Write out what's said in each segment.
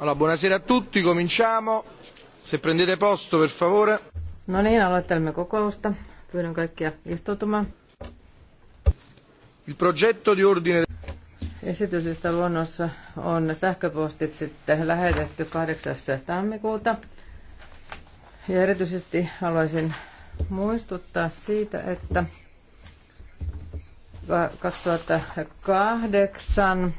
Allora, buonasera a tutti, cominciamo. Se prendete posto, per favore. No niin, aloittelemme kokousta. Pyydän kaikkia istutumaan. Il progetto di ordine... Esitysistä luonnossa on sähköpostit sitten lähetetty 8. tammikuuta. Ja erityisesti haluaisin muistuttaa siitä, että 2008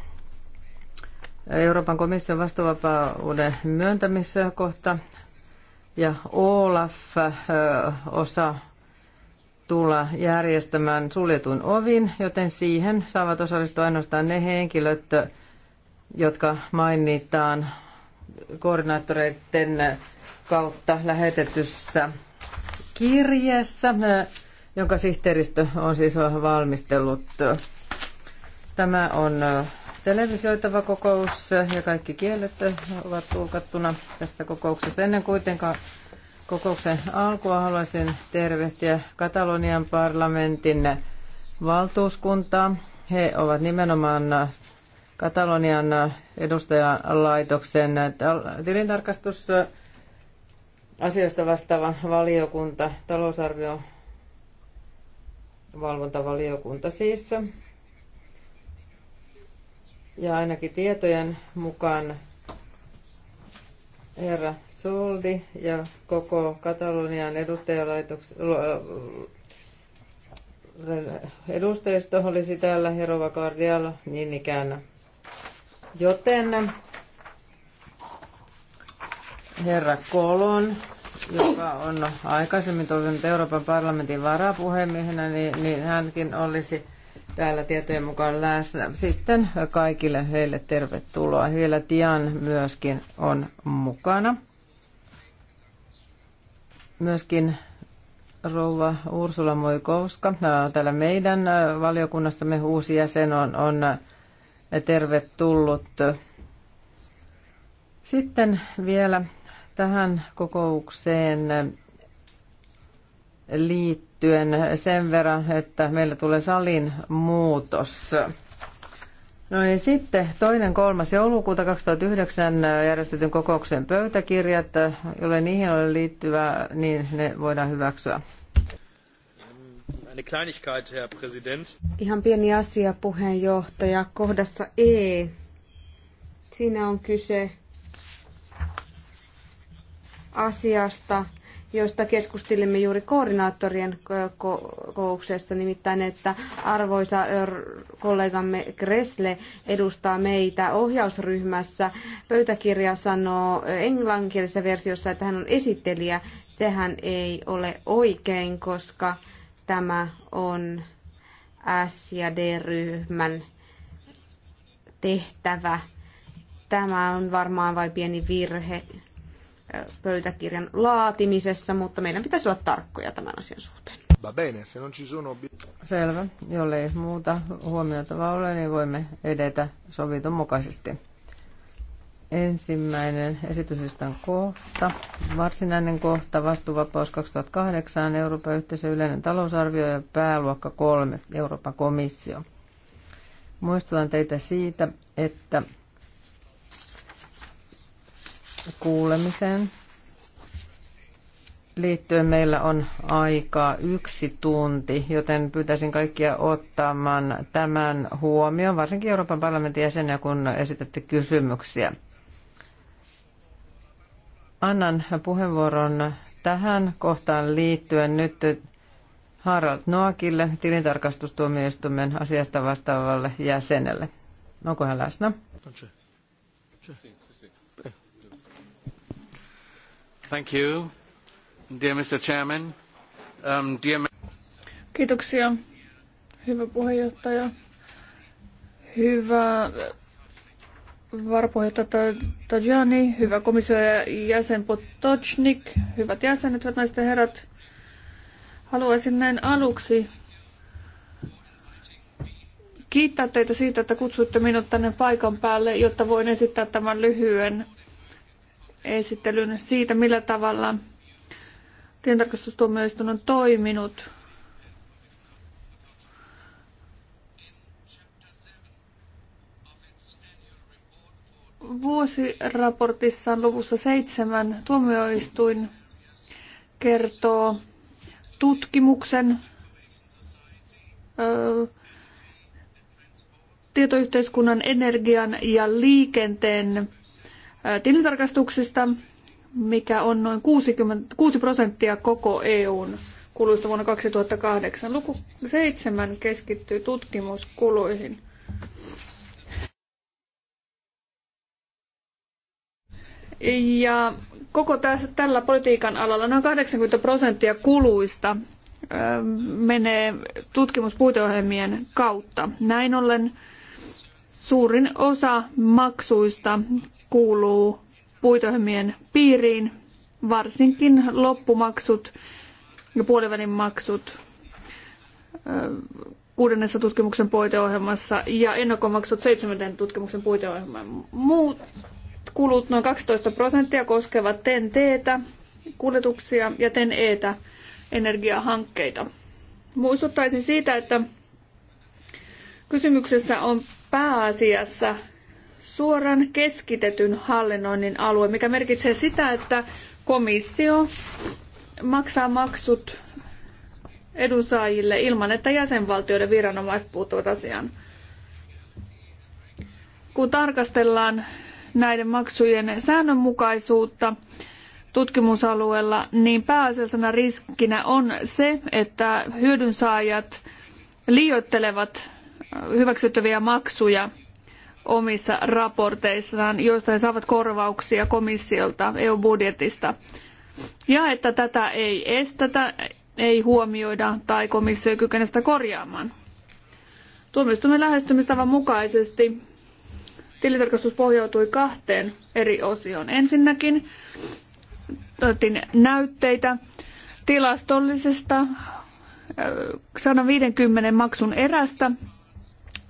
Euroopan komission vastuuvapauden myöntämiskohta ja OLAF-osa tulla järjestämään suljetun ovin, joten siihen saavat osallistua ainoastaan ne henkilöt, jotka mainitaan koordinaattoreiden kautta lähetetyssä kirjeessä, jonka sihteeristö on siis valmistellut. Tämä on televisioitava kokous ja kaikki kielet ovat tulkattuna tässä kokouksessa. Ennen kuitenkaan kokouksen alkua haluaisin tervehtiä Katalonian parlamentin valtuuskuntaa. He ovat nimenomaan Katalonian edustajalaitoksen tilintarkastus asioista vastaava valiokunta, talousarvio valvontavaliokunta siis. Ja ainakin tietojen mukaan herra Soldi ja koko Katalonian edustajisto olisi täällä, herova Cardial, niin ikään. Joten herra Kolon, joka on aikaisemmin toiminut Euroopan parlamentin varapuhemiehenä, niin, niin hänkin olisi täällä tietojen mukaan läsnä. Sitten kaikille heille tervetuloa. Vielä Tian myöskin on mukana. Myöskin rouva Ursula Moikouska. Äh, täällä meidän äh, valiokunnassamme uusi jäsen on, on äh, tervetullut. Sitten vielä tähän kokoukseen liittyen liittyen sen verran, että meillä tulee salin muutos. No niin sitten toinen kolmas joulukuuta 2009 järjestetyn kokouksen pöytäkirjat, jolle niihin ole liittyvä, niin ne voidaan hyväksyä. Ihan pieni asia, puheenjohtaja. Kohdassa E. Siinä on kyse asiasta, joista keskustelimme juuri koordinaattorien kokouksessa, nimittäin että arvoisa kollegamme Kresle edustaa meitä ohjausryhmässä. Pöytäkirja sanoo englanninkielisessä versiossa, että hän on esittelijä. Sehän ei ole oikein, koska tämä on S- ja D-ryhmän tehtävä. Tämä on varmaan vain pieni virhe pöytäkirjan laatimisessa, mutta meidän pitäisi olla tarkkoja tämän asian suhteen. Selvä. ei muuta huomioitavaa ole, niin voimme edetä sovitun mukaisesti. Ensimmäinen esityslistan kohta, varsinainen kohta, vastuuvapaus 2008, Euroopan yhteisö, yleinen talousarvio ja pääluokka 3, Euroopan komissio. Muistutan teitä siitä, että kuulemiseen liittyen meillä on aikaa yksi tunti, joten pyytäisin kaikkia ottamaan tämän huomioon, varsinkin Euroopan parlamentin jäseniä, kun esitätte kysymyksiä. Annan puheenvuoron tähän kohtaan liittyen nyt Harald Noakille, tilintarkastustuomioistuimen asiasta vastaavalle jäsenelle. Onko hän läsnä? Thank you. Dear Mr. Chairman, um, dear... Kiitoksia, hyvä puheenjohtaja. Hyvä varapuheenjohtaja Tajani, hyvä komission jäsen Potocnik, hyvät jäsenet, hyvät naiset ja herrat. Haluaisin näin aluksi kiittää teitä siitä, että kutsuitte minut tänne paikan päälle, jotta voin esittää tämän lyhyen esittelyn siitä, millä tavalla tientarkastustuomioistuin on toiminut vuosiraportissaan luvussa seitsemän tuomioistuin kertoo tutkimuksen tietoyhteiskunnan, energian ja liikenteen tilintarkastuksista, mikä on noin 60, 6 prosenttia koko EUn kuluista vuonna 2008. Luku 7 keskittyy tutkimuskuluihin. Ja koko tässä, tällä politiikan alalla noin 80 prosenttia kuluista menee tutkimuspuiteohjelmien kautta. Näin ollen suurin osa maksuista kuuluu puitohjelmien piiriin, varsinkin loppumaksut ja puolivälin maksut kuudennessa tutkimuksen puiteohjelmassa ja ennakkomaksut seitsemänten tutkimuksen puiteohjelman. Muut kulut noin 12 prosenttia koskevat ten teetä, kuljetuksia ja ten eetä energiahankkeita. Muistuttaisin siitä, että kysymyksessä on pääasiassa suoran keskitetyn hallinnoinnin alue, mikä merkitsee sitä, että komissio maksaa maksut edunsaajille ilman, että jäsenvaltioiden viranomaiset puuttuvat asiaan. Kun tarkastellaan näiden maksujen säännönmukaisuutta tutkimusalueella, niin pääasiallisena riskinä on se, että hyödynsaajat liioittelevat hyväksyttäviä maksuja – omissa raporteissaan, joista he saavat korvauksia komissiolta EU-budjetista. Ja että tätä ei estetä, ei huomioida tai komissio ei kykene sitä korjaamaan. Tuomioistuimen lähestymistavan mukaisesti tilitarkastus pohjautui kahteen eri osioon. Ensinnäkin otettiin näytteitä tilastollisesta 150 maksun erästä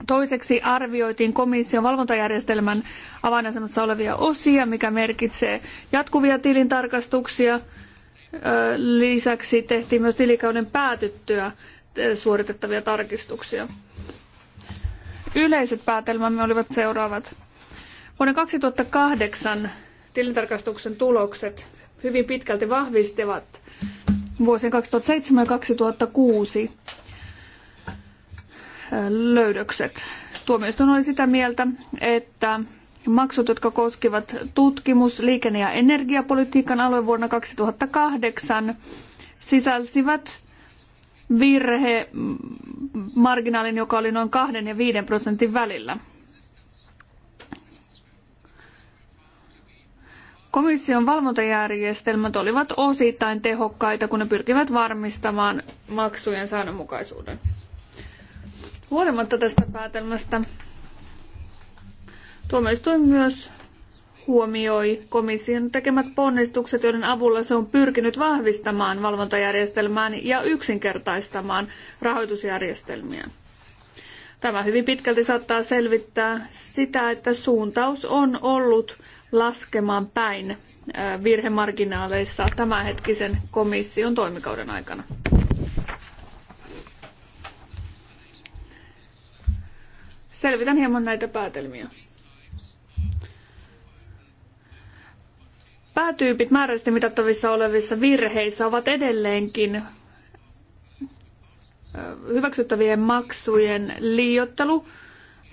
Toiseksi arvioitiin komission valvontajärjestelmän avainasemassa olevia osia, mikä merkitsee jatkuvia tilintarkastuksia. Lisäksi tehtiin myös tilikauden päätyttyä suoritettavia tarkistuksia. Yleiset päätelmämme olivat seuraavat. Vuonna 2008 tilintarkastuksen tulokset hyvin pitkälti vahvistivat vuosien 2007 ja 2006 löydökset. Tuomioistuin oli sitä mieltä, että maksut, jotka koskivat tutkimus-, liikenne- ja energiapolitiikan alue vuonna 2008, sisälsivät virhemarginaalin, joka oli noin 2 ja 5 prosentin välillä. Komission valvontajärjestelmät olivat osittain tehokkaita, kun ne pyrkivät varmistamaan maksujen säännönmukaisuuden. Huolimatta tästä päätelmästä tuomioistuin myös huomioi komission tekemät ponnistukset, joiden avulla se on pyrkinyt vahvistamaan valvontajärjestelmään ja yksinkertaistamaan rahoitusjärjestelmiä. Tämä hyvin pitkälti saattaa selvittää sitä, että suuntaus on ollut laskemaan päin virhemarginaaleissa tämänhetkisen komission toimikauden aikana. Selvitän hieman näitä päätelmiä. Päätyypit määräisesti mitattavissa olevissa virheissä ovat edelleenkin hyväksyttävien maksujen liiottelu,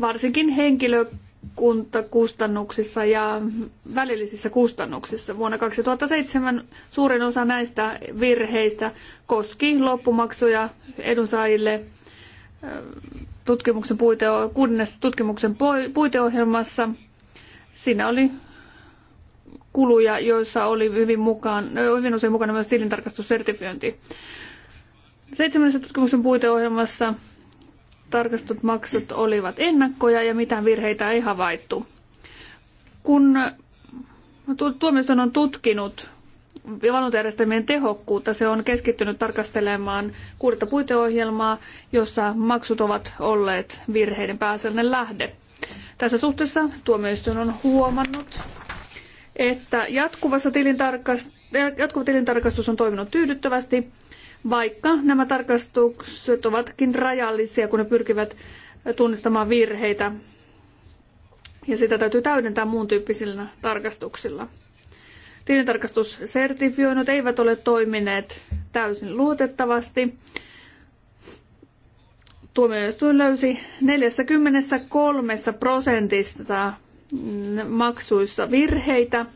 varsinkin henkilökuntakustannuksissa ja välillisissä kustannuksissa. Vuonna 2007 suurin osa näistä virheistä koski loppumaksuja edunsaajille tutkimuksen puite, kuudennessa tutkimuksen puiteohjelmassa. Siinä oli kuluja, joissa oli hyvin, mukaan, hyvin usein mukana myös tilintarkastussertifiointi. Seitsemännessä tutkimuksen puiteohjelmassa tarkastut maksut olivat ennakkoja ja mitään virheitä ei havaittu. Kun tuomioistuin on tutkinut valvontajärjestelmien tehokkuutta. Se on keskittynyt tarkastelemaan kuudetta puiteohjelmaa, jossa maksut ovat olleet virheiden pääasiallinen lähde. Tässä suhteessa tuomioistuin on huomannut, että jatkuvassa tilintarkast... jatkuva tilintarkastus on toiminut tyydyttävästi, vaikka nämä tarkastukset ovatkin rajallisia, kun ne pyrkivät tunnistamaan virheitä. Ja sitä täytyy täydentää muun tyyppisillä tarkastuksilla tilintarkastussertifioinnut eivät ole toimineet täysin luotettavasti. Tuomioistuin löysi 43 prosentista maksuissa virheitä.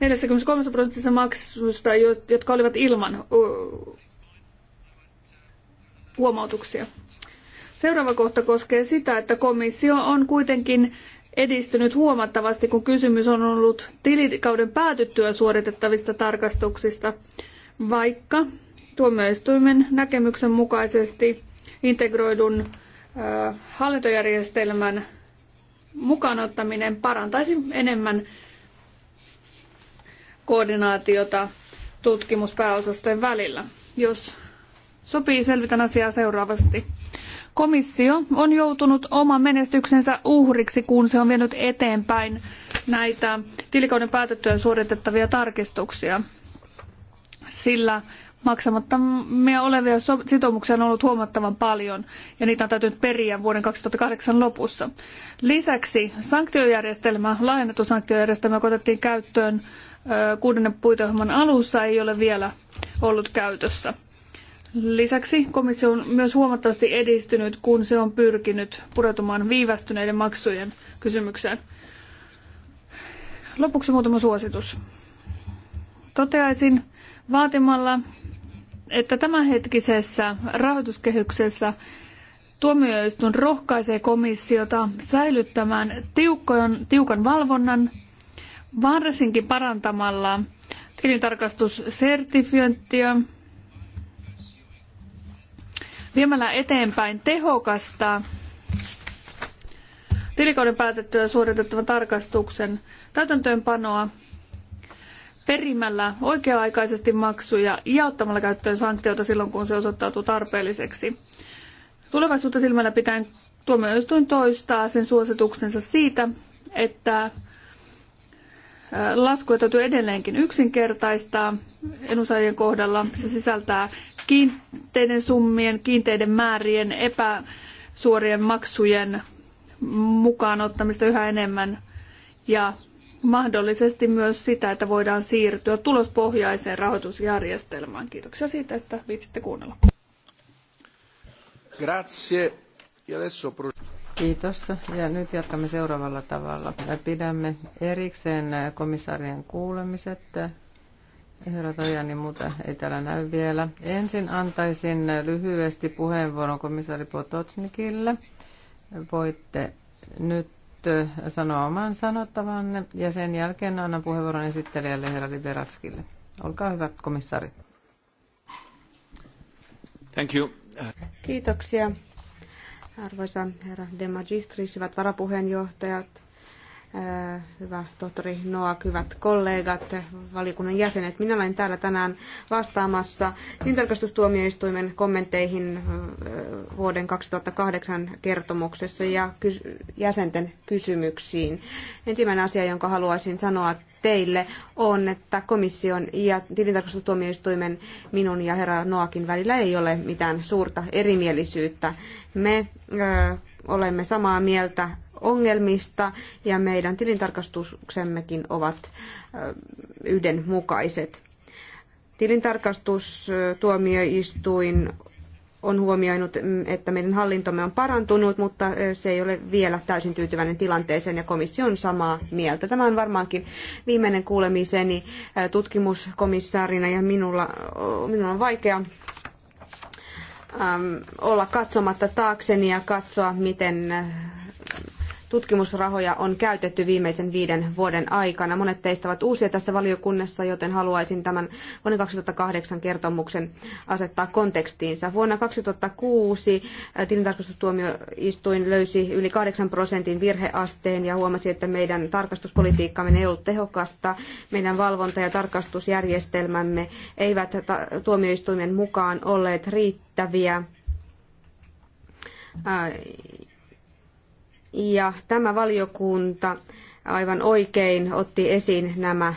Neljässäkymmenessäkolmessa prosentissa maksuista, jotka olivat ilman huomautuksia. Seuraava kohta koskee sitä, että komissio on kuitenkin edistynyt huomattavasti, kun kysymys on ollut tilikauden päätyttyä suoritettavista tarkastuksista, vaikka tuomioistuimen näkemyksen mukaisesti integroidun hallintojärjestelmän mukaanottaminen parantaisi enemmän koordinaatiota tutkimuspääosastojen välillä. Jos sopii, selvitän asiaa seuraavasti. Komissio on joutunut oman menestyksensä uhriksi, kun se on vienyt eteenpäin näitä tilikauden päätettyä suoritettavia tarkistuksia. Sillä maksamattomia olevia sitoumuksia on ollut huomattavan paljon ja niitä on täytynyt periä vuoden 2008 lopussa. Lisäksi sanktiojärjestelmä, laajennettu sanktiojärjestelmä, joka otettiin käyttöön kuudennen puiteohjelman alussa, ei ole vielä ollut käytössä. Lisäksi komissio on myös huomattavasti edistynyt, kun se on pyrkinyt pureutumaan viivästyneiden maksujen kysymykseen. Lopuksi muutama suositus. Toteaisin vaatimalla, että tämänhetkisessä rahoituskehyksessä tuomioistuin rohkaisee komissiota säilyttämään tiukkojen, tiukan valvonnan, varsinkin parantamalla tilintarkastussertifiointia viemällä eteenpäin tehokasta tilikauden päätettyä suoritettavan tarkastuksen täytäntöönpanoa perimällä oikea-aikaisesti maksuja ja ottamalla käyttöön sanktioita silloin, kun se osoittautuu tarpeelliseksi. Tulevaisuutta silmällä pitäen tuomioistuin toistaa sen suosituksensa siitä, että Laskuja täytyy edelleenkin yksinkertaistaa edunsaajien kohdalla. Se sisältää kiinteiden summien, kiinteiden määrien, epäsuorien maksujen mukaan ottamista yhä enemmän ja mahdollisesti myös sitä, että voidaan siirtyä tulospohjaiseen rahoitusjärjestelmään. Kiitoksia siitä, että viitsitte kuunnella. Grazie. Kiitos. Ja nyt jatkamme seuraavalla tavalla. Pidämme erikseen komissaarien kuulemiset. Herra Tajani, muuta ei täällä näy vielä. Ensin antaisin lyhyesti puheenvuoron komissaari Potocnikille. Voitte nyt sanoa oman sanottavanne ja sen jälkeen annan puheenvuoron esittelijälle herra Liberatskille. Olkaa hyvä, komissaari. Thank you. Kiitoksia Arvoisa herra De Magistris, hyvät varapuheenjohtajat, hyvä tohtori Noak, hyvät kollegat, valiokunnan jäsenet. Minä olen täällä tänään vastaamassa tintarkastustuomioistuimen kommentteihin vuoden 2008 kertomuksessa ja jäsenten kysymyksiin. Ensimmäinen asia, jonka haluaisin sanoa teille, on, että komission ja tilintarkastustuomioistuimen minun ja herra Noakin välillä ei ole mitään suurta erimielisyyttä. Me ö, olemme samaa mieltä ongelmista ja meidän tilintarkastuksemmekin ovat ö, yhdenmukaiset. Tilintarkastustuomioistuin on huomioinut, että meidän hallintomme on parantunut, mutta se ei ole vielä täysin tyytyväinen tilanteeseen ja komissio on samaa mieltä. Tämä on varmaankin viimeinen kuulemiseni tutkimuskomissaarina ja minulla, minulla on vaikea Ähm, olla katsomatta taakseni ja katsoa, miten tutkimusrahoja on käytetty viimeisen viiden vuoden aikana. Monet teistä ovat uusia tässä valiokunnassa, joten haluaisin tämän vuoden 2008 kertomuksen asettaa kontekstiinsa. Vuonna 2006 äh, tilintarkastustuomioistuin löysi yli 8 prosentin virheasteen ja huomasi, että meidän tarkastuspolitiikkamme ei ollut tehokasta. Meidän valvonta- ja tarkastusjärjestelmämme eivät tuomioistuimen mukaan olleet riittäviä äh, ja tämä valiokunta aivan oikein otti esiin nämä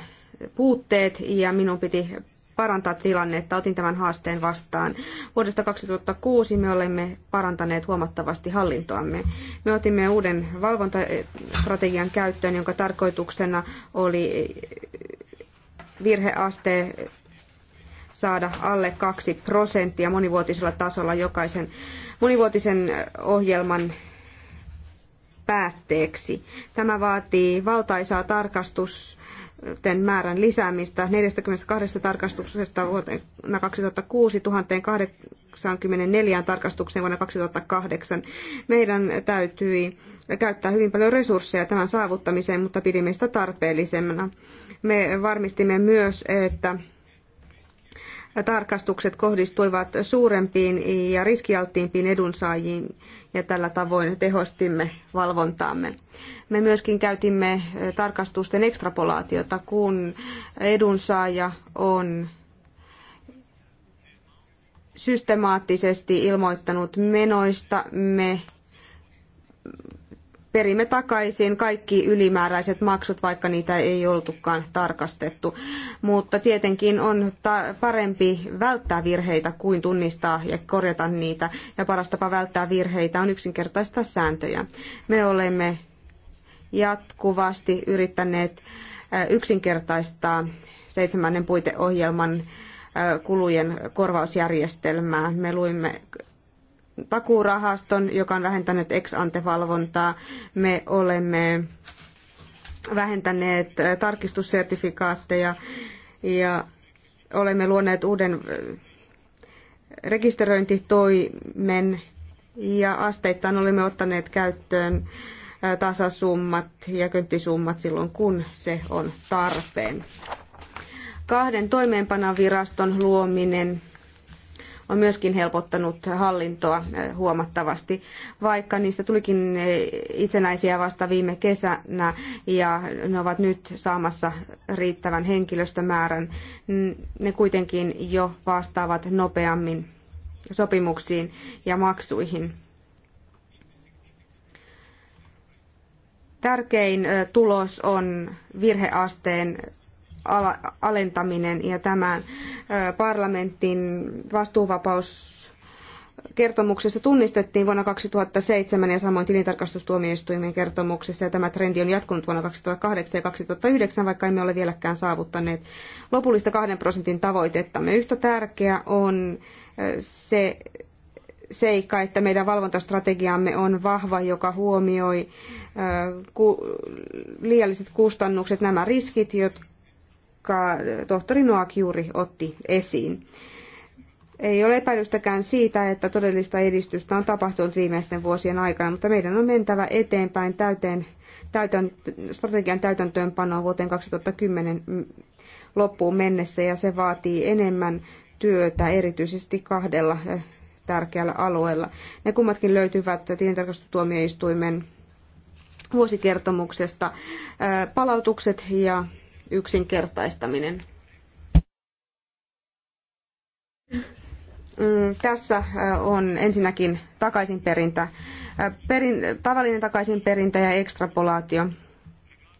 puutteet ja minun piti parantaa tilannetta. Otin tämän haasteen vastaan. Vuodesta 2006 me olemme parantaneet huomattavasti hallintoamme. Me otimme uuden valvontastrategian käyttöön, jonka tarkoituksena oli virheaste saada alle 2 prosenttia monivuotisella tasolla jokaisen monivuotisen ohjelman päätteeksi. Tämä vaatii valtaisaa tarkastusten määrän lisäämistä 42 tarkastuksesta vuonna 2006 1084 tarkastukseen vuonna 2008. Meidän täytyi käyttää hyvin paljon resursseja tämän saavuttamiseen, mutta pidimme sitä tarpeellisemmana. Me varmistimme myös, että tarkastukset kohdistuivat suurempiin ja riskialttiimpiin edunsaajiin ja tällä tavoin tehostimme valvontaamme. Me myöskin käytimme tarkastusten ekstrapolaatiota, kun edunsaaja on systemaattisesti ilmoittanut menoista. Me perimme takaisin kaikki ylimääräiset maksut, vaikka niitä ei oltukaan tarkastettu. Mutta tietenkin on parempi välttää virheitä kuin tunnistaa ja korjata niitä. Ja paras tapa välttää virheitä on yksinkertaistaa sääntöjä. Me olemme jatkuvasti yrittäneet äh, yksinkertaistaa seitsemännen puiteohjelman äh, kulujen korvausjärjestelmää. Me luimme takuurahaston, joka on vähentänyt ex ante valvontaa, Me olemme vähentäneet äh, tarkistussertifikaatteja ja olemme luoneet uuden äh, rekisteröintitoimen ja asteittain olemme ottaneet käyttöön äh, tasasummat ja könttisummat silloin, kun se on tarpeen. Kahden toimeenpanan viraston luominen on myöskin helpottanut hallintoa huomattavasti, vaikka niistä tulikin itsenäisiä vasta viime kesänä ja ne ovat nyt saamassa riittävän henkilöstömäärän. Ne kuitenkin jo vastaavat nopeammin sopimuksiin ja maksuihin. Tärkein tulos on virheasteen alentaminen ja tämän parlamentin vastuuvapaus kertomuksessa tunnistettiin vuonna 2007 ja samoin tilintarkastustuomioistuimen kertomuksessa ja tämä trendi on jatkunut vuonna 2008 ja 2009, vaikka emme ole vieläkään saavuttaneet lopullista kahden prosentin tavoitettamme. Yhtä tärkeää on se seikka, että meidän valvontastrategiamme on vahva, joka huomioi liialliset kustannukset, nämä riskit, jotka jotka tohtori Noak juuri otti esiin. Ei ole epäilystäkään siitä, että todellista edistystä on tapahtunut viimeisten vuosien aikana, mutta meidän on mentävä eteenpäin täyteen, täytön, strategian täytäntöönpanoa vuoteen 2010 loppuun mennessä ja se vaatii enemmän työtä erityisesti kahdella eh, tärkeällä alueella. Ne kummatkin löytyvät tilintarkastustuomioistuimen vuosikertomuksesta. Eh, palautukset ja yksinkertaistaminen. Mm, tässä äh, on ensinnäkin takaisinperintä, äh, perin, tavallinen takaisinperintä ja ekstrapolaatio.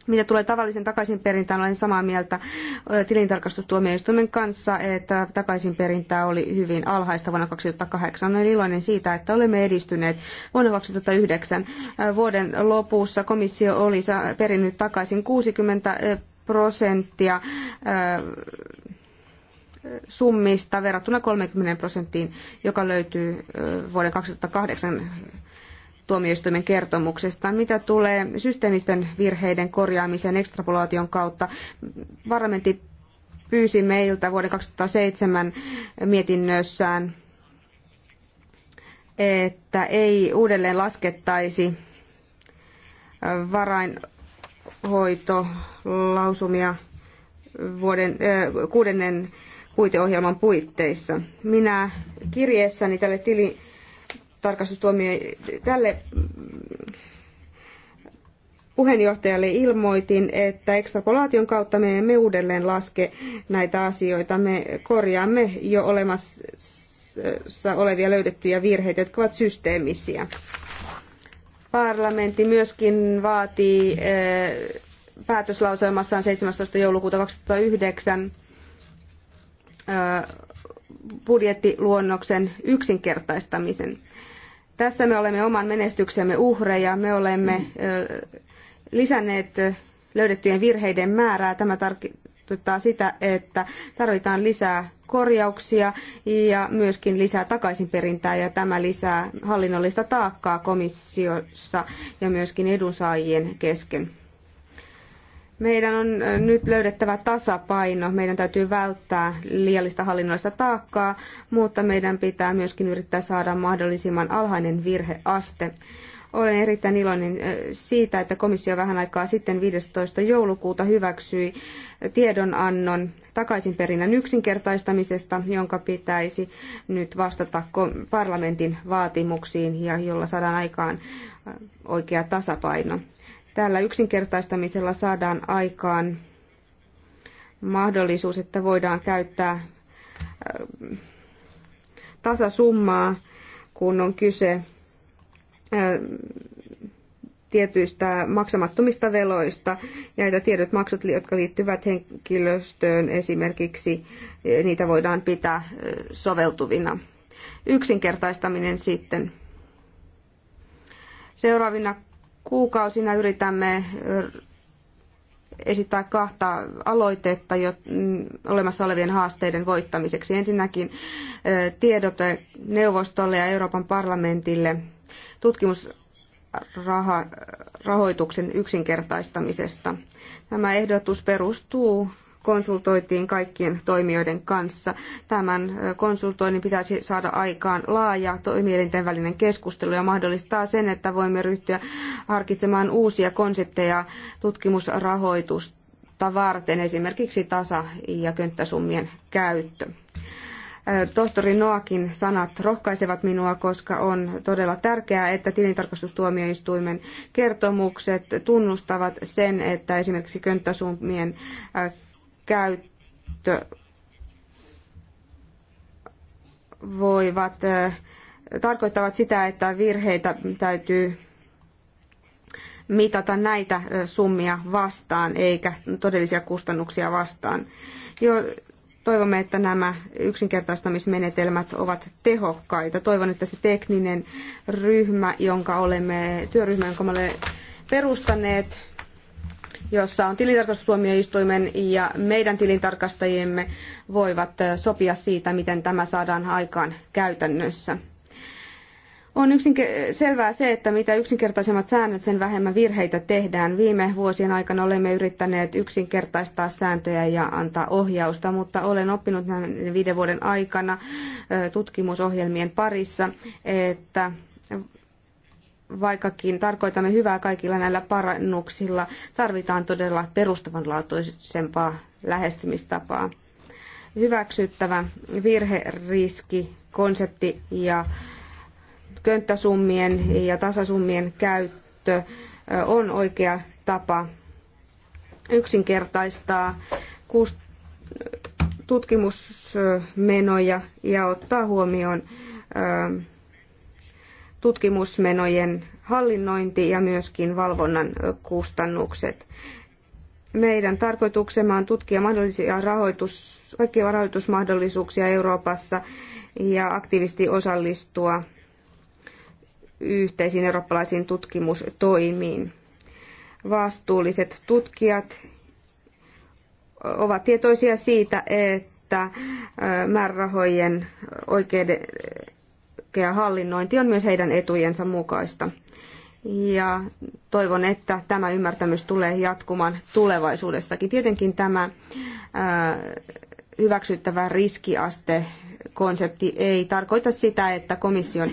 Mitä tulee tavallisen takaisinperintään, olen samaa mieltä äh, tilintarkastustuomioistuimen kanssa, että takaisinperintää oli hyvin alhaista vuonna 2008. Olen iloinen siitä, että olemme edistyneet vuonna 2009. Vuoden lopussa komissio oli perinnyt takaisin 60 prosenttia summista verrattuna 30 prosenttiin, joka löytyy vuoden 2008 tuomioistuimen kertomuksesta. Mitä tulee systeemisten virheiden korjaamiseen ekstrapolaation kautta, parlamentti pyysi meiltä vuoden 2007 mietinnössään, että ei uudelleen laskettaisi varain hoito-lausumia vuoden, äh, kuudennen puiteohjelman puitteissa. Minä kirjeessäni tälle tili tälle mm, puheenjohtajalle ilmoitin, että ekstrapolaation kautta me emme uudelleen laske näitä asioita. Me korjaamme jo olemassa olevia löydettyjä virheitä, jotka ovat systeemisiä. Parlamentti myöskin vaatii eh, päätöslauselmassaan 17. joulukuuta 2009 eh, budjettiluonnoksen yksinkertaistamisen. Tässä me olemme oman menestyksemme uhreja. Me olemme eh, lisänneet löydettyjen virheiden määrää. Tämä tarkoittaa sitä, että tarvitaan lisää korjauksia ja myöskin lisää takaisinperintää ja tämä lisää hallinnollista taakkaa komissiossa ja myöskin edunsaajien kesken. Meidän on nyt löydettävä tasapaino. Meidän täytyy välttää liiallista hallinnollista taakkaa, mutta meidän pitää myöskin yrittää saada mahdollisimman alhainen virheaste. Olen erittäin iloinen siitä, että komissio vähän aikaa sitten 15. joulukuuta hyväksyi tiedonannon takaisinperinnän yksinkertaistamisesta, jonka pitäisi nyt vastata parlamentin vaatimuksiin ja jolla saadaan aikaan oikea tasapaino. Tällä yksinkertaistamisella saadaan aikaan mahdollisuus, että voidaan käyttää tasasummaa, kun on kyse tietyistä maksamattomista veloista ja että tiedot maksut, jotka liittyvät henkilöstöön esimerkiksi, niitä voidaan pitää soveltuvina. Yksinkertaistaminen sitten. Seuraavina kuukausina yritämme esittää kahta aloitetta jo mm, olemassa olevien haasteiden voittamiseksi. Ensinnäkin tiedot neuvostolle ja Euroopan parlamentille – tutkimusrahoituksen yksinkertaistamisesta. Tämä ehdotus perustuu konsultoitiin kaikkien toimijoiden kanssa. Tämän konsultoinnin pitäisi saada aikaan laaja toimielinten välinen keskustelu ja mahdollistaa sen, että voimme ryhtyä harkitsemaan uusia konsepteja tutkimusrahoitusta varten, esimerkiksi tasa- ja könttäsummien käyttö. Tohtori Noakin sanat rohkaisevat minua, koska on todella tärkeää, että tilintarkastustuomioistuimen kertomukset tunnustavat sen, että esimerkiksi könttäsummien käyttö voivat, tarkoittavat sitä, että virheitä täytyy mitata näitä summia vastaan eikä todellisia kustannuksia vastaan. Toivomme, että nämä yksinkertaistamismenetelmät ovat tehokkaita. Toivon, että se tekninen ryhmä, jonka olemme, työryhmä, jonka olemme perustaneet, jossa on tilintarkastustuomioistuimen ja meidän tilintarkastajiemme voivat sopia siitä, miten tämä saadaan aikaan käytännössä. On yksinke- selvää se, että mitä yksinkertaisemmat säännöt, sen vähemmän virheitä tehdään. Viime vuosien aikana olemme yrittäneet yksinkertaistaa sääntöjä ja antaa ohjausta, mutta olen oppinut näiden viiden vuoden aikana tutkimusohjelmien parissa, että vaikkakin tarkoitamme hyvää kaikilla näillä parannuksilla, tarvitaan todella perustavanlaatuisempaa lähestymistapaa. Hyväksyttävä virheriski, konsepti ja könttäsummien ja tasasummien käyttö on oikea tapa yksinkertaistaa tutkimusmenoja ja ottaa huomioon tutkimusmenojen hallinnointi ja myöskin valvonnan kustannukset. Meidän tarkoituksemme on tutkia mahdollisia rahoitus, kaikkia rahoitusmahdollisuuksia Euroopassa ja aktiivisesti osallistua yhteisiin eurooppalaisiin tutkimustoimiin. Vastuulliset tutkijat ovat tietoisia siitä, että määrärahojen oikea hallinnointi on myös heidän etujensa mukaista. Ja toivon, että tämä ymmärtämys tulee jatkumaan tulevaisuudessakin. Tietenkin tämä hyväksyttävä riskiaste konsepti ei tarkoita sitä, että komission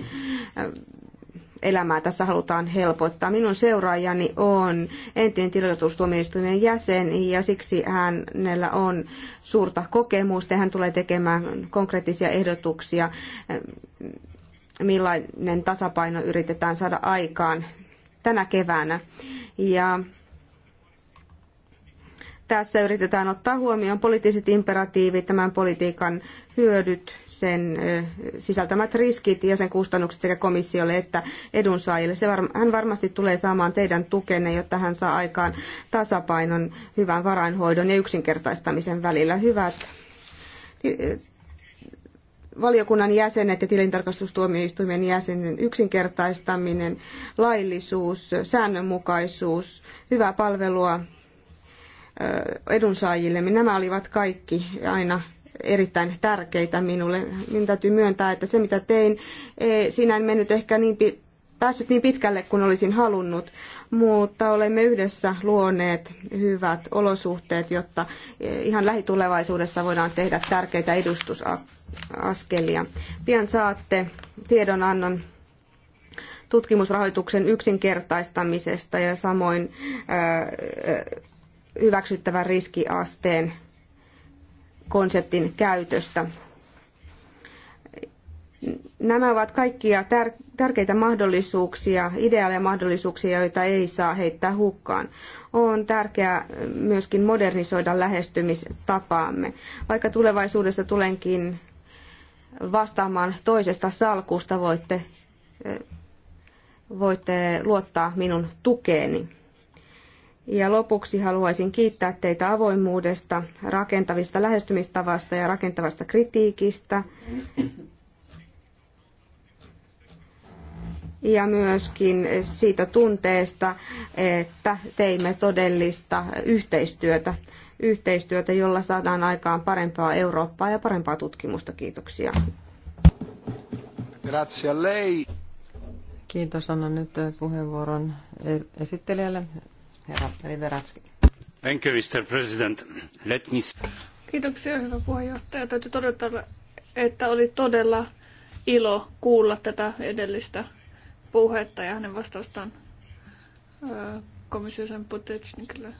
elämää tässä halutaan helpottaa. Minun seuraajani on entinen tilojotustuomioistuimen jäsen ja siksi hänellä on suurta kokemusta ja hän tulee tekemään konkreettisia ehdotuksia, millainen tasapaino yritetään saada aikaan tänä keväänä. Ja tässä yritetään ottaa huomioon poliittiset imperatiivit, tämän politiikan hyödyt, sen sisältämät riskit ja sen kustannukset sekä komissiolle että edunsaajille. Se hän varmasti tulee saamaan teidän tukenne, jotta hän saa aikaan tasapainon hyvän varainhoidon ja yksinkertaistamisen välillä. Hyvät valiokunnan jäsenet ja tilintarkastustuomioistuimen jäsenen yksinkertaistaminen, laillisuus, säännönmukaisuus, hyvää palvelua edunsaajille. Niin nämä olivat kaikki aina erittäin tärkeitä minulle. Minun täytyy myöntää, että se mitä tein, e, siinä en mennyt ehkä niin päässyt niin pitkälle kuin olisin halunnut, mutta olemme yhdessä luoneet hyvät olosuhteet, jotta e, ihan lähitulevaisuudessa voidaan tehdä tärkeitä edustusaskelia. Pian saatte tiedonannon tutkimusrahoituksen yksinkertaistamisesta ja samoin hyväksyttävän riskiasteen konseptin käytöstä. Nämä ovat kaikkia tärkeitä mahdollisuuksia, ideaaleja mahdollisuuksia, joita ei saa heittää hukkaan. On tärkeää myöskin modernisoida lähestymistapaamme. Vaikka tulevaisuudessa tulenkin vastaamaan toisesta salkusta, voitte, voitte luottaa minun tukeeni. Ja lopuksi haluaisin kiittää teitä avoimuudesta, rakentavista lähestymistavasta ja rakentavasta kritiikistä. Ja myöskin siitä tunteesta, että teimme todellista yhteistyötä, yhteistyötä, jolla saadaan aikaan parempaa Eurooppaa ja parempaa tutkimusta. Kiitoksia. Grazie a lei. Kiitos. Annan nyt puheenvuoron e- esittelijälle herra Liberatski. Thank you, Mr. President. Let me... Kiitoksia, hyvä puheenjohtaja. Täytyy todeta, että oli todella ilo kuulla tätä edellistä puhetta ja hänen vastaustaan komission Potechnikille.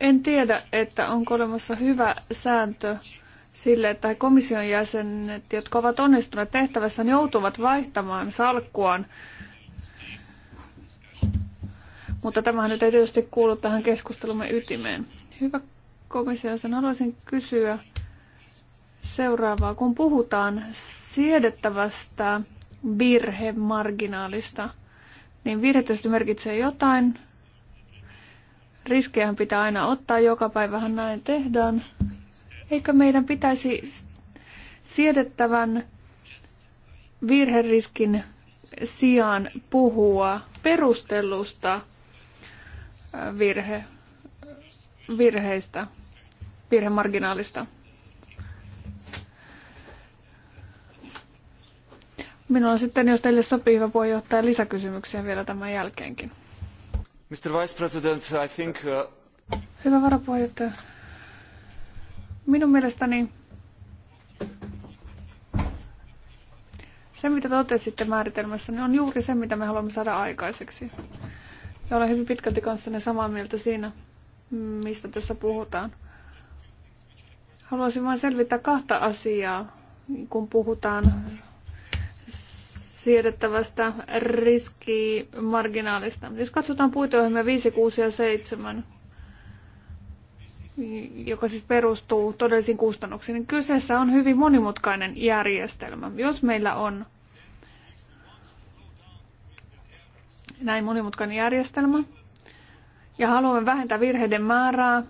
En tiedä, että onko olemassa hyvä sääntö sille, että komission jäsenet, jotka ovat onnistuneet tehtävässä, joutuvat vaihtamaan salkkuaan. Mutta tämähän nyt ei tietysti kuulu tähän keskustelumme ytimeen. Hyvä komission jäsen, haluaisin kysyä seuraavaa. Kun puhutaan siedettävästä virhemarginaalista, niin virhe tietysti merkitsee jotain. Riskejä pitää aina ottaa, joka päivähän näin tehdään – Eikö meidän pitäisi siedettävän virheriskin sijaan puhua perustellusta virhe, virheistä, virhemarginaalista? Minulla on sitten, jos teille sopii, hyvä puheenjohtaja, lisäkysymyksiä vielä tämän jälkeenkin. Mr. Vice President, I think, uh... Hyvä varapuheenjohtaja, Minun mielestäni se, mitä totesitte määritelmässä, niin on juuri se, mitä me haluamme saada aikaiseksi. Ja olen hyvin pitkälti kanssanne samaa mieltä siinä, mistä tässä puhutaan. Haluaisin vain selvittää kahta asiaa, kun puhutaan siedettävästä riskimarginaalista. Jos katsotaan puitoihin 5, 6 ja 7, joka siis perustuu todellisiin kustannuksiin, niin kyseessä on hyvin monimutkainen järjestelmä. Jos meillä on näin monimutkainen järjestelmä ja haluamme vähentää virheiden määrää,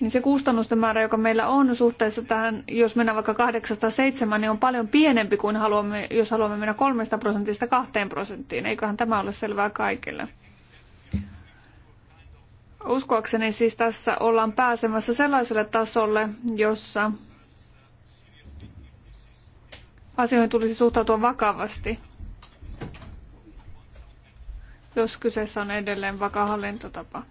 niin se kustannusten määrä, joka meillä on suhteessa tähän, jos mennään vaikka 807, niin on paljon pienempi kuin haluamme, jos haluamme mennä 3 prosentista 2 prosenttiin. Eiköhän tämä ole selvää kaikille. Uskoakseni siis tässä ollaan pääsemässä sellaiselle tasolle, jossa asioihin tulisi suhtautua vakavasti, jos kyseessä on edelleen vakaa hallintotapa.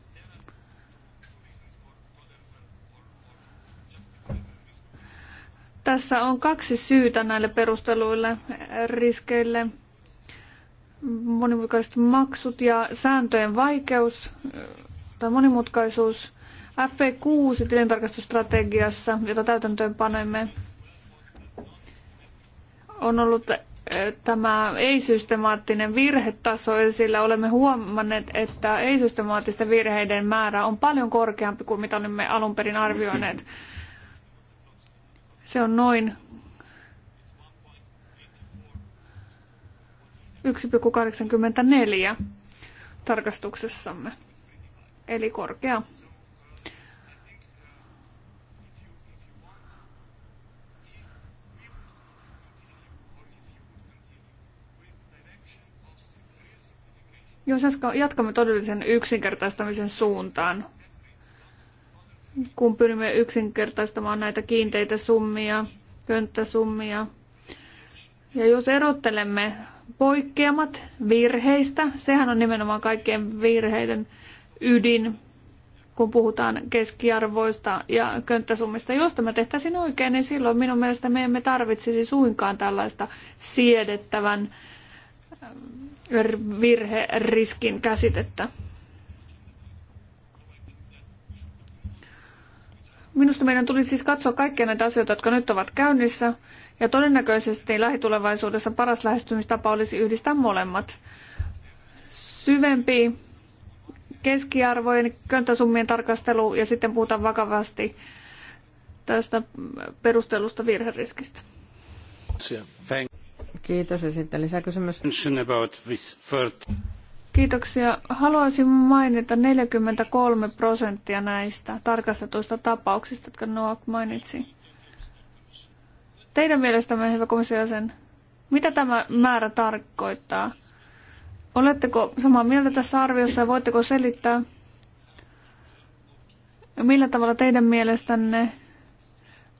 Tässä on kaksi syytä näille perusteluille, riskeille, monimutkaiset maksut ja sääntöjen vaikeus tai monimutkaisuus. FP6 tilintarkastusstrategiassa, jota täytäntöön panemme, on ollut eh, tämä ei-systemaattinen virhetaso esillä. Olemme huomanneet, että ei-systemaattisten virheiden määrä on paljon korkeampi kuin mitä olimme alun perin arvioineet. Se on noin 1,84 tarkastuksessamme eli korkea. Jos jatkamme todellisen yksinkertaistamisen suuntaan, kun pyrimme yksinkertaistamaan näitä kiinteitä summia, könttäsummia, ja jos erottelemme poikkeamat virheistä, sehän on nimenomaan kaikkien virheiden ydin, kun puhutaan keskiarvoista ja könttäsummista. Jos tämä tehtäisiin oikein, niin silloin minun mielestä me emme tarvitsisi suinkaan tällaista siedettävän ähm, virheriskin käsitettä. Minusta meidän tulisi siis katsoa kaikkia näitä asioita, jotka nyt ovat käynnissä, ja todennäköisesti lähitulevaisuudessa paras lähestymistapa olisi yhdistää molemmat. Syvempi keskiarvojen könttäsummien tarkastelu ja sitten puhutaan vakavasti tästä perustelusta virheriskistä. Kiitos ja sitten lisäkysymys. Kiitoksia. Haluaisin mainita 43 prosenttia näistä tarkastetuista tapauksista, jotka Noak mainitsi. Teidän mielestämme, hyvä komission jäsen, mitä tämä määrä tarkoittaa? Oletteko samaa mieltä tässä arviossa ja voitteko selittää, millä tavalla teidän mielestänne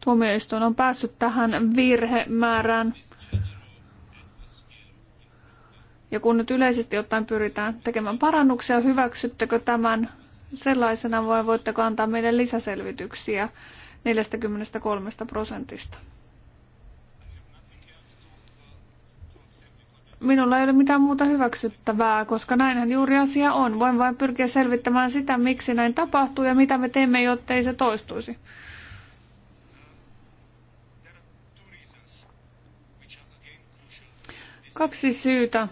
tuomioistuin on päässyt tähän virhemäärään? Ja kun nyt yleisesti ottaen pyritään tekemään parannuksia, hyväksyttekö tämän sellaisena vai voitteko antaa meille lisäselvityksiä 43 prosentista? Minulla ei ole mitään muuta hyväksyttävää, koska näinhän juuri asia on. Voin vain pyrkiä selvittämään sitä, miksi näin tapahtuu ja mitä me teemme, jotta ei se toistuisi. Kaksi syytä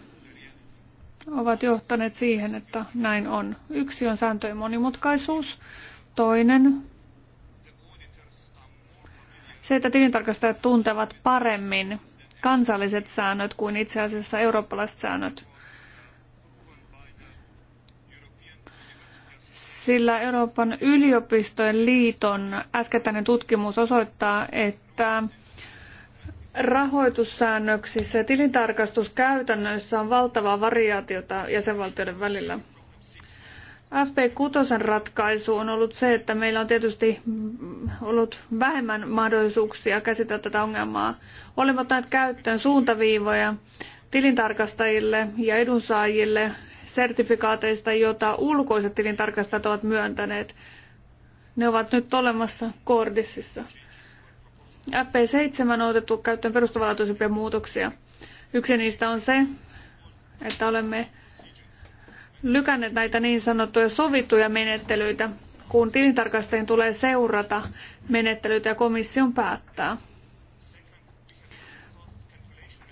ovat johtaneet siihen, että näin on. Yksi on sääntöjen monimutkaisuus, toinen se, että tilintarkastajat tuntevat paremmin kansalliset säännöt kuin itse asiassa eurooppalaiset säännöt. Sillä Euroopan yliopistojen liiton äskettäinen tutkimus osoittaa, että rahoitussäännöksissä ja tilintarkastuskäytännöissä on valtavaa variaatiota jäsenvaltioiden välillä. FP6 ratkaisu on ollut se, että meillä on tietysti ollut vähemmän mahdollisuuksia käsitellä tätä ongelmaa. Olemme ottaneet käyttöön suuntaviivoja tilintarkastajille ja edunsaajille sertifikaateista, joita ulkoiset tilintarkastajat ovat myöntäneet. Ne ovat nyt olemassa Kordisissa. FP7 on otettu käyttöön perustavanlaatuisempia muutoksia. Yksi niistä on se, että olemme lykänneet näitä niin sanottuja sovittuja menettelyitä, kun tilintarkastajien tulee seurata menettelyitä ja komission päättää.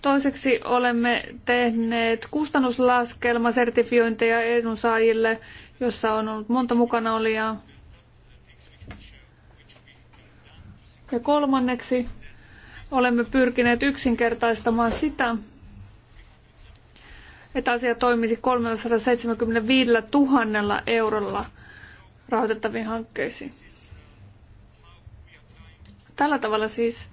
Toiseksi olemme tehneet kustannuslaskelmasertifiointeja edunsaajille, jossa on ollut monta mukana olijaa. Ja kolmanneksi olemme pyrkineet yksinkertaistamaan sitä, että asia toimisi 375 000 eurolla rahoitettaviin hankkeisiin. Tällä tavalla siis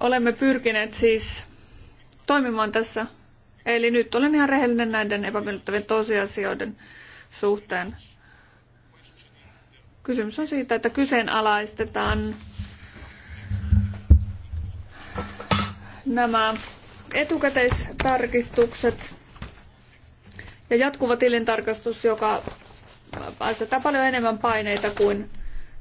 olemme pyrkineet siis toimimaan tässä. Eli nyt olen ihan rehellinen näiden epämiellyttävien tosiasioiden suhteen. Kysymys on siitä, että kyseenalaistetaan nämä etukäteistarkistukset ja jatkuva tilintarkastus, joka asettaa paljon enemmän paineita kuin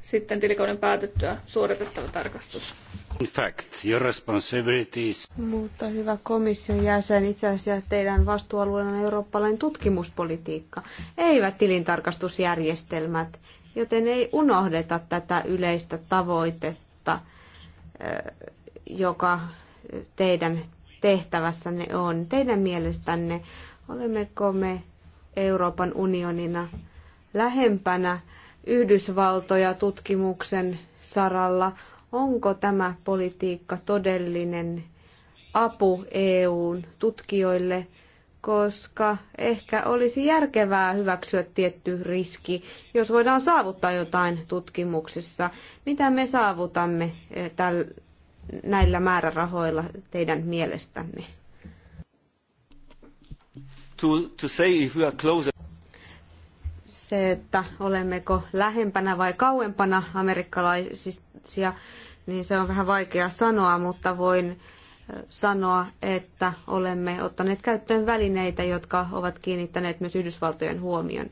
sitten tilikauden päätettyä suoritettava tarkastus. In fact, your responsibilities... Mutta hyvä komission jäsen, itse asiassa teidän vastuualueena eurooppalainen tutkimuspolitiikka, eivät tilintarkastusjärjestelmät, joten ei unohdeta tätä yleistä tavoitetta, eh, joka teidän tehtävässänne on. Teidän mielestänne olemmeko me Euroopan unionina lähempänä Yhdysvaltoja tutkimuksen saralla? Onko tämä politiikka todellinen apu EUn tutkijoille, koska ehkä olisi järkevää hyväksyä tietty riski, jos voidaan saavuttaa jotain tutkimuksissa. Mitä me saavutamme eh, tällä näillä määrärahoilla teidän mielestänne? To, to say if we are closer. Se, että olemmeko lähempänä vai kauempana amerikkalaisia, niin se on vähän vaikea sanoa, mutta voin sanoa, että olemme ottaneet käyttöön välineitä, jotka ovat kiinnittäneet myös Yhdysvaltojen huomion.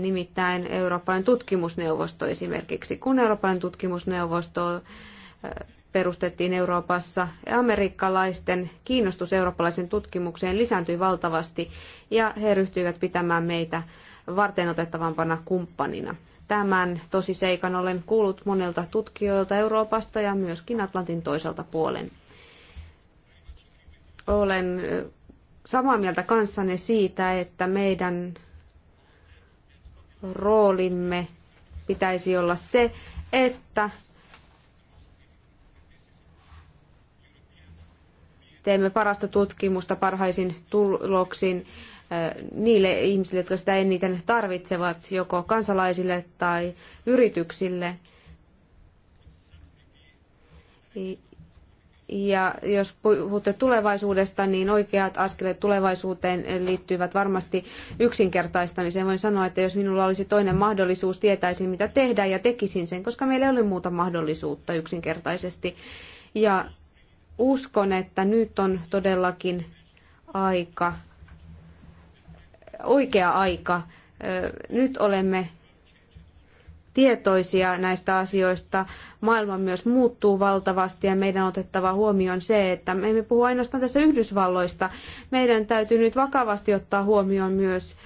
Nimittäin Euroopan tutkimusneuvosto esimerkiksi. Kun Euroopan tutkimusneuvosto perustettiin Euroopassa, amerikkalaisten kiinnostus eurooppalaisen tutkimukseen lisääntyi valtavasti ja he ryhtyivät pitämään meitä varteenotettavampana kumppanina. Tämän tosiseikan olen kuullut monelta tutkijoilta Euroopasta ja myöskin Atlantin toiselta puolen. Olen samaa mieltä kanssanne siitä, että meidän roolimme pitäisi olla se, että teemme parasta tutkimusta parhaisin tuloksiin äh, niille ihmisille, jotka sitä eniten tarvitsevat, joko kansalaisille tai yrityksille. Ja jos puhutte tulevaisuudesta, niin oikeat askeleet tulevaisuuteen liittyvät varmasti yksinkertaistamiseen. Voin sanoa, että jos minulla olisi toinen mahdollisuus, tietäisin mitä tehdä ja tekisin sen, koska meillä ei ole muuta mahdollisuutta yksinkertaisesti. Ja uskon, että nyt on todellakin aika, oikea aika. Nyt olemme tietoisia näistä asioista. Maailma myös muuttuu valtavasti ja meidän on otettava huomioon se, että me emme puhu ainoastaan tässä Yhdysvalloista. Meidän täytyy nyt vakavasti ottaa huomioon myös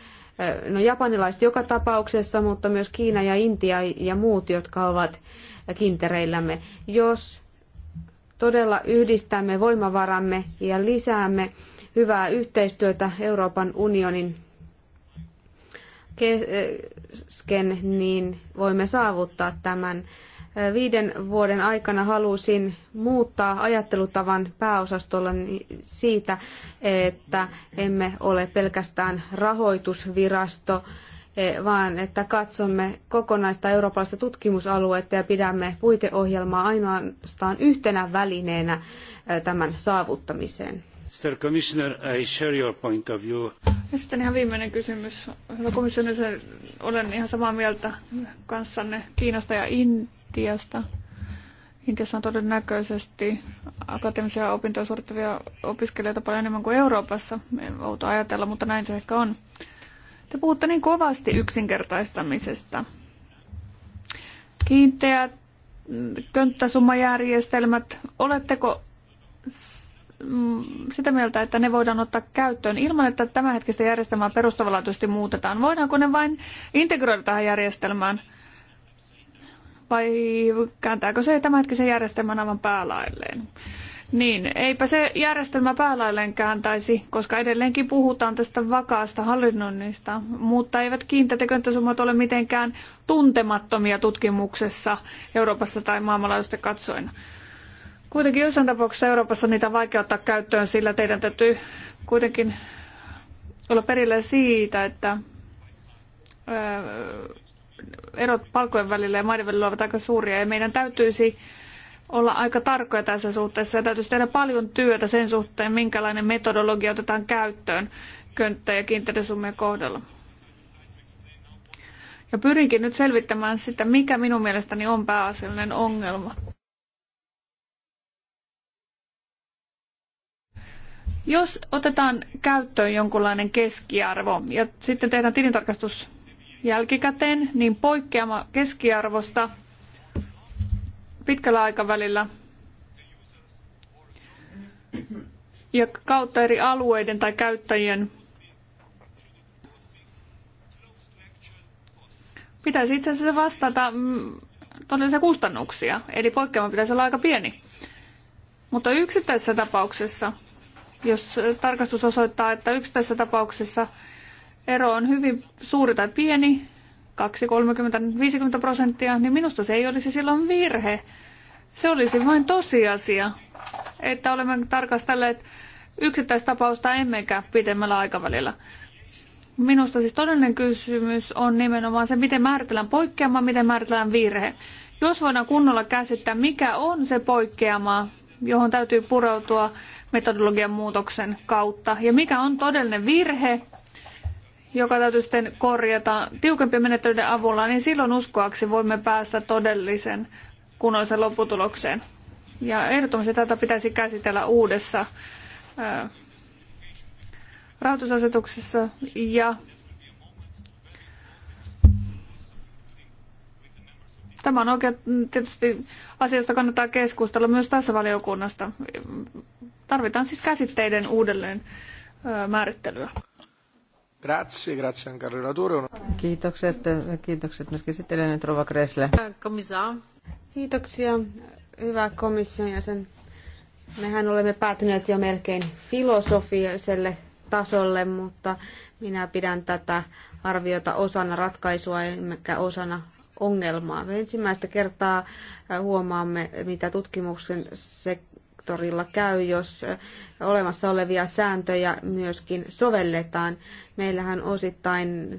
no, japanilaiset joka tapauksessa, mutta myös Kiina ja Intia ja muut, jotka ovat kintereillämme. Jos todella yhdistämme voimavaramme ja lisäämme hyvää yhteistyötä Euroopan unionin kesken, niin voimme saavuttaa tämän. Viiden vuoden aikana halusin muuttaa ajattelutavan pääosastolla siitä, että emme ole pelkästään rahoitusvirasto, Eh, vaan että katsomme kokonaista eurooppalaista tutkimusaluetta ja pidämme puiteohjelmaa ainoastaan yhtenä välineenä eh, tämän saavuttamiseen. Mr. Commissioner, I share your point of view. Ja sitten ihan viimeinen kysymys. Hyvä komissioni, olen ihan samaa mieltä kanssanne Kiinasta ja Intiasta. Intiassa on todennäköisesti akateemisia opintoja suorittavia opiskelijoita paljon enemmän kuin Euroopassa. outo ajatella, mutta näin se ehkä on. Te puhutte niin kovasti yksinkertaistamisesta. Kiinteät könttäsummajärjestelmät, oletteko sitä mieltä, että ne voidaan ottaa käyttöön ilman, että tämänhetkistä järjestelmää perustavanlaatuisesti muutetaan? Voidaanko ne vain integroida tähän järjestelmään? Vai kääntääkö se tämänhetkisen järjestelmän aivan päälailleen? Niin, eipä se järjestelmä päälailleen kääntäisi, koska edelleenkin puhutaan tästä vakaasta hallinnoinnista, mutta eivät kiinteätekontasummat ole mitenkään tuntemattomia tutkimuksessa Euroopassa tai maailmanlaajuisesti katsoen. Kuitenkin jossain tapauksessa Euroopassa niitä on vaikea ottaa käyttöön, sillä teidän täytyy kuitenkin olla perillä siitä, että erot palkojen välillä ja maiden välillä ovat aika suuria ja meidän täytyisi olla aika tarkkoja tässä suhteessa ja täytyisi tehdä paljon työtä sen suhteen, minkälainen metodologia otetaan käyttöön könttä- ja kiinteäsummien kohdalla. Ja pyrinkin nyt selvittämään sitä, mikä minun mielestäni on pääasiallinen ongelma. Jos otetaan käyttöön jonkunlainen keskiarvo ja sitten tehdään tilintarkastus jälkikäteen, niin poikkeama keskiarvosta – pitkällä aikavälillä ja kautta eri alueiden tai käyttäjien pitäisi itse asiassa vastata mm, todellisia kustannuksia, eli poikkeama pitäisi olla aika pieni. Mutta yksittäisessä tapauksessa, jos tarkastus osoittaa, että yksittäisessä tapauksessa ero on hyvin suuri tai pieni, 2, 30, 50 prosenttia, niin minusta se ei olisi silloin virhe. Se olisi vain tosiasia, että olemme tarkastelleet yksittäistapausta emmekä pidemmällä aikavälillä. Minusta siis todellinen kysymys on nimenomaan se, miten määritellään poikkeama, miten määritellään virhe. Jos voidaan kunnolla käsittää, mikä on se poikkeama, johon täytyy pureutua metodologian muutoksen kautta, ja mikä on todellinen virhe, joka täytyy sitten korjata tiukempien menettelyiden avulla, niin silloin uskoaksi voimme päästä todellisen kunnollisen lopputulokseen. Ja ehdottomasti tätä pitäisi käsitellä uudessa rahoitusasetuksessa ja Tämä on oikein tietysti asiasta kannattaa keskustella myös tässä valiokunnasta. Tarvitaan siis käsitteiden uudelleen määrittelyä. Grazie, grazie anche relatore. Kiitokset, kiitokset myöskin sitten Rova Kresle. Kiitoksia, hyvä komission jäsen. Mehän olemme päätyneet jo melkein filosofiselle tasolle, mutta minä pidän tätä arviota osana ratkaisua, emmekä osana ongelmaa. Me ensimmäistä kertaa huomaamme, mitä tutkimuksen se sektorilla käy, jos eh, olemassa olevia sääntöjä myöskin sovelletaan. Meillähän osittain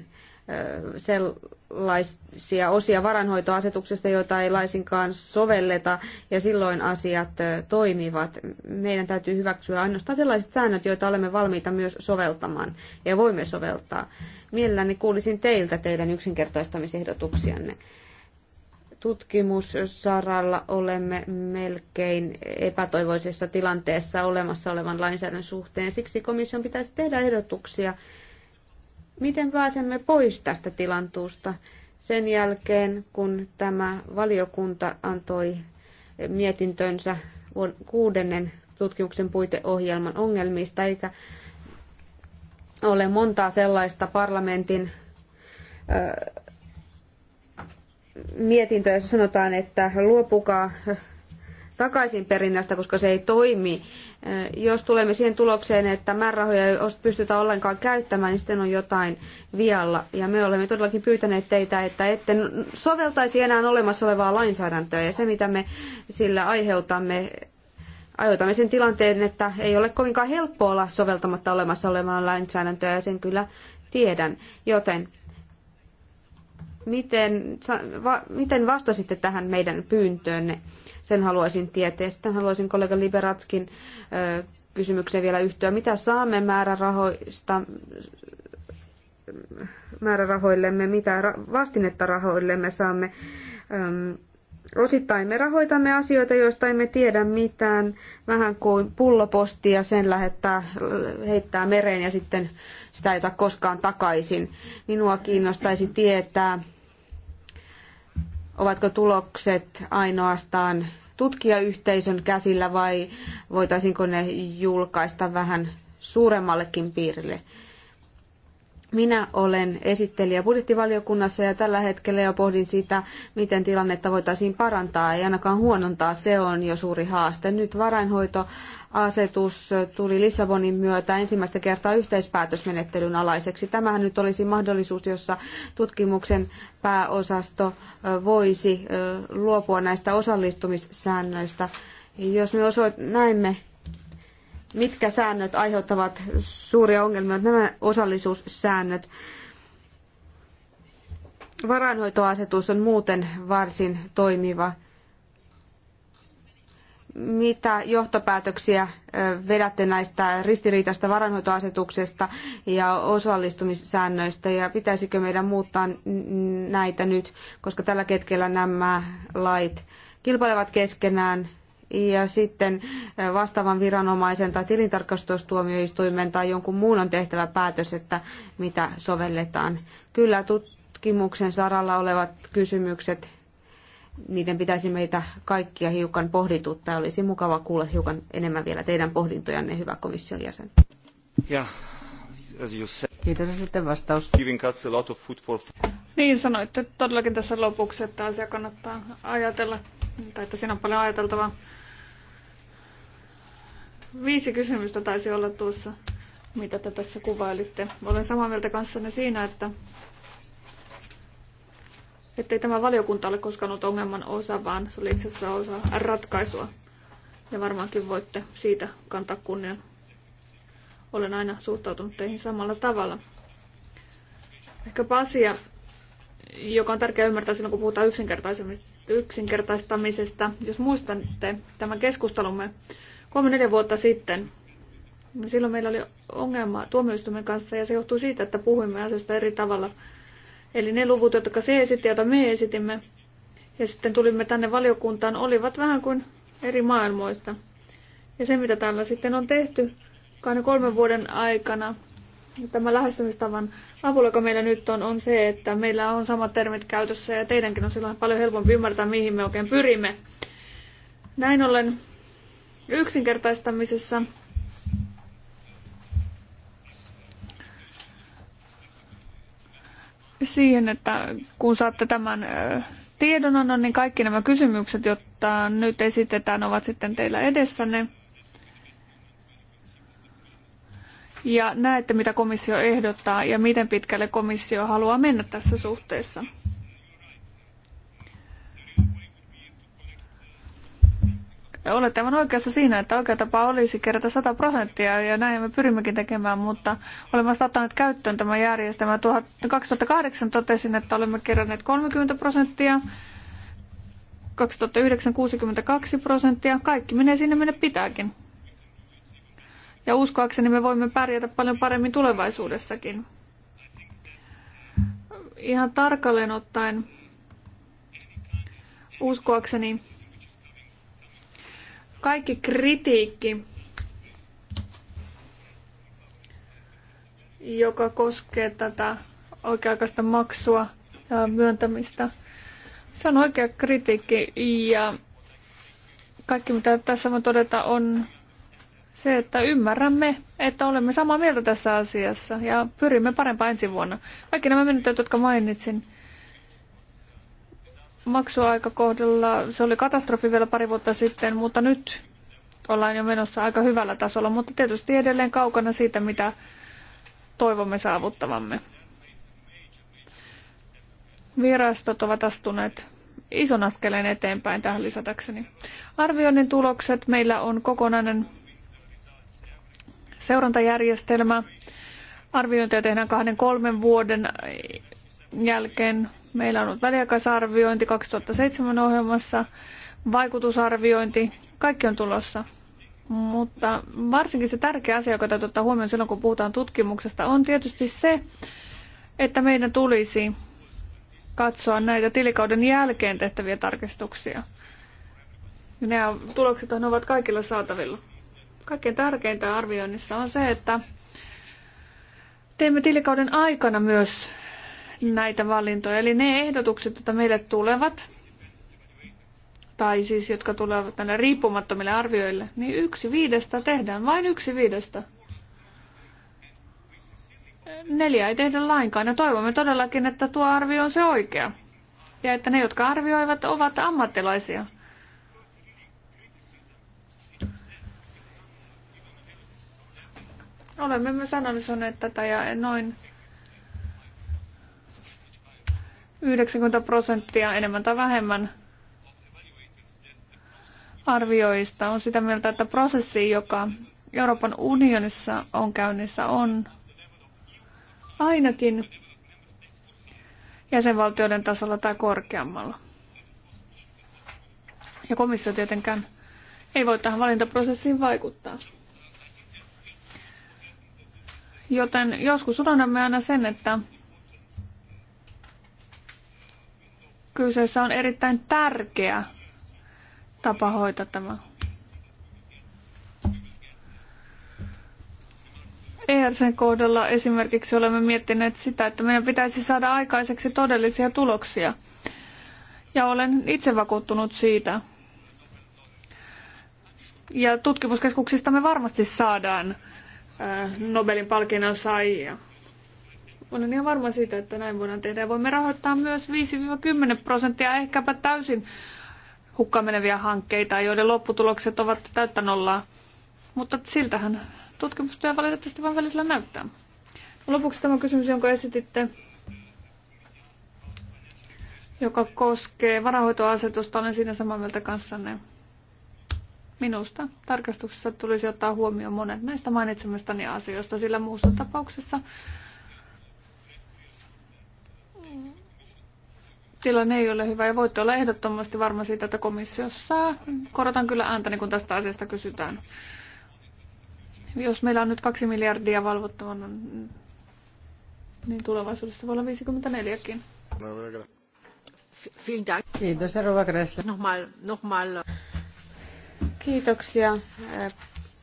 eh, sellaisia osia varanhoitoasetuksesta, joita ei laisinkaan sovelleta, ja silloin asiat eh, toimivat. Meidän täytyy hyväksyä ainoastaan sellaiset säännöt, joita olemme valmiita myös soveltamaan ja voimme soveltaa. Mielelläni kuulisin teiltä teidän yksinkertaistamisehdotuksianne tutkimussaralla olemme melkein epätoivoisessa tilanteessa olemassa olevan lainsäädännön suhteen. Siksi komission pitäisi tehdä ehdotuksia, miten pääsemme pois tästä tilantuusta sen jälkeen, kun tämä valiokunta antoi mietintönsä kuudennen tutkimuksen puiteohjelman ongelmista, eikä ole montaa sellaista parlamentin mietintö, jossa sanotaan, että luopukaa takaisinperinnästä, koska se ei toimi. Jos tulemme siihen tulokseen, että määrärahoja ei pystytä ollenkaan käyttämään, niin sitten on jotain vialla. Ja me olemme todellakin pyytäneet teitä, että ette soveltaisi enää olemassa olevaa lainsäädäntöä. Ja se, mitä me sillä aiheutamme, aiheutamme sen tilanteen, että ei ole kovinkaan helppo olla soveltamatta olemassa olevaa lainsäädäntöä, ja sen kyllä tiedän. Joten Miten, va, miten vastasitte tähän meidän pyyntöönne? Sen haluaisin tietää. Sitten haluaisin kollega Liberatskin ö, kysymykseen vielä yhtyä. Mitä saamme määrärahoista, määrärahoillemme, mitä ra- vastinetta rahoillemme saamme? Ö, osittain me rahoitamme asioita, joista emme tiedä mitään, vähän kuin pullopostia, sen lähettää, heittää mereen ja sitten sitä ei saa koskaan takaisin. Minua kiinnostaisi tietää, Ovatko tulokset ainoastaan tutkijayhteisön käsillä vai voitaisiinko ne julkaista vähän suuremmallekin piirille? Minä olen esittelijä budjettivaliokunnassa ja tällä hetkellä jo pohdin sitä, miten tilannetta voitaisiin parantaa. Ei ainakaan huonontaa, se on jo suuri haaste. Nyt varainhoito asetus tuli Lissabonin myötä ensimmäistä kertaa yhteispäätösmenettelyn alaiseksi. Tämähän nyt olisi mahdollisuus, jossa tutkimuksen pääosasto voisi luopua näistä osallistumissäännöistä. Jos me osoit- näemme mitkä säännöt aiheuttavat suuria ongelmia, nämä osallisuussäännöt. Varainhoitoasetus on muuten varsin toimiva. Mitä johtopäätöksiä vedätte näistä ristiriitaista varainhoitoasetuksesta ja osallistumissäännöistä ja pitäisikö meidän muuttaa näitä nyt, koska tällä hetkellä nämä lait kilpailevat keskenään ja sitten vastaavan viranomaisen tai tilintarkastustuomioistuimen tai jonkun muun on tehtävä päätös, että mitä sovelletaan. Kyllä tutkimuksen saralla olevat kysymykset, niiden pitäisi meitä kaikkia hiukan pohdituttaa. Olisi mukava kuulla hiukan enemmän vielä teidän pohdintojanne, hyvä komission jäsen. Kiitos sitten vastaus. Niin sanoitte todellakin tässä lopuksi, että asia kannattaa ajatella, tai että siinä on paljon ajateltavaa. Viisi kysymystä taisi olla tuossa, mitä te tässä kuvailitte. Olen samaa mieltä kanssanne siinä, että ei tämä valiokunta ole koskaan ollut ongelman osa, vaan se oli itse asiassa osa ratkaisua. Ja varmaankin voitte siitä kantaa kunnian. Olen aina suhtautunut teihin samalla tavalla. Ehkä asia, joka on tärkeää ymmärtää silloin, kun puhutaan yksinkertaistamisesta. Jos muistatte tämän keskustelumme kolme neljä vuotta sitten. Silloin meillä oli ongelma tuomioistuimen kanssa ja se johtui siitä, että puhuimme asioista eri tavalla. Eli ne luvut, jotka se esitti, joita me esitimme, ja sitten tulimme tänne valiokuntaan, olivat vähän kuin eri maailmoista. Ja se, mitä täällä sitten on tehty kahden kolmen vuoden aikana, tämä lähestymistavan avulla, joka meillä nyt on, on se, että meillä on samat termit käytössä ja teidänkin on silloin paljon helpompi ymmärtää, mihin me oikein pyrimme. Näin ollen yksinkertaistamisessa. Siihen, että kun saatte tämän tiedonannon, niin kaikki nämä kysymykset, jotta nyt esitetään, ovat sitten teillä edessänne. Ja näette, mitä komissio ehdottaa ja miten pitkälle komissio haluaa mennä tässä suhteessa. olette aivan oikeassa siinä, että oikea tapa olisi kerätä 100 prosenttia ja näin me pyrimmekin tekemään, mutta olemme ottaneet käyttöön tämä järjestelmä. 2008 totesin, että olemme keränneet 30 prosenttia, 2009 62 prosenttia, kaikki menee sinne minne pitääkin. Ja uskoakseni me voimme pärjätä paljon paremmin tulevaisuudessakin. Ihan tarkalleen ottaen uskoakseni kaikki kritiikki, joka koskee tätä oikea-aikaista maksua ja myöntämistä. Se on oikea kritiikki ja kaikki mitä tässä voin todeta on se, että ymmärrämme, että olemme samaa mieltä tässä asiassa ja pyrimme parempaan ensi vuonna. Kaikki nämä menettelyt, jotka mainitsin, maksuaikakohdalla se oli katastrofi vielä pari vuotta sitten, mutta nyt ollaan jo menossa aika hyvällä tasolla, mutta tietysti edelleen kaukana siitä, mitä toivomme saavuttavamme. Virastot ovat astuneet ison askeleen eteenpäin tähän lisätäkseni. Arvioinnin tulokset meillä on kokonainen seurantajärjestelmä. Arviointia tehdään kahden kolmen vuoden jälkeen Meillä on ollut väliaikaisarviointi 2007 ohjelmassa, vaikutusarviointi, kaikki on tulossa. Mutta varsinkin se tärkeä asia, joka täytyy ottaa huomioon silloin, kun puhutaan tutkimuksesta, on tietysti se, että meidän tulisi katsoa näitä tilikauden jälkeen tehtäviä tarkistuksia. Nämä tulokset ovat kaikilla saatavilla. Kaikkein tärkeintä arvioinnissa on se, että teemme tilikauden aikana myös näitä valintoja. Eli ne ehdotukset, joita meille tulevat, tai siis jotka tulevat tänne riippumattomille arvioille, niin yksi viidestä tehdään, vain yksi viidestä. Neljä ei tehdä lainkaan, ja toivomme todellakin, että tuo arvio on se oikea. Ja että ne, jotka arvioivat, ovat ammattilaisia. Olemme myös analysoineet tätä ja noin 90 prosenttia enemmän tai vähemmän arvioista on sitä mieltä, että prosessi, joka Euroopan unionissa on käynnissä, on ainakin jäsenvaltioiden tasolla tai korkeammalla. Ja komissio tietenkään ei voi tähän valintaprosessiin vaikuttaa. Joten joskus unohdamme aina sen, että Kyseessä on erittäin tärkeä tapa hoitaa tämä. ERCn kohdalla esimerkiksi olemme miettineet sitä, että meidän pitäisi saada aikaiseksi todellisia tuloksia. Ja olen itse vakuuttunut siitä. Ja tutkimuskeskuksista me varmasti saadaan Nobelin palkinnon saajia. Olen ihan varma siitä, että näin voidaan tehdä. Ja voimme rahoittaa myös 5-10 prosenttia, ehkäpä täysin hukkaan meneviä hankkeita, joiden lopputulokset ovat täyttä nollaa. Mutta siltähän tutkimustyö valitettavasti vain välillä näyttää. Lopuksi tämä kysymys, jonka esititte, joka koskee varahoitoasetusta, olen siinä samaa mieltä kanssanne. Minusta tarkastuksessa tulisi ottaa huomioon monet näistä mainitsemistani asioista, sillä muussa tapauksessa tilanne ei ole hyvä ja voitte olla ehdottomasti varma siitä, että komissiossa korotan kyllä ääntäni, kun tästä asiasta kysytään. Jos meillä on nyt kaksi miljardia valvottavana, niin tulevaisuudessa voi olla 54kin. Kiitos, Rova Kiitoksia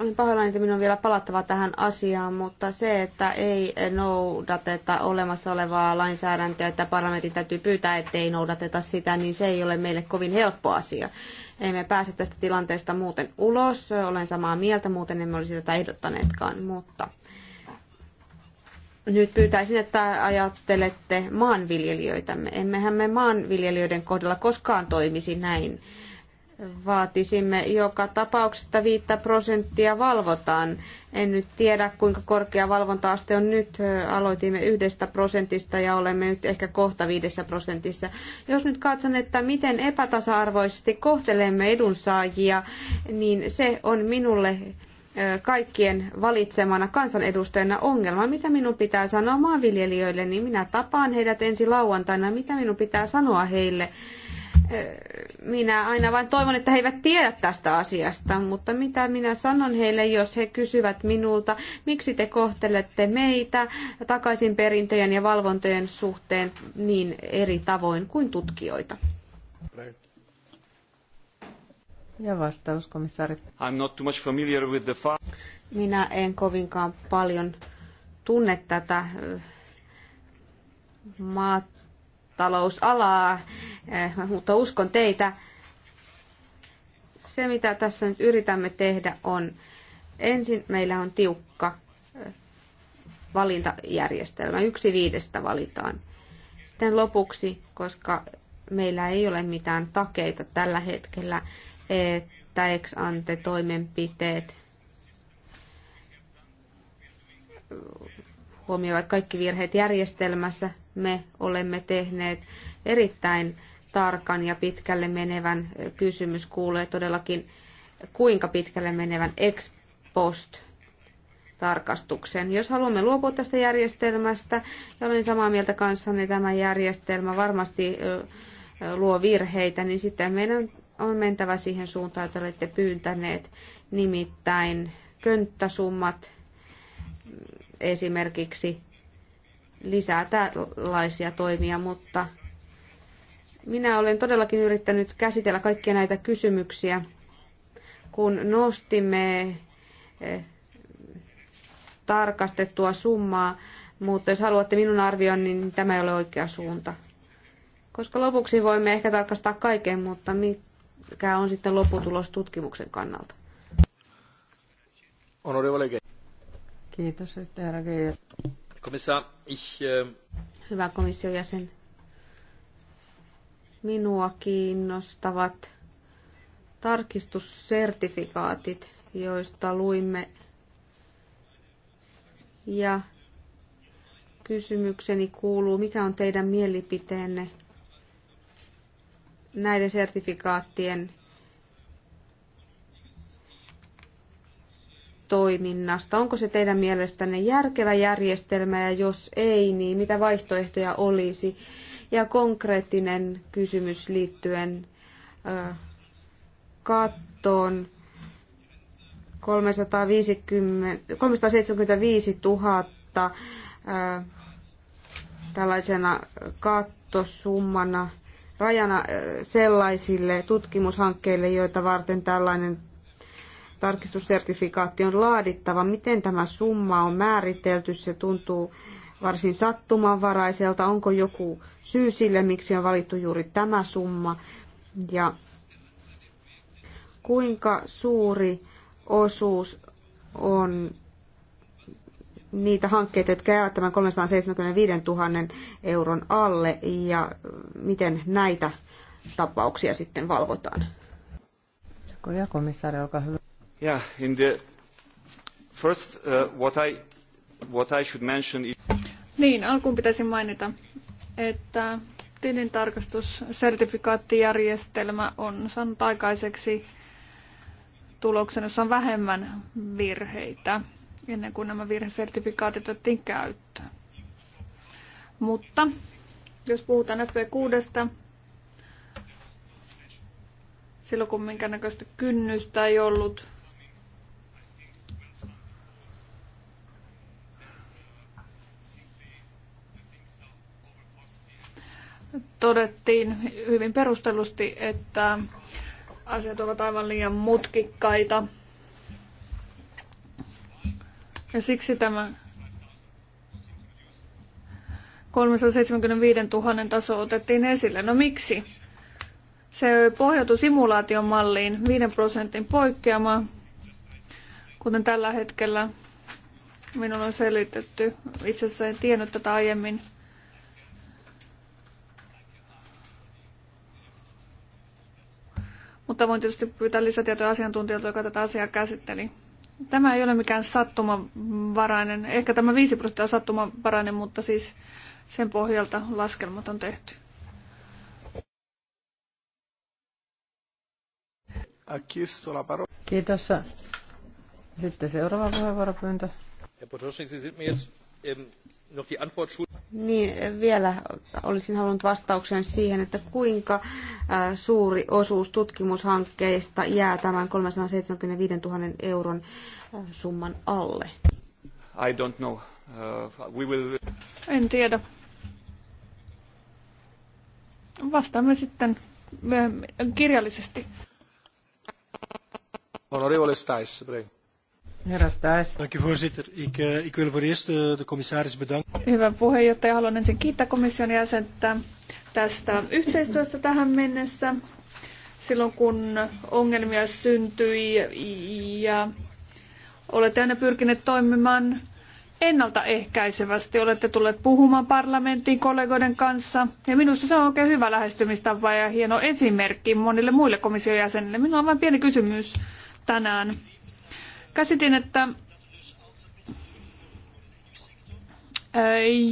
olen pahoillani, että minun on vielä palattava tähän asiaan, mutta se, että ei noudateta olemassa olevaa lainsäädäntöä, että parlamentin täytyy pyytää, ettei noudateta sitä, niin se ei ole meille kovin helppo asia. Emme pääse tästä tilanteesta muuten ulos. Olen samaa mieltä, muuten emme olisi tätä ehdottaneetkaan, mutta nyt pyytäisin, että ajattelette maanviljelijöitämme. Emmehän me maanviljelijöiden kohdalla koskaan toimisi näin vaatisimme joka tapauksessa 5 prosenttia valvotaan. En nyt tiedä, kuinka korkea valvontaaste on nyt. Aloitimme yhdestä prosentista ja olemme nyt ehkä kohta viidessä prosentissa. Jos nyt katson, että miten epätasa-arvoisesti kohtelemme edunsaajia, niin se on minulle kaikkien valitsemana kansanedustajana ongelma. Mitä minun pitää sanoa maanviljelijöille, niin minä tapaan heidät ensi lauantaina. Mitä minun pitää sanoa heille? Minä aina vain toivon, että he eivät tiedä tästä asiasta, mutta mitä minä sanon heille, jos he kysyvät minulta, miksi te kohtelette meitä takaisin perintöjen ja valvontojen suhteen niin eri tavoin kuin tutkijoita? Ja vastaus, komissaari. I'm not too much familiar with the far- Minä en kovinkaan paljon tunne tätä maat maatalousalaa, eh, mutta uskon teitä. Se, mitä tässä nyt yritämme tehdä, on ensin meillä on tiukka eh, valintajärjestelmä. Yksi viidestä valitaan. Sitten lopuksi, koska meillä ei ole mitään takeita tällä hetkellä, että ex ante toimenpiteet huomioivat kaikki virheet järjestelmässä. Me olemme tehneet erittäin tarkan ja pitkälle menevän kysymys kuulee todellakin, kuinka pitkälle menevän ex post tarkastuksen. Jos haluamme luopua tästä järjestelmästä, ja olen samaa mieltä kanssanne, niin tämä järjestelmä varmasti luo virheitä, niin sitten meidän on mentävä siihen suuntaan, jota olette pyyntäneet, nimittäin könttäsummat esimerkiksi lisää tällaisia toimia, mutta minä olen todellakin yrittänyt käsitellä kaikkia näitä kysymyksiä, kun nostimme eh, tarkastettua summaa, mutta jos haluatte minun arvion, niin tämä ei ole oikea suunta. Koska lopuksi voimme ehkä tarkastaa kaiken, mutta mikä on sitten lopputulos tutkimuksen kannalta? Honorable Kiitos, herra Geijer. ich... Äh, Hyvä komission jäsen. Minua kiinnostavat tarkistussertifikaatit, joista luimme. Ja kysymykseni kuuluu, mikä on teidän mielipiteenne näiden sertifikaattien toiminnasta. Onko se teidän mielestänne järkevä järjestelmä ja jos ei, niin mitä vaihtoehtoja olisi? Ja konkreettinen kysymys liittyen kattoon 350, 375 000 ö, tällaisena kattosummana rajana sellaisille tutkimushankkeille, joita varten tällainen tarkistussertifikaatti on laadittava, miten tämä summa on määritelty, se tuntuu varsin sattumanvaraiselta, onko joku syy sille, miksi on valittu juuri tämä summa ja kuinka suuri osuus on niitä hankkeita, jotka jäävät tämän 375 000 euron alle ja miten näitä tapauksia sitten valvotaan. Komissaari, olkaa hyvä. Yeah, in the first, uh, what I, what I should mention is... Niin, alkuun pitäisi mainita, että tilintarkastussertifikaattijärjestelmä on saanut aikaiseksi tuloksen, jossa on vähemmän virheitä ennen kuin nämä virhesertifikaatit otettiin käyttöön. Mutta jos puhutaan FP6, silloin kun minkä näköistä kynnystä ei ollut todettiin hyvin perustellusti, että asiat ovat aivan liian mutkikkaita. Ja siksi tämä 375 000 taso otettiin esille. No miksi? Se pohjautui simulaatiomalliin 5 prosentin poikkeama, kuten tällä hetkellä minulla on selitetty. Itse asiassa en tiennyt tätä aiemmin. mutta voin tietysti pyytää lisätietoja asiantuntijalta, joka tätä asiaa käsitteli. Tämä ei ole mikään sattumavarainen. Ehkä tämä 5 prosenttia on sattumavarainen, mutta siis sen pohjalta laskelmat on tehty. Kiitos. Sitten seuraava puheenvuoropyyntö. Niin, vielä olisin halunnut vastauksen siihen, että kuinka äh, suuri osuus tutkimushankkeista jää tämän 375 000 euron äh, summan alle? I don't know. Uh, we will... En tiedä. Vastaamme sitten äh, kirjallisesti. Onorevole Stais, prego. Herra Staes. Dank u voorzitter. Ik, uh, ik wil voor eerst uh, de commissaris bedanken. Hyvä puheenjohtaja, haluan ensin kiittää komission jäsentä tästä yhteistyöstä tähän mennessä. Silloin kun ongelmia syntyi ja olette aina pyrkineet toimimaan ennaltaehkäisevästi. Olette tulleet puhumaan parlamenttiin kollegoiden kanssa. Ja minusta se on oikein hyvä lähestymistapa ja hieno esimerkki monille muille komission jäsenille. Minulla on vain pieni kysymys tänään Käsitin, että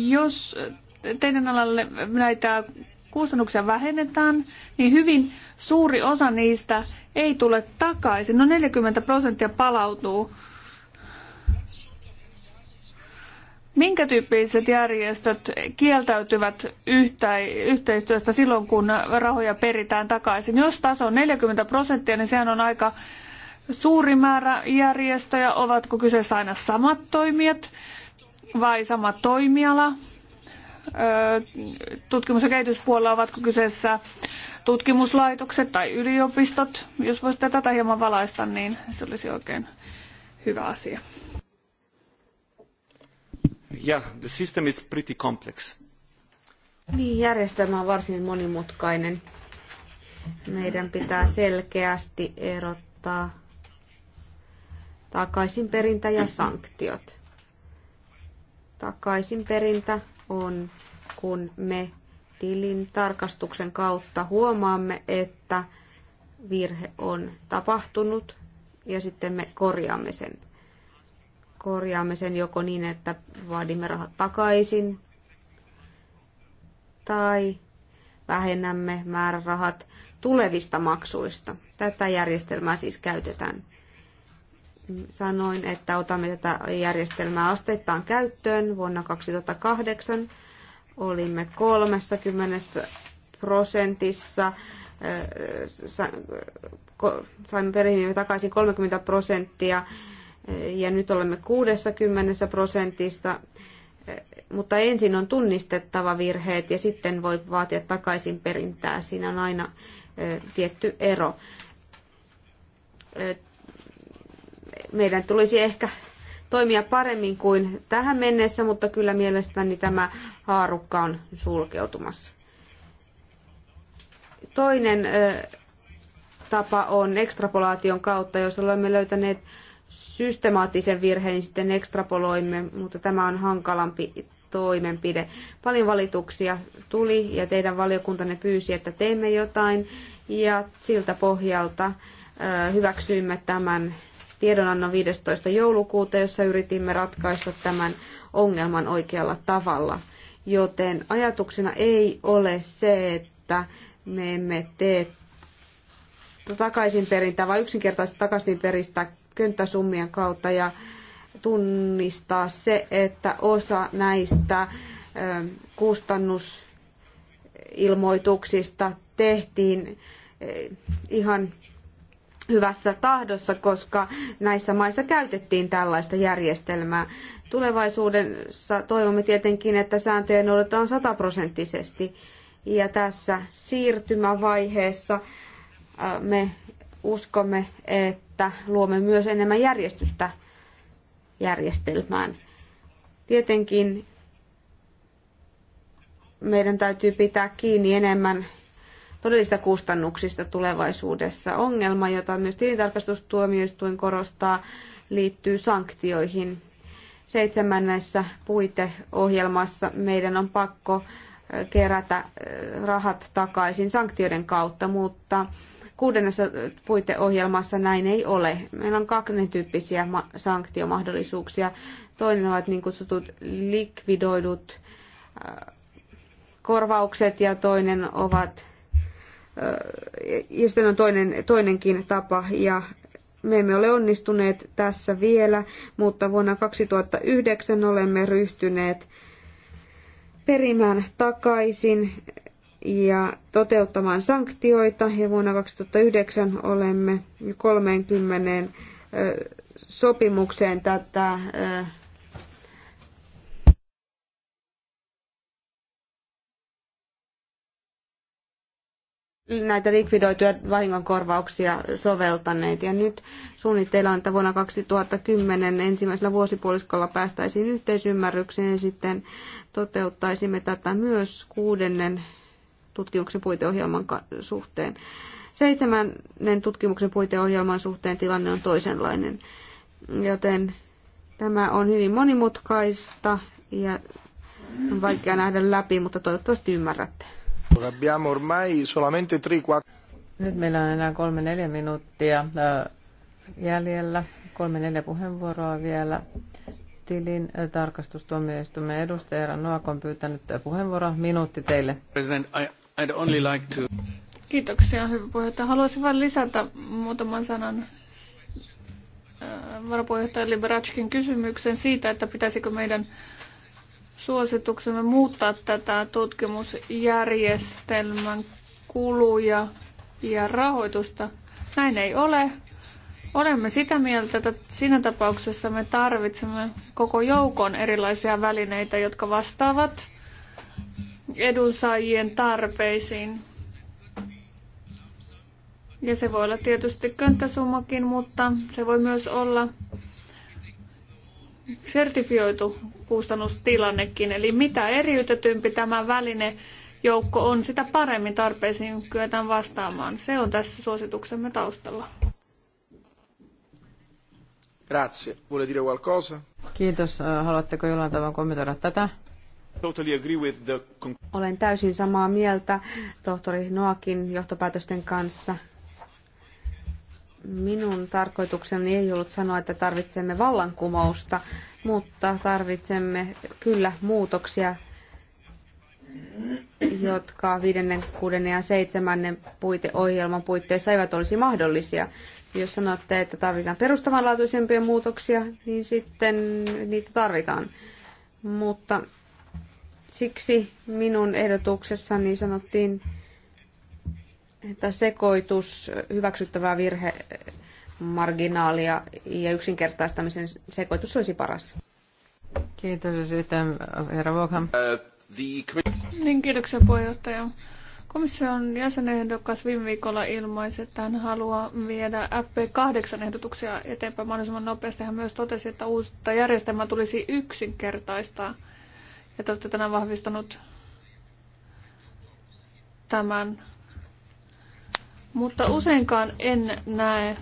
jos teidän alalle näitä kustannuksia vähennetään, niin hyvin suuri osa niistä ei tule takaisin. No 40 prosenttia palautuu. Minkä tyyppiset järjestöt kieltäytyvät yhteistyöstä silloin, kun rahoja peritään takaisin? Jos taso on 40 prosenttia, niin sehän on aika suuri määrä järjestöjä, ovatko kyseessä aina samat toimijat vai sama toimiala. Tutkimus- ja kehityspuolella ovatko kyseessä tutkimuslaitokset tai yliopistot. Jos voisitte tätä hieman valaista, niin se olisi oikein hyvä asia. Yeah, the system is pretty complex. Niin, järjestelmä on varsin monimutkainen. Meidän pitää selkeästi erottaa takaisinperintä ja sanktiot. Takaisinperintä on, kun me tilin tarkastuksen kautta huomaamme, että virhe on tapahtunut ja sitten me korjaamme sen. Korjaamme sen joko niin, että vaadimme rahat takaisin tai vähennämme määrärahat tulevista maksuista. Tätä järjestelmää siis käytetään sanoin, että otamme tätä järjestelmää asteittain käyttöön vuonna 2008. Olimme 30 prosentissa, äh, saimme perimme takaisin 30 prosenttia äh, ja nyt olemme 60 prosentista, äh, mutta ensin on tunnistettava virheet ja sitten voi vaatia takaisin perintää. Siinä on aina tietty ero meidän tulisi ehkä toimia paremmin kuin tähän mennessä, mutta kyllä mielestäni tämä haarukka on sulkeutumassa. Toinen tapa on ekstrapolaation kautta, jos olemme löytäneet systemaattisen virheen, niin sitten ekstrapoloimme, mutta tämä on hankalampi toimenpide. Paljon valituksia tuli ja teidän valiokuntanne pyysi, että teemme jotain ja siltä pohjalta hyväksyimme tämän tiedonannon 15. joulukuuta, jossa yritimme ratkaista tämän ongelman oikealla tavalla. Joten ajatuksena ei ole se, että me emme tee takaisinperintää, vaan yksinkertaisesti takaisinperistä könttäsummien kautta ja tunnistaa se, että osa näistä kustannusilmoituksista tehtiin ihan hyvässä tahdossa, koska näissä maissa käytettiin tällaista järjestelmää. Tulevaisuudessa toivomme tietenkin, että sääntöjä noudatetaan sataprosenttisesti. Ja tässä siirtymävaiheessa me uskomme, että luomme myös enemmän järjestystä järjestelmään. Tietenkin meidän täytyy pitää kiinni enemmän todellista kustannuksista tulevaisuudessa. Ongelma, jota myös tilintarkastustuomioistuin korostaa, liittyy sanktioihin. Seitsemännessä puiteohjelmassa meidän on pakko kerätä rahat takaisin sanktioiden kautta, mutta kuudennessa puiteohjelmassa näin ei ole. Meillä on kaksi tyyppisiä sanktiomahdollisuuksia. Toinen ovat niin kutsutut likvidoidut korvaukset ja toinen ovat ja sitten on toinen, toinenkin tapa ja me emme ole onnistuneet tässä vielä, mutta vuonna 2009 olemme ryhtyneet perimään takaisin ja toteuttamaan sanktioita ja vuonna 2009 olemme 30 sopimukseen tätä näitä likvidoituja vahingonkorvauksia soveltaneet. Ja nyt suunnitteilla on, että vuonna 2010 ensimmäisellä vuosipuoliskolla päästäisiin yhteisymmärrykseen ja sitten toteuttaisimme tätä myös kuudennen tutkimuksen puiteohjelman suhteen. Seitsemännen tutkimuksen puiteohjelman suhteen tilanne on toisenlainen, joten tämä on hyvin monimutkaista ja on vaikea nähdä läpi, mutta toivottavasti ymmärrätte. Nyt meillä on enää kolme neljä minuuttia äh, jäljellä. Kolme neljä puheenvuoroa vielä. Tilin äh, tarkastustuomioistuimen edustaja Eero Noak on pyytänyt äh, puheenvuoroa. Minuutti teille. President, I, I'd only like to... Kiitoksia, hyvä puheenjohtaja. Haluaisin vain lisätä muutaman sanan varapuheenjohtaja Liberatskin kysymyksen siitä, että pitäisikö meidän suosituksemme muuttaa tätä tutkimusjärjestelmän kuluja ja rahoitusta. Näin ei ole. Olemme sitä mieltä, että siinä tapauksessa me tarvitsemme koko joukon erilaisia välineitä, jotka vastaavat edunsaajien tarpeisiin. Ja se voi olla tietysti könttäsummakin, mutta se voi myös olla sertifioitu kustannustilannekin. Eli mitä eriytetympi tämä väline joukko on, sitä paremmin tarpeisiin kyetään vastaamaan. Se on tässä suosituksemme taustalla. Grazie. Vuole dire qualcosa? Kiitos. Äh, haluatteko jollain tavalla kommentoida tätä? Olen täysin samaa mieltä tohtori Noakin johtopäätösten kanssa. Minun tarkoitukseni ei ollut sanoa, että tarvitsemme vallankumousta, mutta tarvitsemme kyllä muutoksia, jotka viidennen, kuudennen ja seitsemännen puiteohjelman puitteissa eivät olisi mahdollisia. Jos sanotte, että tarvitaan perustavanlaatuisempia muutoksia, niin sitten niitä tarvitaan. Mutta siksi minun ehdotuksessani sanottiin että sekoitus hyväksyttävää virhe marginaalia ja yksinkertaistamisen sekoitus olisi paras. Kiitos sitten äh, herra Vuokham. Äh, niin, kiitoksia puheenjohtaja. Komission jäsenehdokas viime viikolla ilmaisi, että hän haluaa viedä FP8-ehdotuksia eteenpäin mahdollisimman nopeasti. Hän myös totesi, että uutta järjestelmää tulisi yksinkertaistaa. Ja te olette tänään vahvistanut tämän mutta useinkaan en näe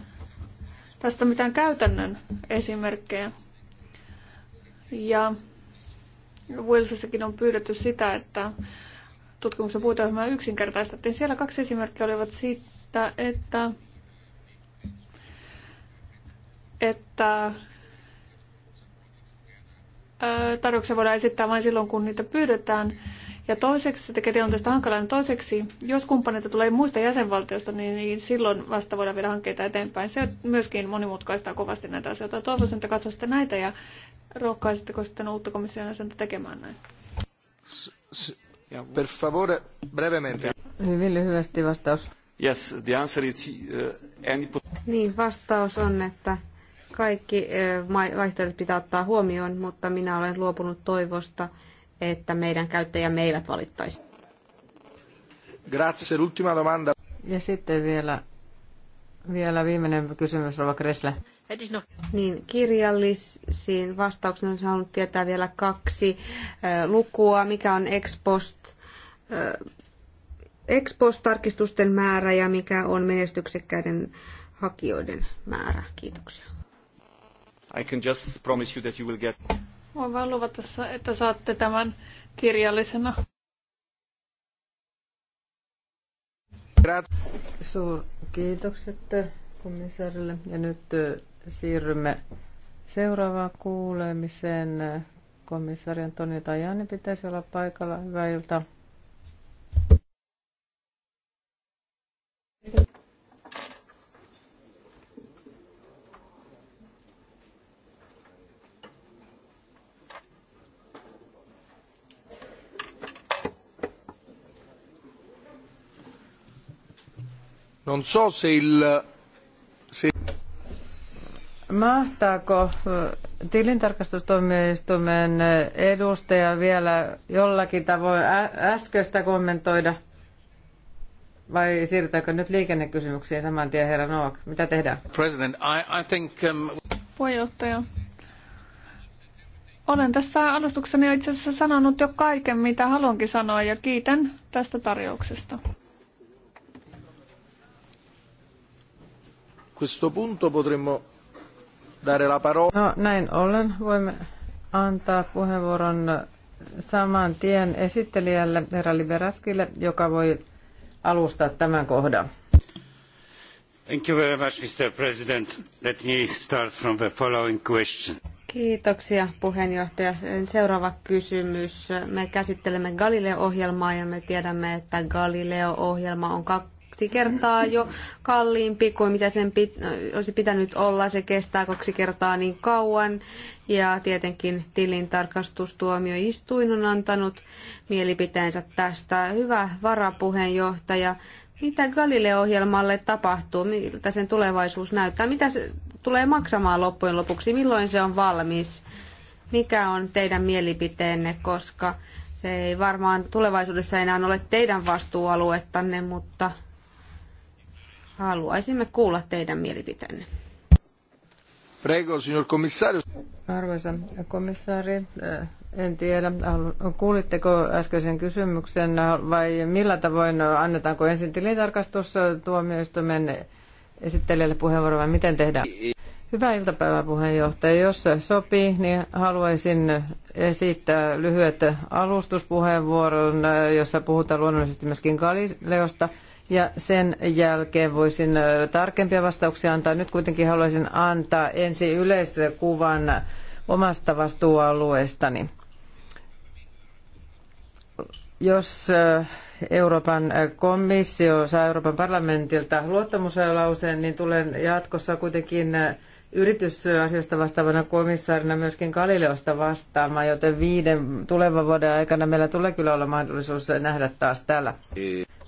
tästä mitään käytännön esimerkkejä. Ja Wilsissakin on pyydetty sitä, että tutkimuksen puiteohjelmaa yksinkertaistettiin. Siellä kaksi esimerkkiä olivat siitä, että, että tarjouksia voidaan esittää vain silloin, kun niitä pyydetään. Ja toiseksi se tekee tilanteesta niin Toiseksi, jos kumppaneita tulee muista jäsenvaltioista, niin, niin silloin vasta voidaan viedä hankkeita eteenpäin. Se myöskin monimutkaistaa kovasti näitä asioita. Toivoisin, että katsoisitte näitä ja rohkaisitteko sitten uutta komission jäsentä tekemään näin. Per favore, brevemente. Hyvin lyhyesti vastaus. Yes, the answer is, uh, any... Niin, vastaus on, että kaikki eh, vaihtoehdot pitää ottaa huomioon, mutta minä olen luopunut toivosta, että meidän käyttäjämme eivät valittaisi. Grazie, l'ultima domanda. Ja sitten vielä, vielä viimeinen kysymys, Rova Kresle. Niin, kirjallisiin vastauksiin olisin halunnut tietää vielä kaksi lukua. Mikä on expost tarkistusten äh, tarkistusten määrä ja mikä on menestyksekkäiden hakijoiden määrä? Kiitoksia. I can just promise you that you will get Voin vaan luvata, että saatte tämän kirjallisena. Suur kiitokset eh, komissaarille. Ja nyt eh, siirrymme seuraavaan kuulemiseen. Eh, komissaari Antoni Tajani pitäisi olla paikalla. Hyvää iltaa. Non so se il... Se... Mahtaako tilintarkastustoimistoimen edustaja vielä jollakin tavoin äskeistä kommentoida? Vai siirrytäänkö nyt liikennekysymyksiin saman tien, herra Noak? Mitä tehdään? President, I, I think, um... Puheenjohtaja. Olen tässä alustukseni itse asiassa sanonut jo kaiken, mitä haluankin sanoa, ja kiitän tästä tarjouksesta. questo punto potremmo dare la parola. No, näin ollen voimme antaa puheenvuoron saman tien esittelijälle, herra Liberaskille, joka voi alustaa tämän kohdan. Thank you very much, Mr. President. Let me start from the following question. Kiitoksia puheenjohtaja. Seuraava kysymys. Me käsittelemme Galileo-ohjelmaa ja me tiedämme, että Galileo-ohjelma on kaksi kertaa jo kalliimpi kuin mitä sen pit- olisi pitänyt olla. Se kestää kaksi kertaa niin kauan. Ja tietenkin tilintarkastustuomioistuin on antanut mielipiteensä tästä. Hyvä varapuheenjohtaja. Mitä Galileo-ohjelmalle tapahtuu? Miltä sen tulevaisuus näyttää? Mitä se tulee maksamaan loppujen lopuksi? Milloin se on valmis? Mikä on teidän mielipiteenne, koska se ei varmaan tulevaisuudessa enää ole teidän vastuualuettanne, mutta Haluaisimme kuulla teidän mielipiteenne. Prego, signor commissario. Arvoisa komissaari, eh, en tiedä, kuulitteko äskeisen kysymyksen vai millä tavoin, annetaanko ensin tilintarkastus tuomioistuimen esittelijälle puheenvuoro vai miten tehdään? Hyvää iltapäivää puheenjohtaja. Jos sopii, niin haluaisin esittää lyhyet alustuspuheenvuoron, jossa puhutaan luonnollisesti myöskin Galileosta – ja sen jälkeen voisin tarkempia vastauksia antaa. Nyt kuitenkin haluaisin antaa ensin yleiskuvan omasta vastuualueestani. Jos Euroopan komissio saa Euroopan parlamentilta luottamuslauseen, niin tulen jatkossa kuitenkin yritysasioista vastaavana komissaarina myöskin Galileosta vastaamaan, joten viiden tulevan vuoden aikana meillä tulee kyllä olla mahdollisuus nähdä taas täällä.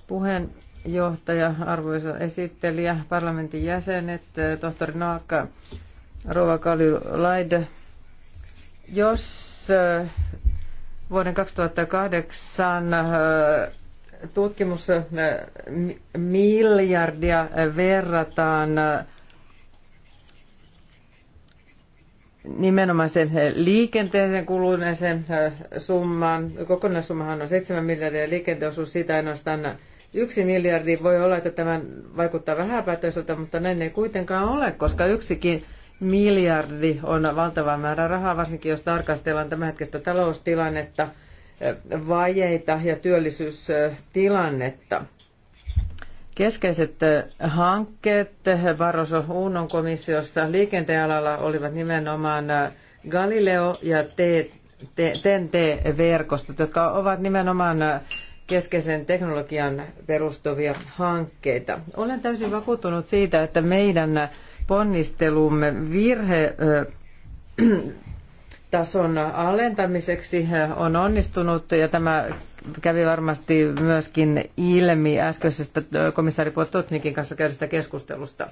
Puheen johtaja, arvoisa esittelijä, parlamentin jäsenet, tohtori Naakka, Rova Laide. Jos äh, vuoden 2008 äh, tutkimus äh, miljardia verrataan nimenomaisen liikenteen kuluneeseen summaan. Kokonaissummahan on 7 miljardia liikenteosuus, siitä ainoastaan Yksi miljardi voi olla, että tämä vaikuttaa vähäpätöiseltä, mutta näin ei kuitenkaan ole, koska yksikin miljardi on valtava määrä rahaa, varsinkin jos tarkastellaan tämänhetkistä taloustilannetta, vajeita ja työllisyystilannetta. Keskeiset hankkeet Varoso Uunon komissiossa liikenteen alalla olivat nimenomaan Galileo ja TNT-verkostot, jotka ovat nimenomaan keskeisen teknologian perustuvia hankkeita. Olen täysin vakuuttunut siitä, että meidän ponnistelumme virhe tason alentamiseksi on onnistunut ja tämä kävi varmasti myöskin ilmi äskeisestä komissaari Pototnikin kanssa käydystä keskustelusta.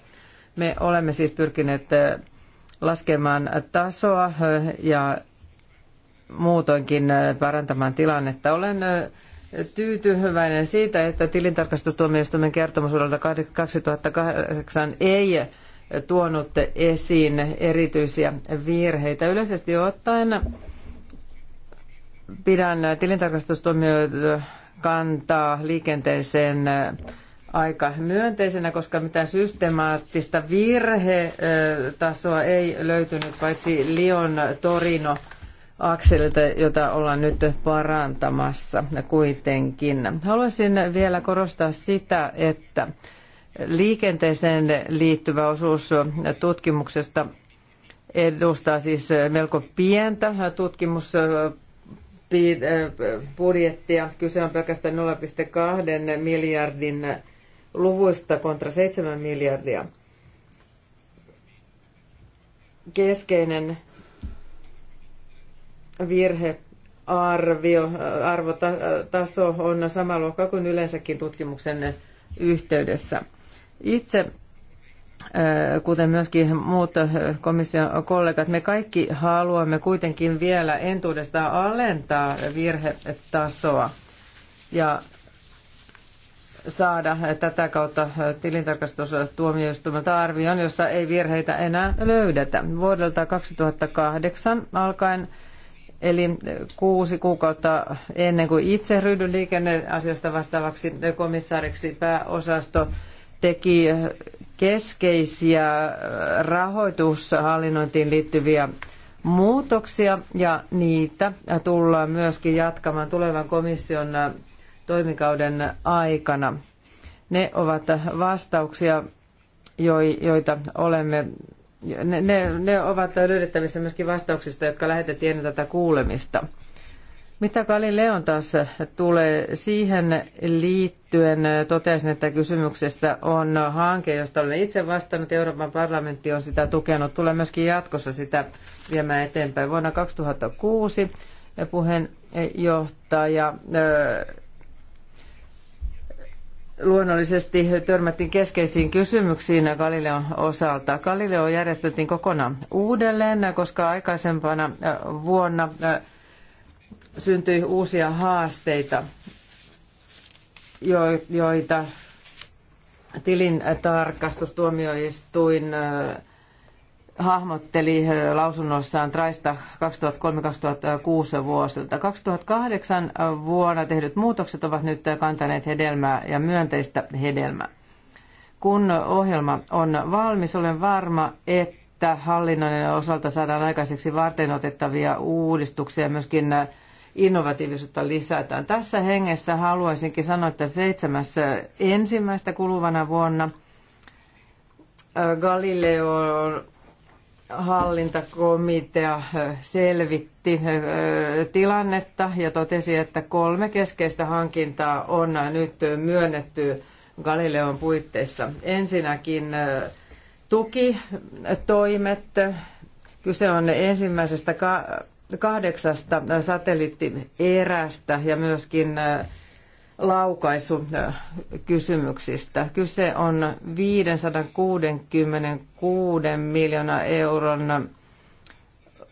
Me olemme siis pyrkineet laskemaan tasoa ja muutoinkin parantamaan tilannetta. Olen tyytyväinen siitä, että tilintarkastustuomioistuimen kertomus vuodelta 2008 ei tuonut esiin erityisiä virheitä. Yleisesti ottaen pidän tilintarkastustuomioiden kantaa liikenteeseen aika myönteisenä, koska mitään systemaattista virhetasoa ei löytynyt, paitsi Lion Torino – akselilta, jota ollaan nyt parantamassa kuitenkin. Haluaisin vielä korostaa sitä, että liikenteeseen liittyvä osuus tutkimuksesta edustaa siis melko pientä tutkimusbudjettia. Kyse on pelkästään 0,2 miljardin luvuista kontra 7 miljardia. Keskeinen virhe arvio, arvotaso on sama luokka kuin yleensäkin tutkimuksen yhteydessä. Itse, äh, kuten myöskin muut äh, komission kollegat, me kaikki haluamme kuitenkin vielä entuudestaan alentaa virhetasoa ja saada tätä kautta tilintarkastustuomioistuimelta arvion, jossa ei virheitä enää löydetä. Vuodelta 2008 alkaen Eli kuusi kuukautta ennen kuin itse ryhdyin liikenneasioista vastaavaksi komissaariksi pääosasto teki keskeisiä rahoitushallinnointiin liittyviä muutoksia ja niitä tullaan myöskin jatkamaan tulevan komission toimikauden aikana. Ne ovat vastauksia, joita olemme ne, ne, ne ovat löydettävissä myöskin vastauksista, jotka lähetettiin ennen tätä kuulemista. Mitä Leon taas tulee siihen liittyen, totesin, että kysymyksessä on hanke, josta olen itse vastannut. Euroopan parlamentti on sitä tukenut. Tulee myöskin jatkossa sitä viemään eteenpäin. Vuonna 2006 puheenjohtaja luonnollisesti törmättiin keskeisiin kysymyksiin Galileon osalta. Galileo järjestettiin kokonaan uudelleen, koska aikaisempana äh, vuonna äh, syntyi uusia haasteita, joita tilin tuomioistuin äh, hahmotteli eh, lausunnossaan Traista 2003-2006 vuosilta. 2008 eh, vuonna tehdyt muutokset ovat nyt eh, kantaneet hedelmää ja myönteistä hedelmää. Kun ohjelma on valmis, olen varma, että hallinnon osalta saadaan aikaiseksi varteenotettavia uudistuksia ja myöskin innovatiivisuutta lisätään. Tässä hengessä haluaisinkin sanoa, että 7. ensimmäistä kuluvana vuonna Galileo hallintakomitea äh, selvitti äh, tilannetta ja totesi, että kolme keskeistä hankintaa on nyt myönnetty Galileon puitteissa. Ensinnäkin äh, tukitoimet. Kyse on ensimmäisestä kahdeksasta satelliittierästä ja myöskin laukaisukysymyksistä. Kyse on 566 miljoonaa euron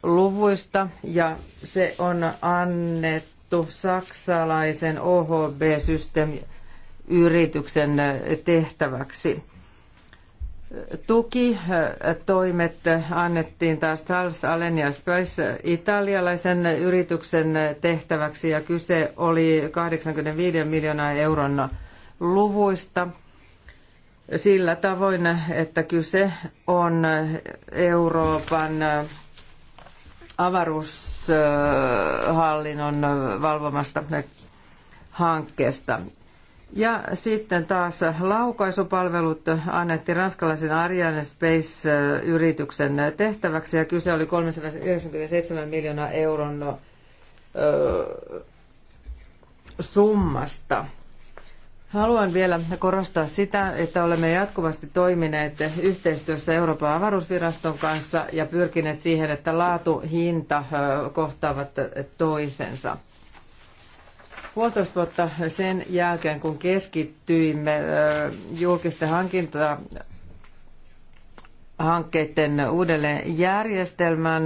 luvuista ja se on annettu saksalaisen OHB-systeemi yrityksen tehtäväksi tukitoimet eh, annettiin taas Charles Alenia Spice italialaisen yrityksen tehtäväksi ja kyse oli 85 miljoonaa euron luvuista sillä tavoin, että kyse on Euroopan avaruushallinnon valvomasta hankkeesta. Ja sitten taas laukaisupalvelut annettiin ranskalaisen Ariane Space-yrityksen tehtäväksi ja kyse oli 397 miljoonaa euron ö, summasta. Haluan vielä korostaa sitä, että olemme jatkuvasti toimineet yhteistyössä Euroopan avaruusviraston kanssa ja pyrkineet siihen, että laatu, hinta kohtaavat toisensa puolitoista vuotta sen jälkeen, kun keskittyimme julkisten hankintaa, hankkeiden uudelleen järjestelmän,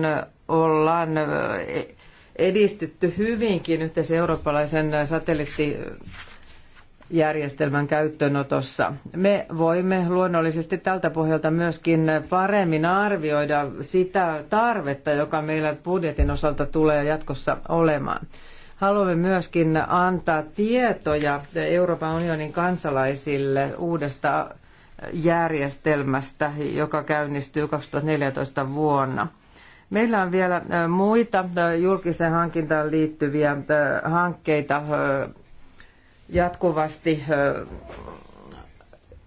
ollaan edistytty hyvinkin yhteisen eurooppalaisen satelliittijärjestelmän käyttöönotossa. Me voimme luonnollisesti tältä pohjalta myöskin paremmin arvioida sitä tarvetta, joka meillä budjetin osalta tulee jatkossa olemaan. Haluamme myöskin antaa tietoja Euroopan unionin kansalaisille uudesta järjestelmästä, joka käynnistyy 2014 vuonna. Meillä on vielä muita julkiseen hankintaan liittyviä hankkeita jatkuvasti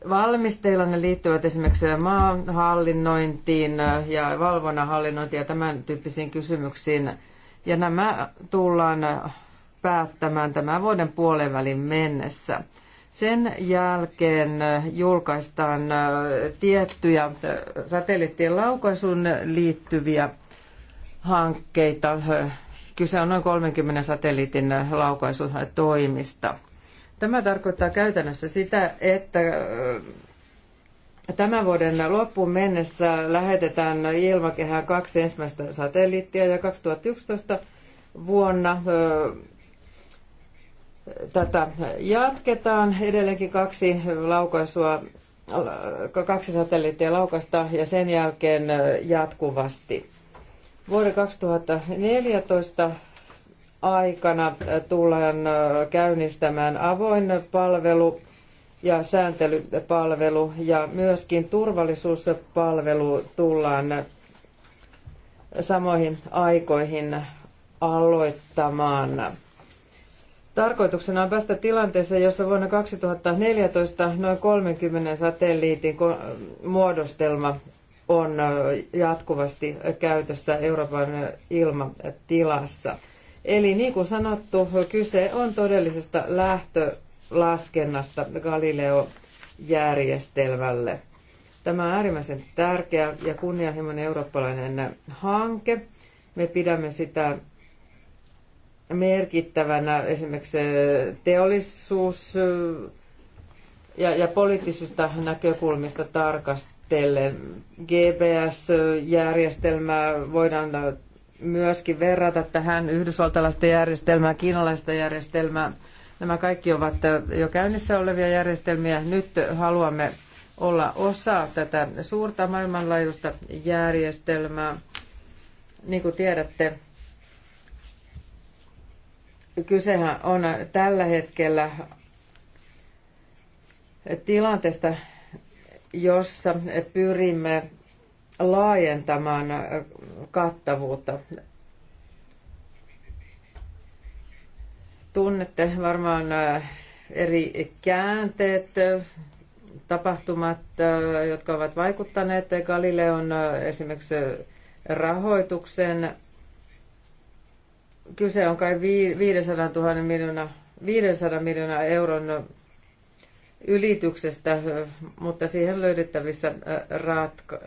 valmisteilla. Ne liittyvät esimerkiksi maanhallinnointiin ja valvonnan hallinnointiin ja tämän tyyppisiin kysymyksiin. Ja nämä tullaan päättämään tämän vuoden puolen välin mennessä. Sen jälkeen julkaistaan tiettyjä satelliittien laukaisuun liittyviä hankkeita. Kyse on noin 30 satelliitin laukaisutoimista. Tämä tarkoittaa käytännössä sitä, että tämän vuoden loppuun mennessä lähetetään ilmakehään kaksi ensimmäistä satelliittia ja 2011 vuonna tätä jatketaan. Edelleenkin kaksi laukaisua, kaksi satelliittia laukasta ja sen jälkeen jatkuvasti. Vuoden 2014 aikana tullaan käynnistämään avoin palvelu ja sääntelypalvelu ja myöskin turvallisuuspalvelu tullaan samoihin aikoihin aloittamaan. Tarkoituksena on päästä tilanteeseen, jossa vuonna 2014 noin 30 satelliitin muodostelma on jatkuvasti käytössä Euroopan ilmatilassa. Eli niin kuin sanottu, kyse on todellisesta lähtölaskennasta Galileo-järjestelmälle. Tämä on äärimmäisen tärkeä ja kunnianhimoinen eurooppalainen hanke. Me pidämme sitä merkittävänä esimerkiksi teollisuus ja, ja poliittisista näkökulmista tarkastellen. GPS-järjestelmää voidaan myöskin verrata tähän yhdysvaltalaista järjestelmää, kiinalaista järjestelmää. Nämä kaikki ovat jo käynnissä olevia järjestelmiä. Nyt haluamme olla osa tätä suurta maailmanlaajuista järjestelmää. Niin kuin tiedätte, Kysehän on tällä hetkellä tilanteesta, jossa pyrimme laajentamaan kattavuutta. Tunnette varmaan äh, eri käänteet, tapahtumat, äh, jotka ovat vaikuttaneet Galileon äh, esimerkiksi rahoituksen Kyse on kai 500 000 miljoonaa, 500 miljoonaa euron ylityksestä, mutta siihen löydettävissä ratka-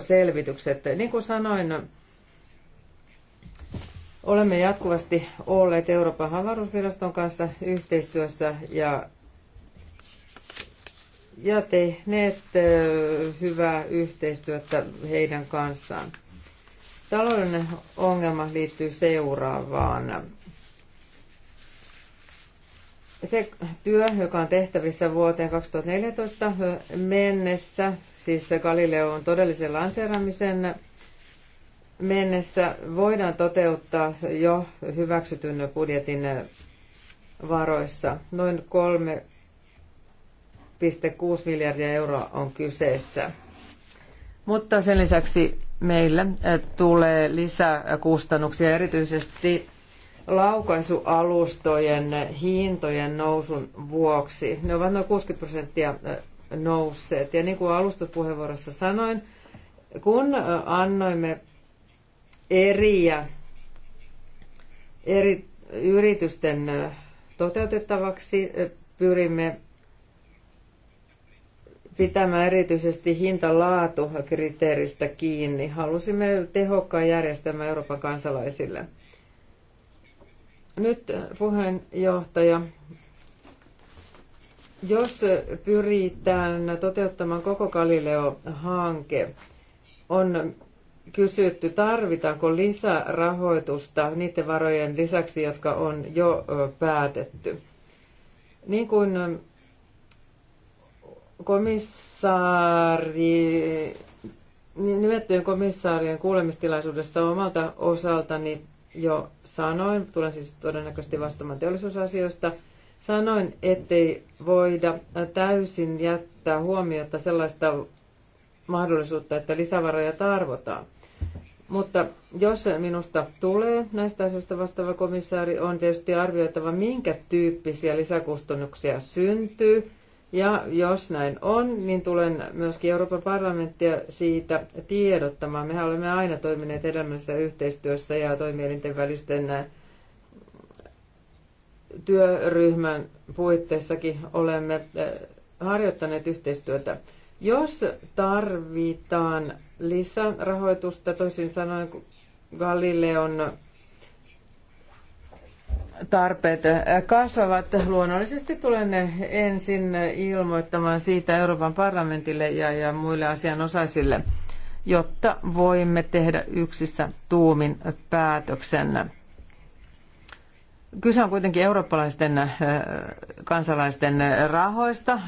selvitykset. Niin kuin sanoin, olemme jatkuvasti olleet Euroopan avaruusviraston kanssa yhteistyössä ja, ja tehneet hyvää yhteistyötä heidän kanssaan. Taloudellinen ongelma liittyy seuraavaan. Se työ, joka on tehtävissä vuoteen 2014 mennessä, siis Galileon todellisen lanseeraamisen mennessä, voidaan toteuttaa jo hyväksytyn budjetin varoissa. Noin 3,6 miljardia euroa on kyseessä. Mutta sen lisäksi Meille eh, tulee lisää erityisesti laukaisualustojen hintojen nousun vuoksi. Ne ovat noin 60 prosenttia eh, nousseet. Ja niin kuin alustuspuheenvuorossa sanoin, kun eh, annoimme eriä eri yritysten toteutettavaksi, pyrimme pitämään erityisesti hinta-laatu-kriteeristä kiinni. Halusimme tehokkaan järjestelmän Euroopan kansalaisille. Nyt puheenjohtaja, jos pyritään toteuttamaan koko Galileo-hanke, on kysytty, tarvitaanko lisärahoitusta niiden varojen lisäksi, jotka on jo päätetty. Niin kuin komissaari, nimettyjen komissaarien kuulemistilaisuudessa omalta osaltani jo sanoin, tulen siis todennäköisesti vastaamaan teollisuusasioista, sanoin, ettei voida täysin jättää huomiota sellaista mahdollisuutta, että lisävaroja tarvotaan. Mutta jos minusta tulee näistä asioista vastaava komissaari, on tietysti arvioitava, minkä tyyppisiä lisäkustannuksia syntyy – ja jos näin on, niin tulen myöskin Euroopan parlamenttia siitä tiedottamaan. Mehän olemme aina toimineet elämässä yhteistyössä ja toimielinten välisten äh, työryhmän puitteissakin olemme äh, harjoittaneet yhteistyötä. Jos tarvitaan lisärahoitusta, toisin sanoen Galileon tarpeet kasvavat. Luonnollisesti tulen ensin ilmoittamaan siitä Euroopan parlamentille ja, ja muille asianosaisille, jotta voimme tehdä yksissä tuumin päätöksen. Kyse on kuitenkin eurooppalaisten äh, kansalaisten rahoista,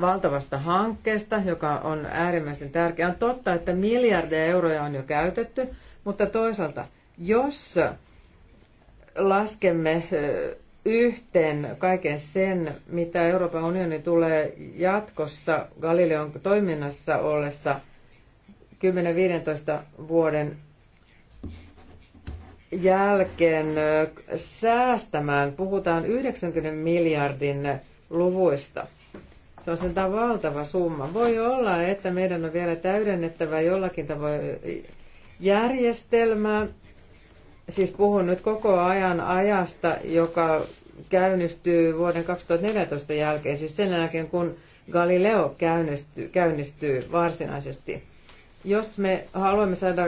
valtavasta hankkeesta, joka on äärimmäisen tärkeä. On totta, että miljardeja euroja on jo käytetty, mutta toisaalta, jos laskemme yhteen kaiken sen, mitä Euroopan unioni tulee jatkossa Galileon toiminnassa ollessa 10-15 vuoden jälkeen säästämään. Puhutaan 90 miljardin luvuista. Se on sentään valtava summa. Voi olla, että meidän on vielä täydennettävä jollakin tavoin järjestelmää, Siis puhun nyt koko ajan ajasta, joka käynnistyy vuoden 2014 jälkeen, siis sen jälkeen kun Galileo käynnistyy, käynnistyy varsinaisesti. Jos me haluamme saada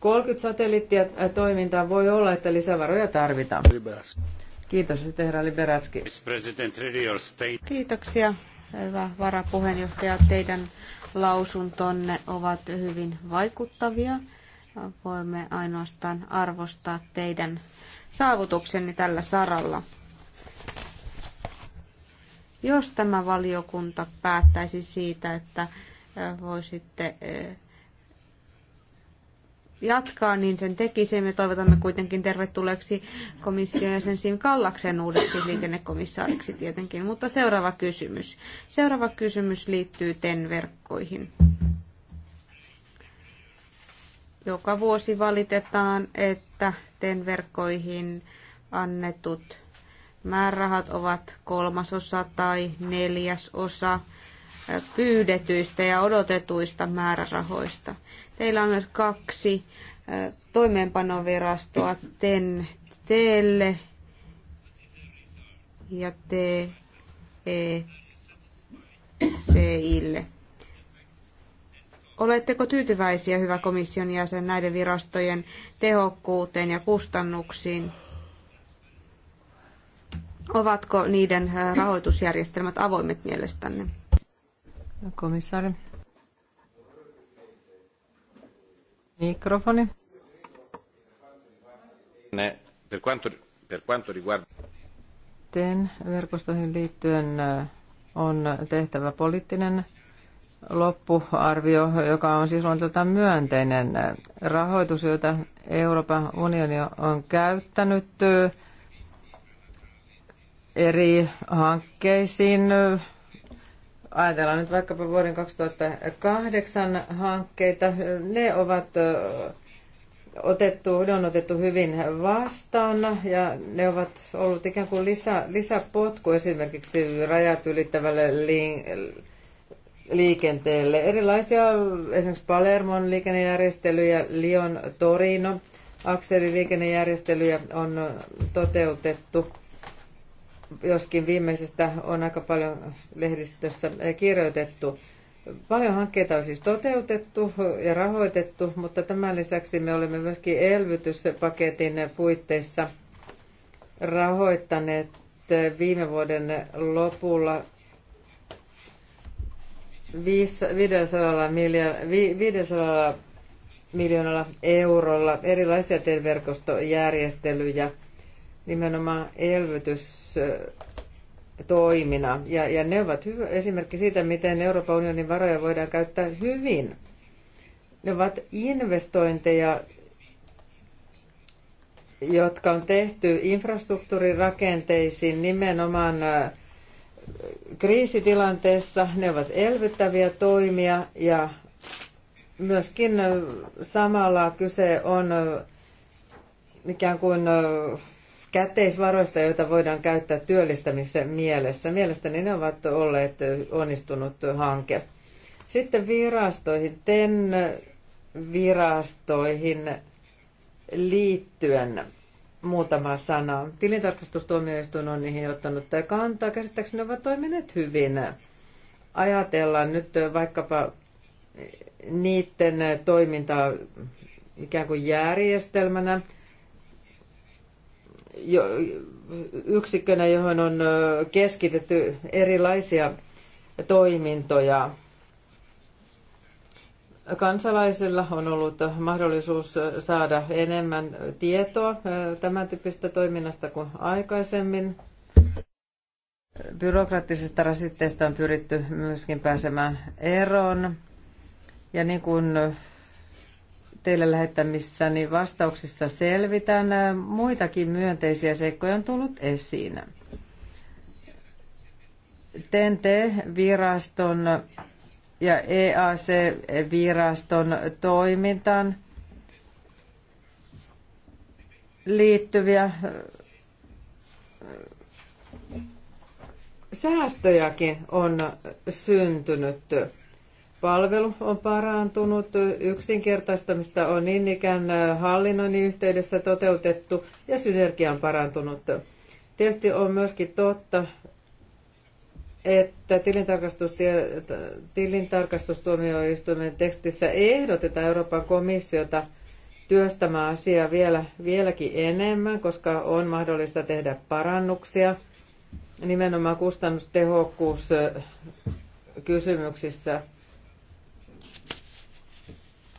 30 satelliittia toimintaan, voi olla, että lisävaroja tarvitaan. Kiitos, sitten herra Liberatski. Kiitoksia, hyvä varapuheenjohtaja. Teidän lausuntonne ovat hyvin vaikuttavia voimme ainoastaan arvostaa teidän saavutuksenne tällä saralla. Jos tämä valiokunta päättäisi siitä, että voisitte jatkaa, niin sen tekisi. Me toivotamme kuitenkin tervetulleeksi komission sen Sim Kallaksen uudeksi liikennekomissaariksi tietenkin. Mutta seuraava kysymys. Seuraava kysymys liittyy TEN-verkkoihin. Joka vuosi valitetaan, että TEN-verkkoihin annetut määrärahat ovat kolmasosa tai neljäsosa pyydetyistä ja odotetuista määrärahoista. Teillä on myös kaksi toimeenpanovirastoa TEN teelle ja TE seille. Oletteko tyytyväisiä, hyvä komission jäsen, näiden virastojen tehokkuuteen ja kustannuksiin? Ovatko niiden äh, rahoitusjärjestelmät avoimet mielestänne? Komissaari. Mikrofoni. Ne, per quanto, per quanto riguarda... verkostoihin liittyen äh, on tehtävä poliittinen loppuarvio, joka on siis on tätä myönteinen. Rahoitus, jota Euroopan unioni on käyttänyt eri hankkeisiin, ajatellaan nyt vaikkapa vuoden 2008 hankkeita, ne ovat otettu, ne on otettu hyvin vastaan ja ne ovat olleet ikään kuin lisä, lisäpotku esimerkiksi rajat ylittävälle liin, liikenteelle. Erilaisia esimerkiksi Palermon liikennejärjestelyjä, Lion Torino akseliliikennejärjestelyjä on toteutettu, joskin viimeisestä on aika paljon lehdistössä kirjoitettu. Paljon hankkeita on siis toteutettu ja rahoitettu, mutta tämän lisäksi me olemme myöskin elvytyspaketin puitteissa rahoittaneet viime vuoden lopulla 500 miljoonalla, miljoonalla eurolla erilaisia televerkostojärjestelyjä nimenomaan elvytystoimina. Ja, ja ne ovat hyvä esimerkki siitä, miten Euroopan unionin varoja voidaan käyttää hyvin. Ne ovat investointeja, jotka on tehty infrastruktuurirakenteisiin nimenomaan kriisitilanteessa. Ne ovat elvyttäviä toimia ja myöskin samalla kyse on ikään kuin käteisvaroista, joita voidaan käyttää työllistämisen mielessä. Mielestäni ne ovat olleet onnistunut hanke. Sitten virastoihin, TEN virastoihin liittyen muutama sana. Tilintarkastustuomioistuin on niihin ottanut kantaa. Käsittääkseni ovat toimineet hyvin. Ajatellaan nyt vaikkapa niiden toimintaa ikään kuin järjestelmänä, jo, yksikkönä, johon on keskitetty erilaisia toimintoja kansalaisilla on ollut mahdollisuus saada enemmän tietoa tämän tyyppisestä toiminnasta kuin aikaisemmin. Byrokraattisista rasitteista on pyritty myöskin pääsemään eroon. Ja niin kuin teille lähettämissäni vastauksissa selvitän, muitakin myönteisiä seikkoja on tullut esiin. TNT-viraston ja EAC-viraston toimintaan liittyviä äh, säästöjäkin on syntynyt. Palvelu on parantunut, yksinkertaistamista on niin ikään äh, hallinnon yhteydessä toteutettu ja synergia on parantunut. Tietysti on myöskin totta, että tilintarkastustuomioistuimen tekstissä ehdotetaan Euroopan komissiota työstämään asiaa vielä, vieläkin enemmän, koska on mahdollista tehdä parannuksia nimenomaan kustannustehokkuus kysymyksissä.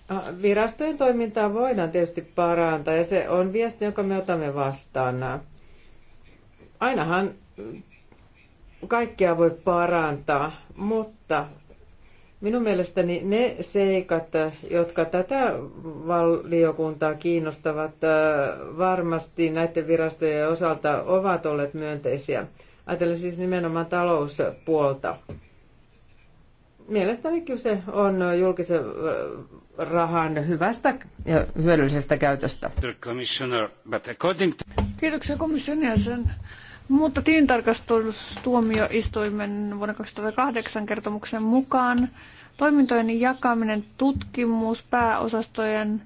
Ah, virastojen toimintaa voidaan tietysti parantaa ja se on viesti, jonka me otamme vastaan. Ainahan kaikkea voi parantaa, mutta minun mielestäni ne seikat, jotka tätä valiokuntaa kiinnostavat, äh, varmasti näiden virastojen osalta ovat olleet myönteisiä. Ajattelen siis nimenomaan talouspuolta. Mielestäni kyse on julkisen äh, rahan hyvästä ja hyödyllisestä käytöstä. Kiitoksia komission jäsen. Mutta tilintarkastustuomioistuimen vuonna 2008 kertomuksen mukaan toimintojen jakaminen tutkimus pääosastojen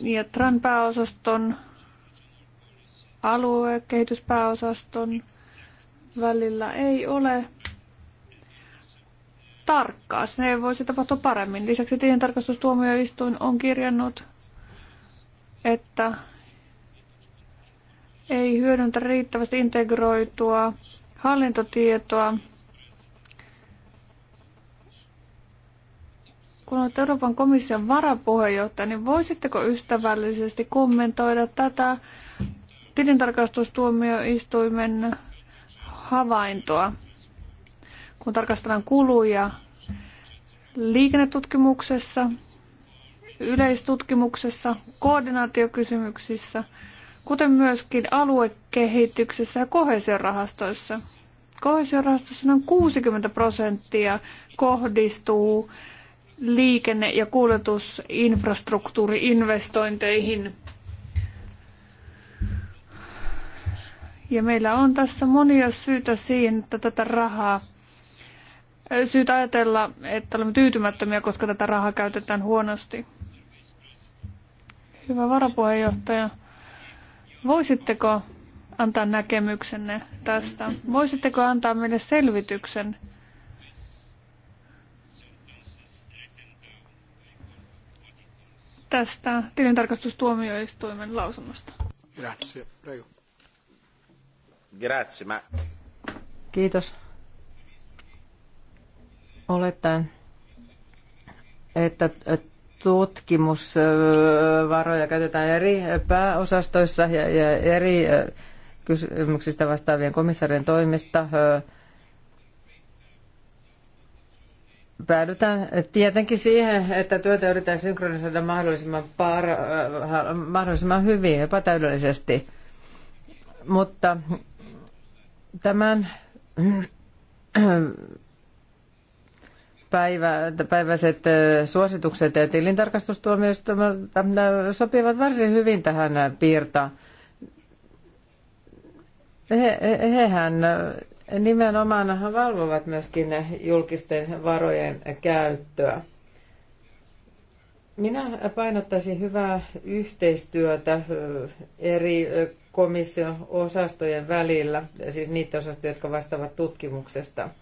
ja TRAN pääosaston aluekehityspääosaston välillä ei ole tarkkaa. Se voisi tapahtua paremmin. Lisäksi tilintarkastustuomioistuin on kirjannut, että ei hyödyntä riittävästi integroitua hallintotietoa. Kun olet Euroopan komission varapuheenjohtaja, niin voisitteko ystävällisesti kommentoida tätä tilintarkastustuomioistuimen havaintoa, kun tarkastellaan kuluja liikennetutkimuksessa, yleistutkimuksessa, koordinaatiokysymyksissä – kuten myöskin aluekehityksessä ja kohesiorahastoissa. Kohesiorahastossa noin 60 prosenttia kohdistuu liikenne- ja kuljetusinfrastruktuuriinvestointeihin. Ja meillä on tässä monia syitä siihen, että tätä rahaa syytä ajatella, että olemme tyytymättömiä, koska tätä rahaa käytetään huonosti. Hyvä varapuheenjohtaja. Voisitteko antaa näkemyksenne tästä? Voisitteko antaa meille selvityksen? tästä tilintarkastustuomioistuimen lausunnosta. Grazie, prego. Grazie, ma... Kiitos. Olettaen, että tutkimusvaroja käytetään eri pääosastoissa ja eri kysymyksistä vastaavien komissaarien toimesta. Päädytään tietenkin siihen, että työtä yritetään synkronisoida mahdollisimman, par, mahdollisimman hyvin, epätäydellisesti. Mutta tämän päivä, päiväiset suositukset ja tilintarkastustuomioistuimelta sopivat varsin hyvin tähän piirtaan. He, hehän nimenomaan valvovat myöskin julkisten varojen käyttöä. Minä painottaisin hyvää yhteistyötä eri komission osastojen välillä, siis niiden osastojen, jotka vastaavat tutkimuksesta –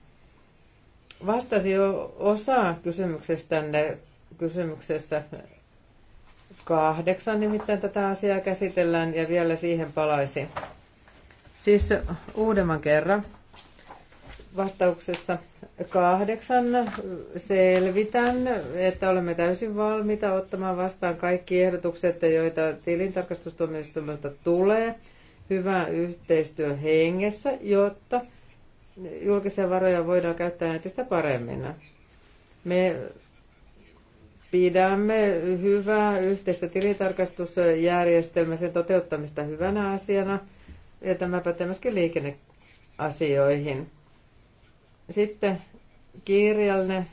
Vastasi jo osa tänne kysymyksessä kahdeksan, nimittäin tätä asiaa käsitellään ja vielä siihen palaisin. Siis uudemman kerran vastauksessa kahdeksan selvitän, että olemme täysin valmiita ottamaan vastaan kaikki ehdotukset, joita tilintarkastustuomioistuimelta tulee hyvää yhteistyö hengessä, jotta – julkisia varoja voidaan käyttää entistä paremmin. Me pidämme hyvää yhteistä tilitarkastusjärjestelmää sen toteuttamista hyvänä asiana, ja tämä pätee myöskin liikenneasioihin. Sitten kirjallinen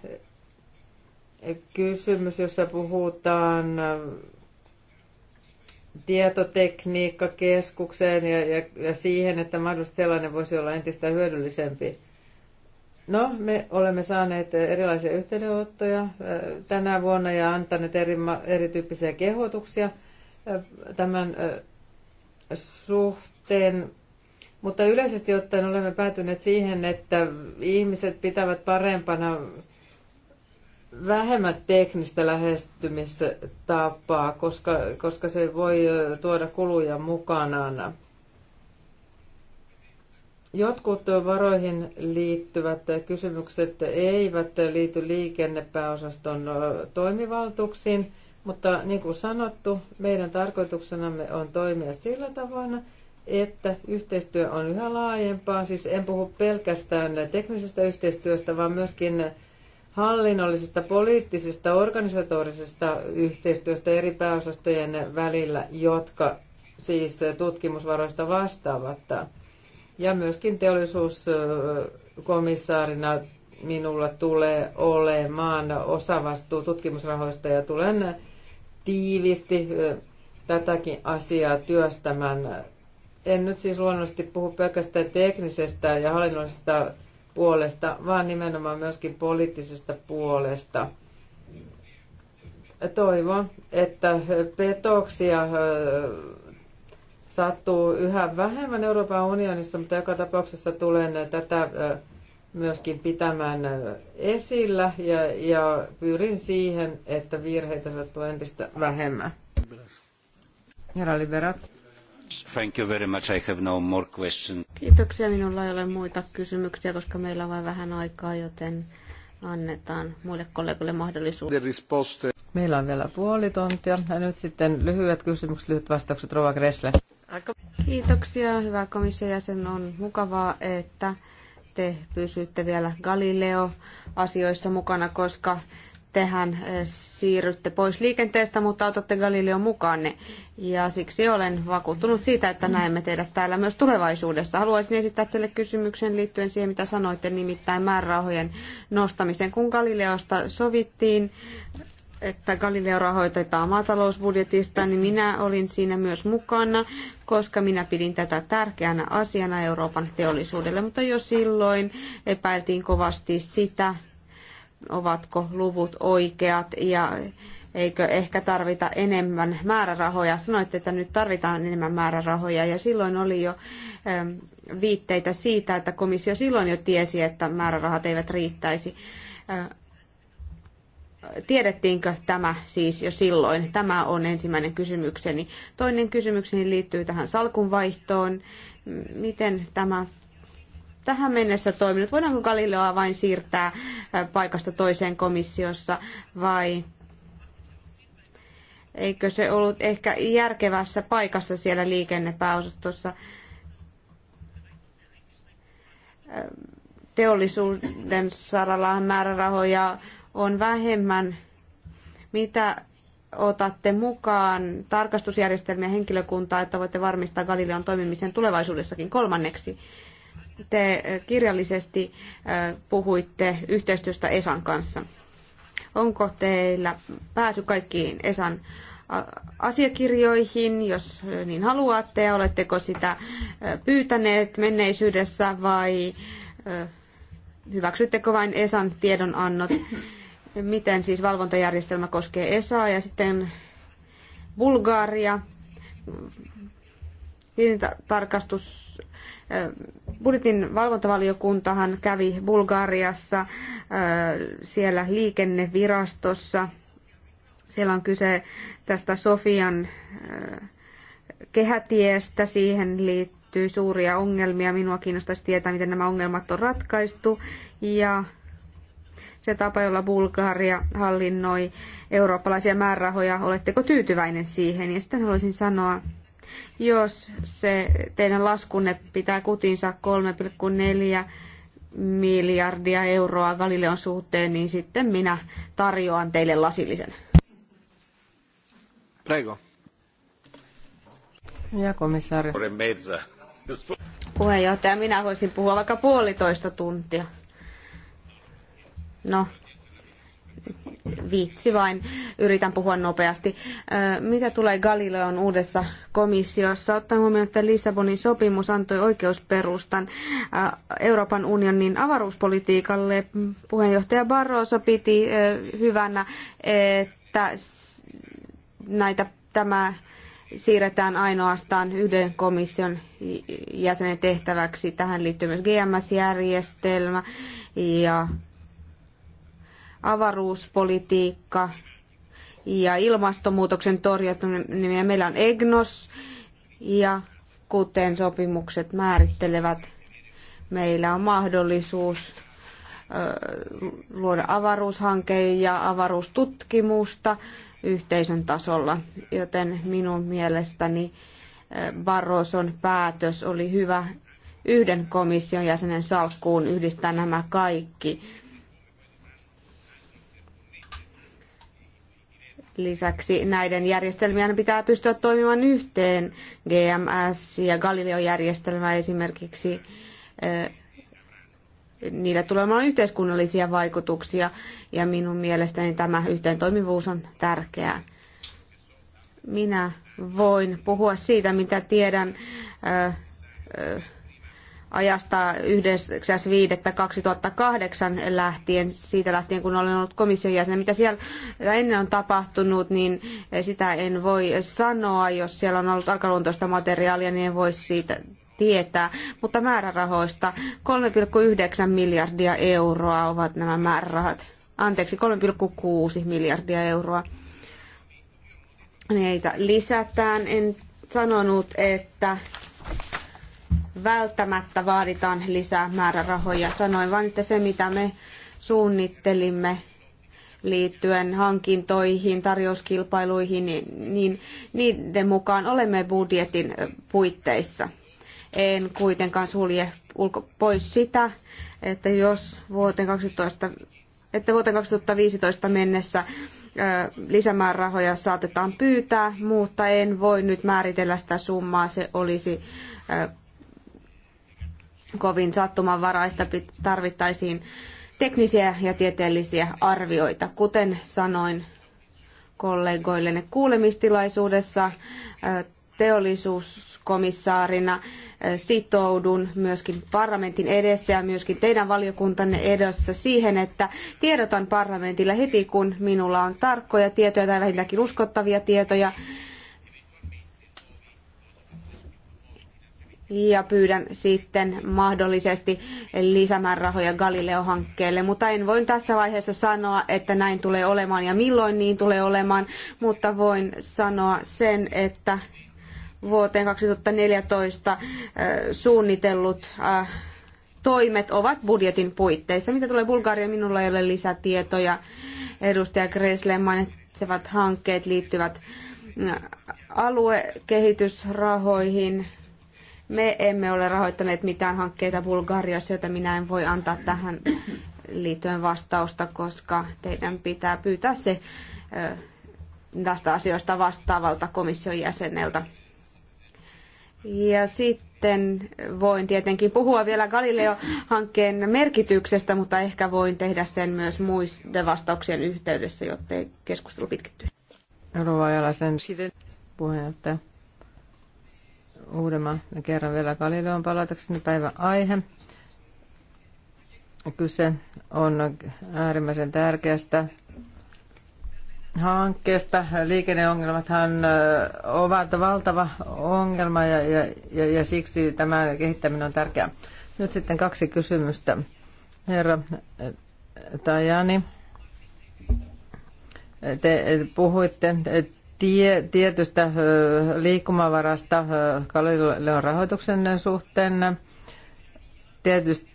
kysymys, jossa puhutaan tietotekniikkakeskukseen ja, ja, ja siihen, että mahdollisesti sellainen voisi olla entistä hyödyllisempi. No, me olemme saaneet erilaisia yhteydenottoja äh, tänä vuonna ja antaneet eri, erityyppisiä kehotuksia äh, tämän äh, suhteen. Mutta yleisesti ottaen olemme päätyneet siihen, että ihmiset pitävät parempana vähemmän teknistä lähestymistapaa, koska, koska se voi tuoda kuluja mukanaan. Jotkut varoihin liittyvät kysymykset eivät liity liikennepääosaston toimivaltuuksiin, mutta niin kuin sanottu, meidän tarkoituksenamme on toimia sillä tavoin, että yhteistyö on yhä laajempaa. Siis en puhu pelkästään teknisestä yhteistyöstä, vaan myöskin hallinnollisesta, poliittisesta, organisatorisesta yhteistyöstä eri pääosastojen välillä, jotka siis tutkimusvaroista vastaavat. Ja myöskin teollisuuskomissaarina minulla tulee olemaan osavastuu tutkimusrahoista ja tulen tiivisti tätäkin asiaa työstämään. En nyt siis luonnollisesti puhu pelkästään teknisestä ja hallinnollisesta puolesta, vaan nimenomaan myöskin poliittisesta puolesta. Toivon, että petoksia sattuu yhä vähemmän Euroopan unionissa, mutta joka tapauksessa tulen tätä myöskin pitämään esillä ja, ja pyrin siihen, että virheitä sattuu entistä vähemmän. Herra Liberat. Thank you very much. I have no more question. Kiitoksia. Minulla ei ole muita kysymyksiä, koska meillä on vain vähän aikaa, joten annetaan muille kollegoille mahdollisuus. Meillä on vielä puoli tuntia. Ja nyt sitten lyhyet kysymykset, lyhyet vastaukset. Rova Gressle. Kiitoksia, hyvä komission jäsen. On mukavaa, että te pysytte vielä Galileo-asioissa mukana, koska tehän siirrytte pois liikenteestä, mutta otatte Galileo mukaanne. Ja siksi olen vakuuttunut siitä, että näemme teidät täällä myös tulevaisuudessa. Haluaisin esittää teille kysymyksen liittyen siihen, mitä sanoitte, nimittäin määrärahojen nostamisen. Kun Galileosta sovittiin, että Galileo rahoitetaan maatalousbudjetista, niin minä olin siinä myös mukana, koska minä pidin tätä tärkeänä asiana Euroopan teollisuudelle. Mutta jo silloin epäiltiin kovasti sitä, ovatko luvut oikeat ja eikö ehkä tarvita enemmän määrärahoja. Sanoitte, että nyt tarvitaan enemmän määrärahoja ja silloin oli jo viitteitä siitä, että komissio silloin jo tiesi, että määrärahat eivät riittäisi. Tiedettiinkö tämä siis jo silloin? Tämä on ensimmäinen kysymykseni. Toinen kysymykseni liittyy tähän salkunvaihtoon. Miten tämä tähän mennessä toiminut? Voidaanko Galileoa vain siirtää paikasta toiseen komissiossa vai eikö se ollut ehkä järkevässä paikassa siellä liikennepääosastossa? Teollisuuden saralla määrärahoja on vähemmän. Mitä otatte mukaan tarkastusjärjestelmiä henkilökuntaa, että voitte varmistaa Galileon toimimisen tulevaisuudessakin kolmanneksi? te eh, kirjallisesti eh, puhuitte yhteistyöstä Esan kanssa. Onko teillä pääsy kaikkiin Esan asiakirjoihin, jos eh, niin haluatte, ja oletteko sitä pyytäneet menneisyydessä vai hyväksyttekö vain Esan tiedonannot? Miten siis valvontajärjestelmä koskee Esaa ja sitten Bulgaria? Tilintarkastus Budjetin valvontavaliokuntahan kävi Bulgariassa, siellä liikennevirastossa. Siellä on kyse tästä Sofian kehätiestä, siihen liittyy suuria ongelmia. Minua kiinnostaisi tietää, miten nämä ongelmat on ratkaistu. Ja se tapa, jolla Bulgaria hallinnoi eurooppalaisia määrärahoja, oletteko tyytyväinen siihen? Ja sitten haluaisin sanoa, jos se teidän laskunne pitää kutinsa 3,4 miljardia euroa Galileon suhteen, niin sitten minä tarjoan teille lasillisen. Prego. Ja komissaari. Puheenjohtaja, minä voisin puhua vaikka puolitoista tuntia. No, vitsi vain, yritän puhua nopeasti. Mitä tulee Galileon uudessa komissiossa? Ottaen huomioon, että Lissabonin sopimus antoi oikeusperustan Euroopan unionin avaruuspolitiikalle, puheenjohtaja Barroso piti hyvänä, että näitä tämä siirretään ainoastaan yhden komission jäsenen tehtäväksi. Tähän liittyy myös GMS-järjestelmä ja avaruuspolitiikka ja ilmastonmuutoksen torjuntaminen. Meillä on EGNOS ja kuten sopimukset määrittelevät, meillä on mahdollisuus luoda avaruushanke ja avaruustutkimusta yhteisön tasolla, joten minun mielestäni Barroson päätös oli hyvä yhden komission jäsenen salkkuun yhdistää nämä kaikki Lisäksi näiden järjestelmien pitää pystyä toimimaan yhteen. GMS ja Galileo-järjestelmä esimerkiksi, eh, niillä tulee olemaan yhteiskunnallisia vaikutuksia ja minun mielestäni tämä yhteentoimivuus on tärkeää. Minä voin puhua siitä, mitä tiedän eh, eh, ajasta 9.5.2008 lähtien, siitä lähtien kun olen ollut komission jäsen. Mitä siellä ennen on tapahtunut, niin sitä en voi sanoa. Jos siellä on ollut arkaluontoista materiaalia, niin en voi siitä tietää. Mutta määrärahoista 3,9 miljardia euroa ovat nämä määrärahat. Anteeksi, 3,6 miljardia euroa. Niitä lisätään. En sanonut, että välttämättä vaaditaan lisää määrärahoja. Sanoin vain, että se mitä me suunnittelimme liittyen hankintoihin, tarjouskilpailuihin, niin, niin niiden mukaan olemme budjetin puitteissa. En kuitenkaan sulje ulko pois sitä, että jos vuoteen 12, että vuoteen 2015 mennessä lisämäärärahoja saatetaan pyytää, mutta en voi nyt määritellä sitä summaa. Se olisi kovin sattumanvaraista. Tarvittaisiin teknisiä ja tieteellisiä arvioita. Kuten sanoin kollegoillenne kuulemistilaisuudessa, teollisuuskomissaarina sitoudun myöskin parlamentin edessä ja myöskin teidän valiokuntanne edessä siihen, että tiedotan parlamentille heti, kun minulla on tarkkoja tietoja tai vähintäänkin uskottavia tietoja ja pyydän sitten mahdollisesti lisämäärärahoja Galileo-hankkeelle. Mutta en voi tässä vaiheessa sanoa, että näin tulee olemaan ja milloin niin tulee olemaan, mutta voin sanoa sen, että vuoteen 2014 äh, suunnitellut äh, toimet ovat budjetin puitteissa. Mitä tulee Bulgariaan, minulla ei ole lisätietoja. Edustaja Gresle mainitsevat hankkeet liittyvät äh, aluekehitysrahoihin me emme ole rahoittaneet mitään hankkeita Bulgariassa, joten minä en voi antaa tähän liittyen vastausta, koska teidän pitää pyytää se tästä asioista vastaavalta komission jäseneltä. Ja sitten voin tietenkin puhua vielä Galileo-hankkeen merkityksestä, mutta ehkä voin tehdä sen myös muiden vastauksien yhteydessä, jottei keskustelu pitkittyisi. Ruoajalaisen puheenjohtaja uudemman kerran vielä Galileon palatakseni päivän aihe. Kyse on äärimmäisen tärkeästä hankkeesta. Liikenneongelmathan ovat valtava ongelma ja, ja, ja, ja siksi tämä kehittäminen on tärkeää. Nyt sitten kaksi kysymystä. Herra Tajani, te puhuitte tie, tietystä liikkumavarasta Kalilion rahoituksen suhteen. Tietysti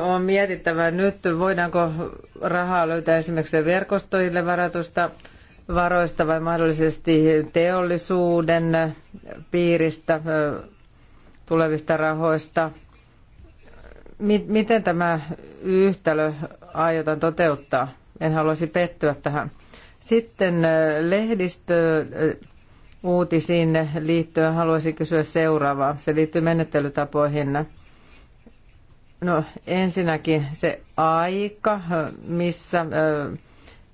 on mietittävä nyt, voidaanko rahaa löytää esimerkiksi verkostoille varatusta varoista vai mahdollisesti teollisuuden piiristä tulevista rahoista. Miten tämä yhtälö aiotaan toteuttaa? En haluaisi pettyä tähän. Sitten äh, lehdistö äh, uutisiin liittyen haluaisin kysyä seuraavaa. Se liittyy menettelytapoihin. No ensinnäkin se aika, missä äh,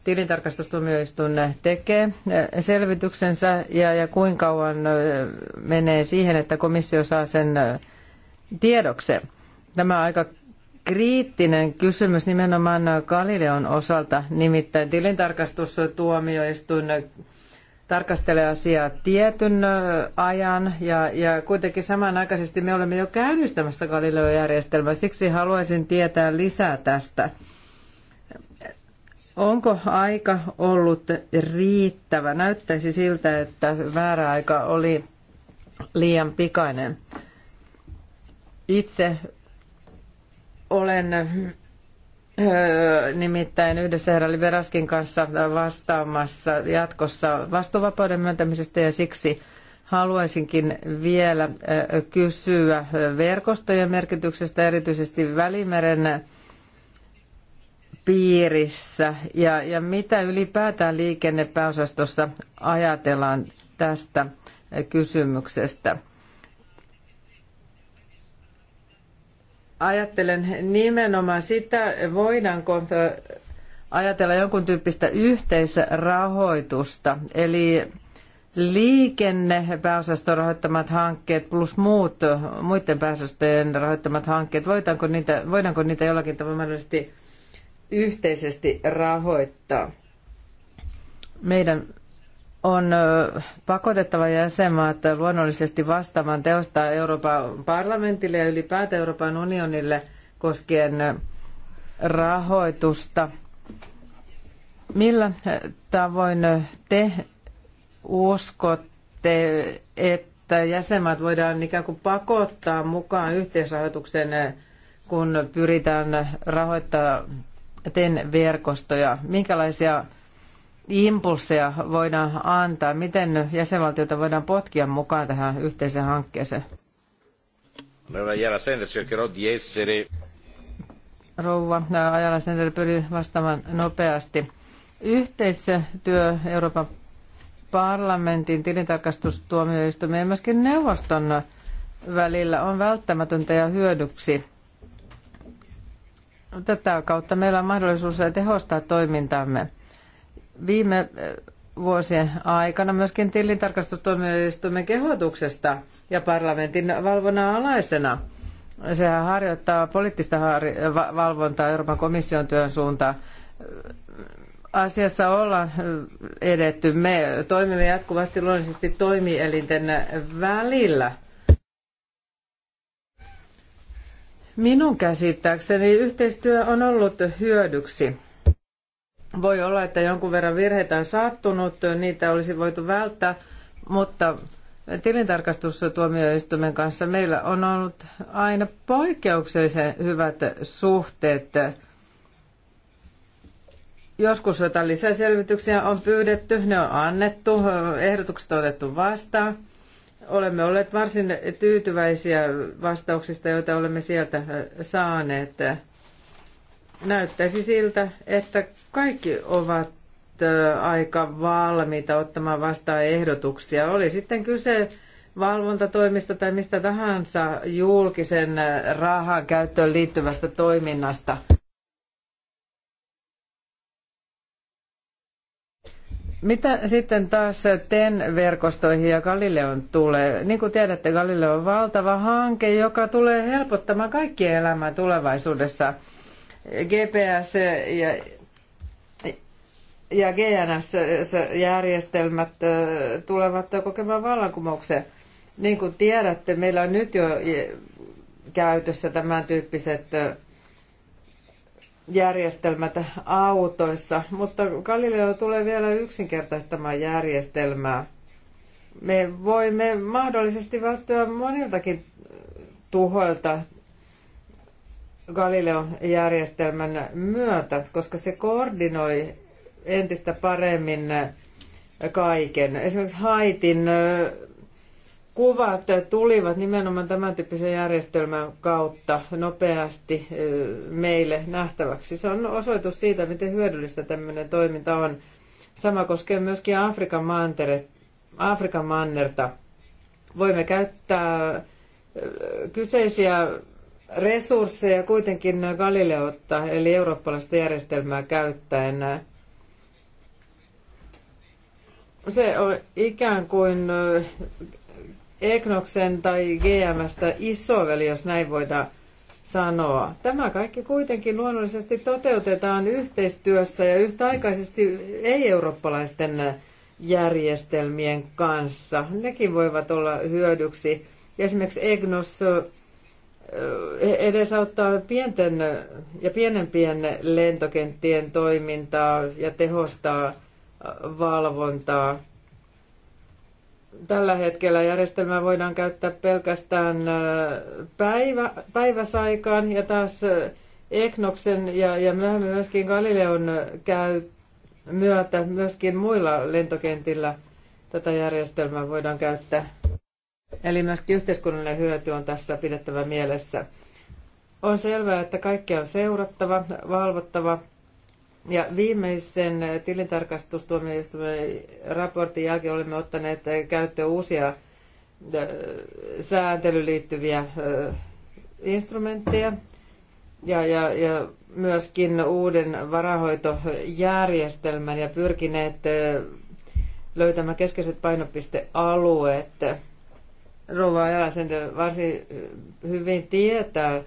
tilintarkastustuomioistuin tekee selvityksensä ja, ja kuinka kauan menee siihen, että komissio saa sen tiedoksen. Tämä aika kriittinen kysymys nimenomaan Galileon osalta, nimittäin tilintarkastustuomioistuin tarkastelee asiaa tietyn ajan ja, ja kuitenkin samanaikaisesti me olemme jo käynnistämässä Galileo-järjestelmää. Siksi haluaisin tietää lisää tästä. Onko aika ollut riittävä? Näyttäisi siltä, että väärä aika oli liian pikainen. Itse olen nimittäin yhdessä herra Liberaskin kanssa vastaamassa jatkossa vastuuvapauden myöntämisestä ja siksi haluaisinkin vielä kysyä verkostojen merkityksestä erityisesti Välimeren piirissä ja, ja mitä ylipäätään liikennepääosastossa ajatellaan tästä kysymyksestä. ajattelen nimenomaan sitä, voidaanko ajatella jonkun tyyppistä yhteisrahoitusta, eli liikenne pääosaston rahoittamat hankkeet plus muut muiden pääosastojen rahoittamat hankkeet, voidaanko niitä, voidaanko niitä jollakin tavalla mahdollisesti yhteisesti rahoittaa? Meidän on pakotettava jäsenmaat luonnollisesti vastaamaan teosta Euroopan parlamentille ja ylipäätään Euroopan unionille koskien rahoitusta. Millä tavoin te uskotte, että jäsenmaat voidaan ikään kuin pakottaa mukaan yhteisrahoitukseen, kun pyritään rahoittamaan TEN-verkostoja? Minkälaisia impulseja voidaan antaa? Miten jäsenvaltioita voidaan potkia mukaan tähän yhteiseen hankkeeseen? Rouva äh, Ajala Sender pyri vastaamaan nopeasti. Yhteistyö Euroopan parlamentin, tilintarkastustuomioistuimen ja myöskin neuvoston välillä on välttämätöntä ja hyödyksi. Tätä kautta meillä on mahdollisuus tehostaa toimintaamme viime eh, vuosien aikana myöskin tilintarkastustuomioistuimen kehotuksesta ja parlamentin valvonnan alaisena. Sehän harjoittaa poliittista valvontaa Euroopan komission työn suuntaan. Asiassa ollaan eh, edetty. Me toimimme jatkuvasti luonnollisesti toimielinten välillä. Minun käsittääkseni yhteistyö on ollut hyödyksi. Voi olla, että jonkun verran virheitä on sattunut, niitä olisi voitu välttää, mutta tilintarkastustuomioistuimen kanssa meillä on ollut aina poikkeuksellisen hyvät suhteet. Joskus jotain lisäselvityksiä on pyydetty, ne on annettu, ehdotukset on otettu vastaan. Olemme olleet varsin tyytyväisiä vastauksista, joita olemme sieltä saaneet näyttäisi siltä, että kaikki ovat aika valmiita ottamaan vastaan ehdotuksia. Oli sitten kyse valvontatoimista tai mistä tahansa julkisen rahan käyttöön liittyvästä toiminnasta. Mitä sitten taas TEN-verkostoihin ja Galileon tulee? Niin kuin tiedätte, Galileo on valtava hanke, joka tulee helpottamaan kaikkien elämää tulevaisuudessa – GPS ja, ja GNS-järjestelmät tulevat kokemaan vallankumouksen. Niin kuin tiedätte, meillä on nyt jo käytössä tämän tyyppiset järjestelmät autoissa, mutta Galileo tulee vielä yksinkertaistamaan järjestelmää. Me voimme mahdollisesti välttyä moniltakin tuhoilta Galileo-järjestelmän myötä, koska se koordinoi entistä paremmin kaiken. Esimerkiksi Haitin kuvat tulivat nimenomaan tämän tyyppisen järjestelmän kautta nopeasti meille nähtäväksi. Se on osoitus siitä, miten hyödyllistä tämmöinen toiminta on. Sama koskee myöskin Afrikan, mantere, Afrikan mannerta. Voimme käyttää kyseisiä resursseja kuitenkin Galileotta, eli eurooppalaista järjestelmää käyttäen. Se on ikään kuin Eknoksen eh, tai GMstä isoveli, jos näin voidaan sanoa. Tämä kaikki kuitenkin luonnollisesti toteutetaan yhteistyössä ja yhtäaikaisesti ei-eurooppalaisten järjestelmien kanssa. Nekin voivat olla hyödyksi. Esimerkiksi EGNOS edesauttaa pienten ja pienempien lentokenttien toimintaa ja tehostaa valvontaa. Tällä hetkellä järjestelmää voidaan käyttää pelkästään päivä, päiväsaikaan ja taas Eknoksen ja, ja myöhemmin myöskin Galileon käy, myötä myöskin muilla lentokentillä tätä järjestelmää voidaan käyttää Eli myöskin yhteiskunnallinen hyöty on tässä pidettävä mielessä. On selvää, että kaikkea on seurattava, valvottava. Ja viimeisen tilintarkastustuomioistuimen raportin jälkeen olemme ottaneet käyttöön uusia sääntelyyn liittyviä instrumentteja ja, ja, ja myöskin uuden varahoitojärjestelmän ja pyrkineet löytämään keskeiset painopistealueet Rouva Ajalasentel varsin eh, hyvin tietää,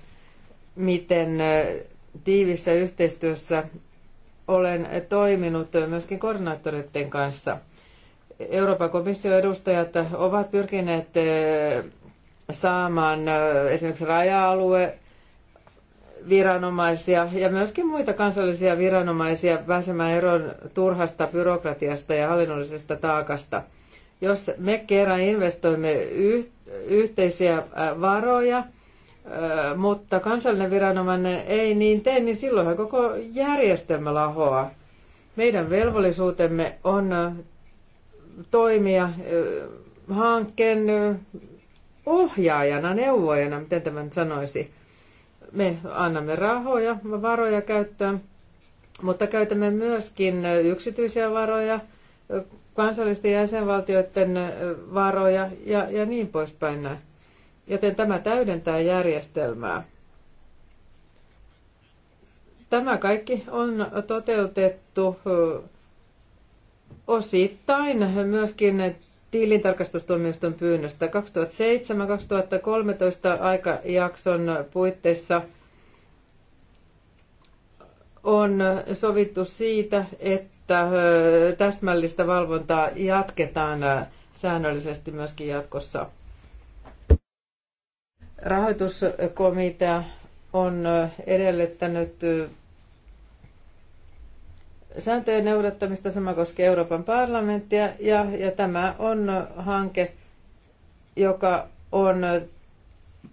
miten eh, tiivissä yhteistyössä olen toiminut myöskin koordinaattoreiden kanssa. Euroopan komission edustajat ovat pyrkineet eh, saamaan esimerkiksi raja-alue viranomaisia ja myöskin muita kansallisia viranomaisia pääsemään eroon turhasta byrokratiasta ja hallinnollisesta taakasta – jos me kerran investoimme yhteisiä äh, varoja, äh, mutta kansallinen viranomainen ei niin tee, niin silloinhan koko järjestelmä lahoaa. Meidän velvollisuutemme on äh, toimia hankkeen ohjaajana, neuvojana, miten tämän sanoisi. Me annamme rahoja, varoja käyttöön, mutta käytämme myöskin yksityisiä varoja, kansallisten jäsenvaltioiden varoja ja, ja niin poispäin. Joten tämä täydentää järjestelmää. Tämä kaikki on toteutettu osittain myöskin tilintarkastustuomioistuin pyynnöstä 2007-2013 aikajakson puitteissa on sovittu siitä, että että täsmällistä valvontaa jatketaan säännöllisesti myöskin jatkossa. Rahoituskomitea on edellyttänyt sääntöjen noudattamista, sama koskee Euroopan parlamenttia, ja, ja tämä on hanke, joka on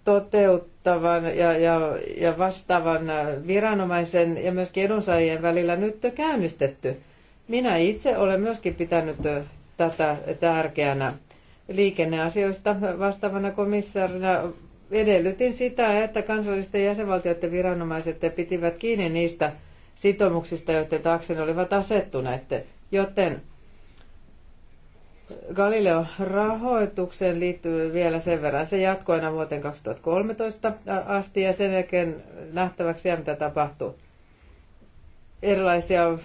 toteuttavan ja, ja, ja vastaavan viranomaisen ja myöskin edunsaajien välillä nyt käynnistetty. Minä itse olen myöskin pitänyt tätä tärkeänä liikenneasioista vastaavana komissaarina. Edellytin sitä, että kansallisten jäsenvaltioiden viranomaiset pitivät kiinni niistä sitoumuksista, joiden taakse ne olivat asettuneet. Joten Galileo-rahoitukseen liittyy vielä sen verran. Se jatkoi aina vuoteen 2013 asti ja sen jälkeen nähtäväksi jää, mitä tapahtuu. Erilaisia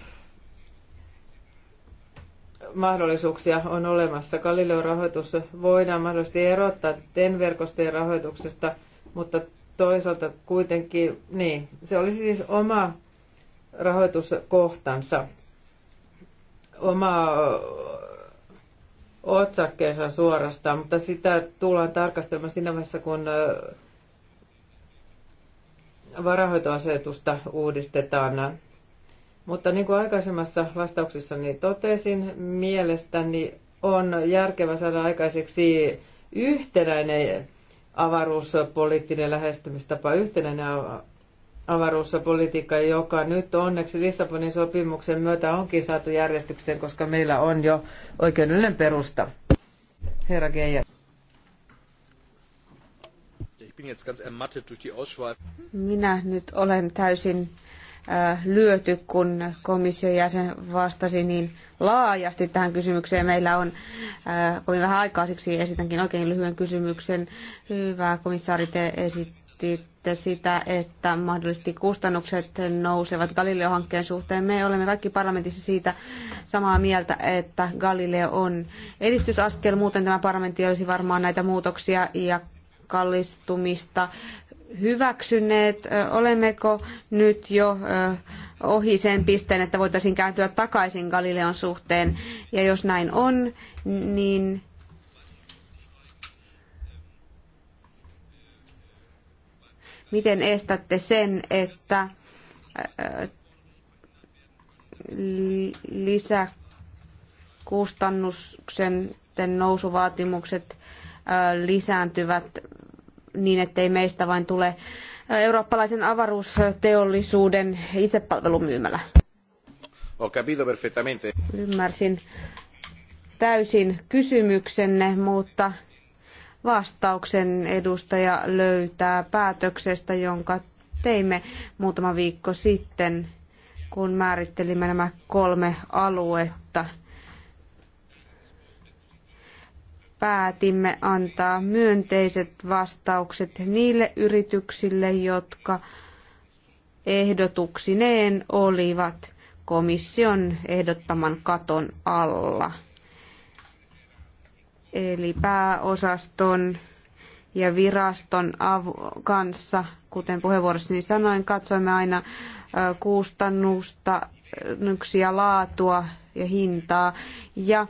mahdollisuuksia on olemassa. Galileo-rahoitus voidaan mahdollisesti erottaa TEN-verkostojen rahoituksesta, mutta toisaalta kuitenkin, niin, se olisi siis oma rahoituskohtansa, oma otsakkeensa suorastaan, mutta sitä tullaan tarkastelemaan siinä vaiheessa, kun varahoitoasetusta uudistetaan. Mutta niin kuin aikaisemmassa vastauksessani totesin, mielestäni on järkevä saada aikaiseksi yhtenäinen avaruuspoliittinen lähestymistapa, yhtenäinen avaruuspolitiikka, joka nyt onneksi Lissabonin sopimuksen myötä onkin saatu järjestykseen, koska meillä on jo oikeudellinen perusta. Herra Geijer. Minä nyt olen täysin Äh, lyöty, kun komission jäsen vastasi niin laajasti tähän kysymykseen. Meillä on äh, kovin vähän aikaa, siksi esitänkin oikein lyhyen kysymyksen. Hyvä komissaari, te esititte sitä, että mahdollisesti kustannukset nousevat Galileo-hankkeen suhteen. Me olemme kaikki parlamentissa siitä samaa mieltä, että Galileo on edistysaskel. Muuten tämä parlamentti olisi varmaan näitä muutoksia ja kallistumista hyväksyneet, olemmeko nyt jo ohi sen pisteen, että voitaisiin kääntyä takaisin Galileon suhteen. Ja jos näin on, niin miten estätte sen, että lisäkustannuksen nousuvaatimukset lisääntyvät niin, ettei meistä vain tule eurooppalaisen avaruusteollisuuden itsepalvelumyymälä. Ymmärsin täysin kysymyksenne, mutta vastauksen edustaja löytää päätöksestä, jonka teimme muutama viikko sitten, kun määrittelimme nämä kolme aluetta – päätimme antaa myönteiset vastaukset niille yrityksille, jotka ehdotuksineen olivat komission ehdottaman katon alla. Eli pääosaston ja viraston kanssa, kuten puheenvuorossani sanoin, katsoimme aina kustannusta, laatua ja hintaa. Ja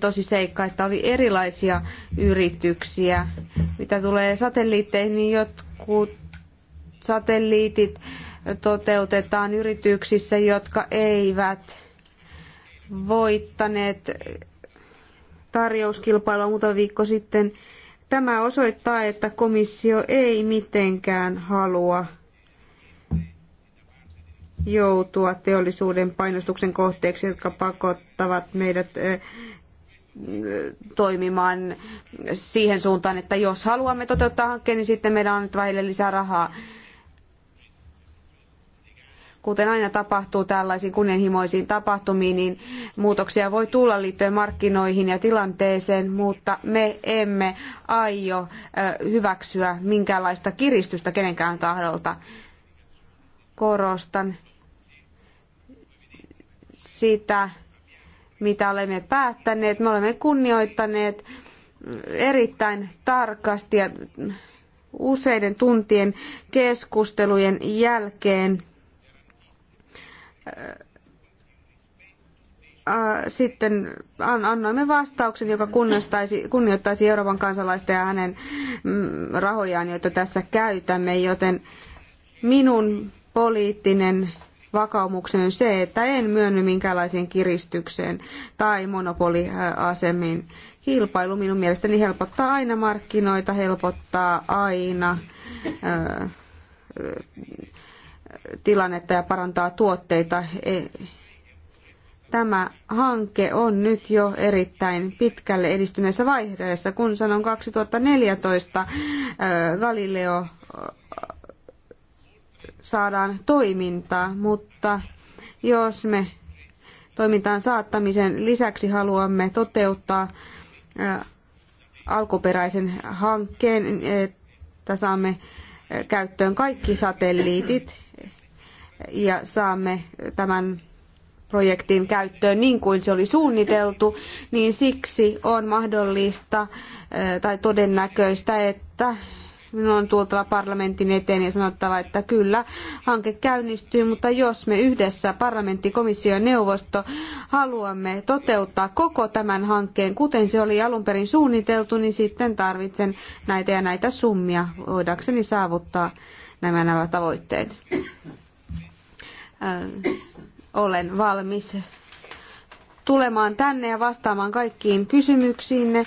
tosi seikka, että oli erilaisia yrityksiä. Mitä tulee satelliitteihin, niin jotkut satelliitit toteutetaan yrityksissä, jotka eivät voittaneet tarjouskilpailua muutama viikko sitten. Tämä osoittaa, että komissio ei mitenkään halua joutua teollisuuden painostuksen kohteeksi, jotka pakottavat meidät eh, toimimaan siihen suuntaan, että jos haluamme toteuttaa hankkeen, niin sitten meidän on annettava heille lisää rahaa. Kuten aina tapahtuu tällaisiin kunnianhimoisiin tapahtumiin, niin muutoksia voi tulla liittyen markkinoihin ja tilanteeseen, mutta me emme aio hyväksyä minkäänlaista kiristystä kenenkään tahdolta. Korostan sitä, mitä olemme päättäneet. Me olemme kunnioittaneet erittäin tarkasti ja useiden tuntien keskustelujen jälkeen sitten annoimme vastauksen, joka kunnioittaisi, kunnioittaisi Euroopan kansalaista ja hänen mm, rahojaan, joita tässä käytämme, joten minun poliittinen vakaumukseen se, että en myönny minkäänlaiseen kiristykseen tai monopoliasemiin. Kilpailu minun mielestäni helpottaa aina markkinoita, helpottaa aina tilannetta ja parantaa tuotteita. E, tämä hanke on nyt jo erittäin pitkälle edistyneessä vaiheessa. Kun sanon 2014 Galileo saadaan toimintaa, mutta jos me toimintaan saattamisen lisäksi haluamme toteuttaa alkuperäisen hankkeen, että saamme käyttöön kaikki satelliitit ja saamme tämän projektin käyttöön niin kuin se oli suunniteltu, niin siksi on mahdollista tai todennäköistä, että minun on tultava parlamentin eteen ja sanottava, että kyllä, hanke käynnistyy, mutta jos me yhdessä parlamentti, komissio ja neuvosto haluamme toteuttaa koko tämän hankkeen, kuten se oli alun perin suunniteltu, niin sitten tarvitsen näitä ja näitä summia voidakseni saavuttaa nämä, nämä tavoitteet. Äh, olen valmis tulemaan tänne ja vastaamaan kaikkiin kysymyksiinne,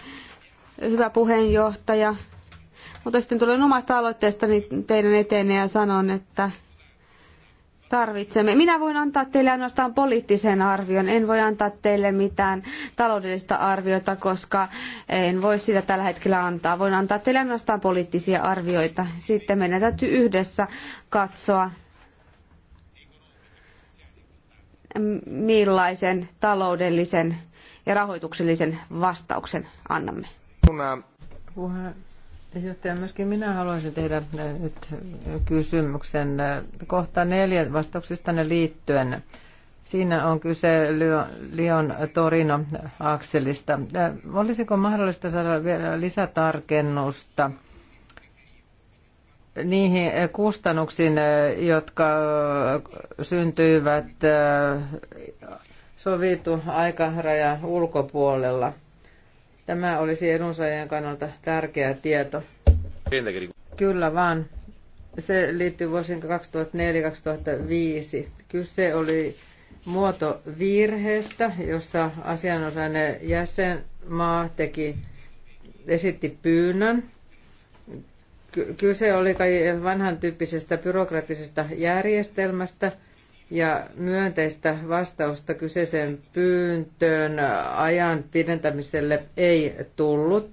hyvä puheenjohtaja. Mutta sitten tulen omasta aloitteestani teidän eteenne ja sanon, että tarvitsemme. Minä voin antaa teille ainoastaan poliittisen arvion. En voi antaa teille mitään taloudellista arviota, koska en voi sitä tällä hetkellä antaa. Voin antaa teille ainoastaan poliittisia arvioita. Sitten meidän täytyy yhdessä katsoa, millaisen taloudellisen ja rahoituksellisen vastauksen annamme. Puhe, Johtaja, myöskin minä haluaisin tehdä äh, nyt äh, kysymyksen äh, kohta neljä vastauksista liittyen. Siinä on kyse Lion Torino akselista. Olisiko mahdollista saada vielä lisätarkennusta niihin kustannuksiin, jotka syntyivät sovitu aikarajan ulkopuolella? Tämä olisi edunsaajien kannalta tärkeä tieto. Kyllä vaan. Se liittyy vuosiin 2004-2005. Kyse oli muotovirheestä, jossa asianosainen jäsenmaa teki, esitti pyynnön. Kyse oli kai vanhan tyyppisestä byrokraattisesta järjestelmästä – ja myönteistä vastausta kyseiseen pyyntöön ajan pidentämiselle ei tullut.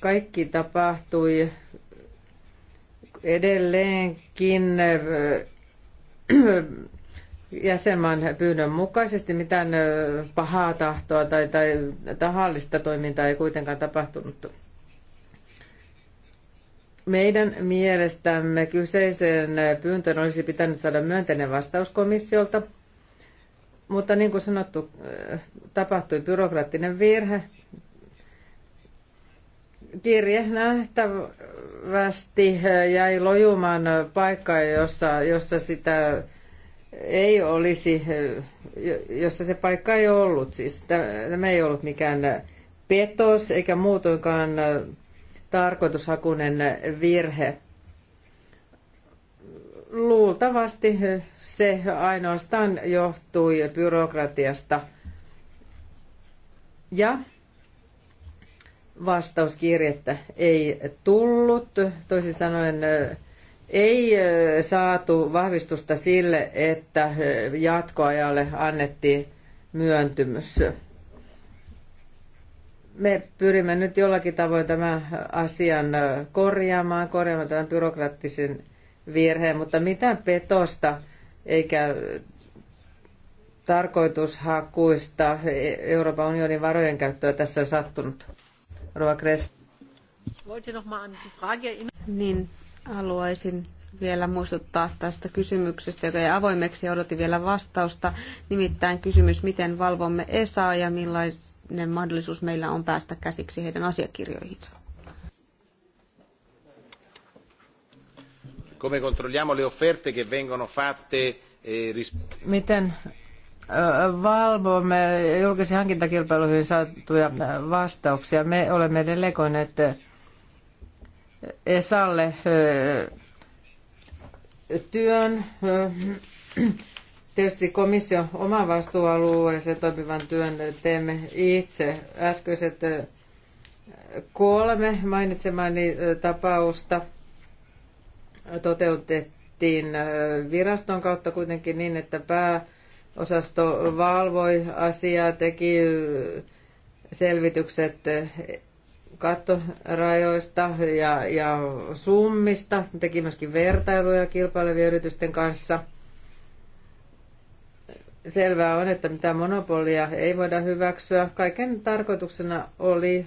Kaikki tapahtui edelleenkin äh, jäsenmaan pyynnön mukaisesti. Mitään äh, pahaa tahtoa tai, tai tahallista toimintaa ei kuitenkaan tapahtunut. Meidän mielestämme kyseisen pyyntöön olisi pitänyt saada myönteinen vastaus komissiolta, mutta niin kuin sanottu, äh, tapahtui byrokraattinen virhe. Kirje nähtävästi äh, jäi lojumaan paikkaan, jossa, jossa sitä ei olisi, äh, jossa se paikka ei ollut. Siis tämä ei ollut mikään petos eikä muutoinkaan tarkoitushakuinen virhe. Luultavasti se ainoastaan johtui byrokratiasta. Ja vastauskirjettä ei tullut. Toisin sanoen ei saatu vahvistusta sille, että jatkoajalle annettiin myöntymys me pyrimme nyt jollakin tavoin tämän asian äh, korjaamaan, korjaamaan tämän byrokraattisen virheen, mutta mitään petosta eikä tarkoitushakuista e-, Euroopan unionin varojen käyttöä tässä on sattunut. Rova Niin, haluaisin vielä muistuttaa tästä kysymyksestä, joka jäi avoimeksi ja odotin vielä vastausta. Nimittäin kysymys, miten valvomme ESAa ja millaista minkälainen mahdollisuus meillä on päästä käsiksi heidän asiakirjoihinsa. Come controlliamo le offerte che vengono fatte e Miten valvomme julkisen hankintakilpailuihin saatuja vastauksia. Me olemme delegoineet Esalle työn Tietysti komission oman vastuualueeseen toimivan työn teemme itse. Äskeiset kolme mainitsemani tapausta toteutettiin viraston kautta kuitenkin niin, että pääosasto valvoi asiaa, teki selvitykset kattorajoista ja, ja summista, teki myöskin vertailuja kilpailevien yritysten kanssa – Selvää on, että mitä monopolia ei voida hyväksyä. Kaiken tarkoituksena oli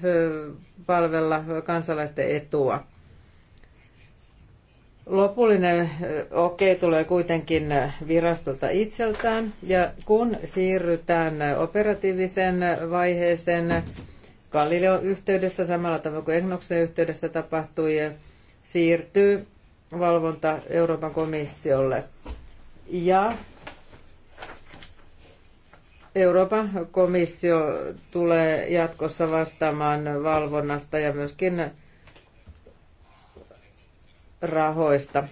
palvella kansalaisten etua. Lopullinen okei okay tulee kuitenkin virastolta itseltään ja kun siirrytään operatiivisen vaiheeseen Galileon yhteydessä samalla tavalla kuin Egnoksen yhteydessä tapahtui, siirtyy valvonta Euroopan komissiolle. Ja Euroopan komissio tulee jatkossa vastaamaan valvonnasta ja myöskin rahoista.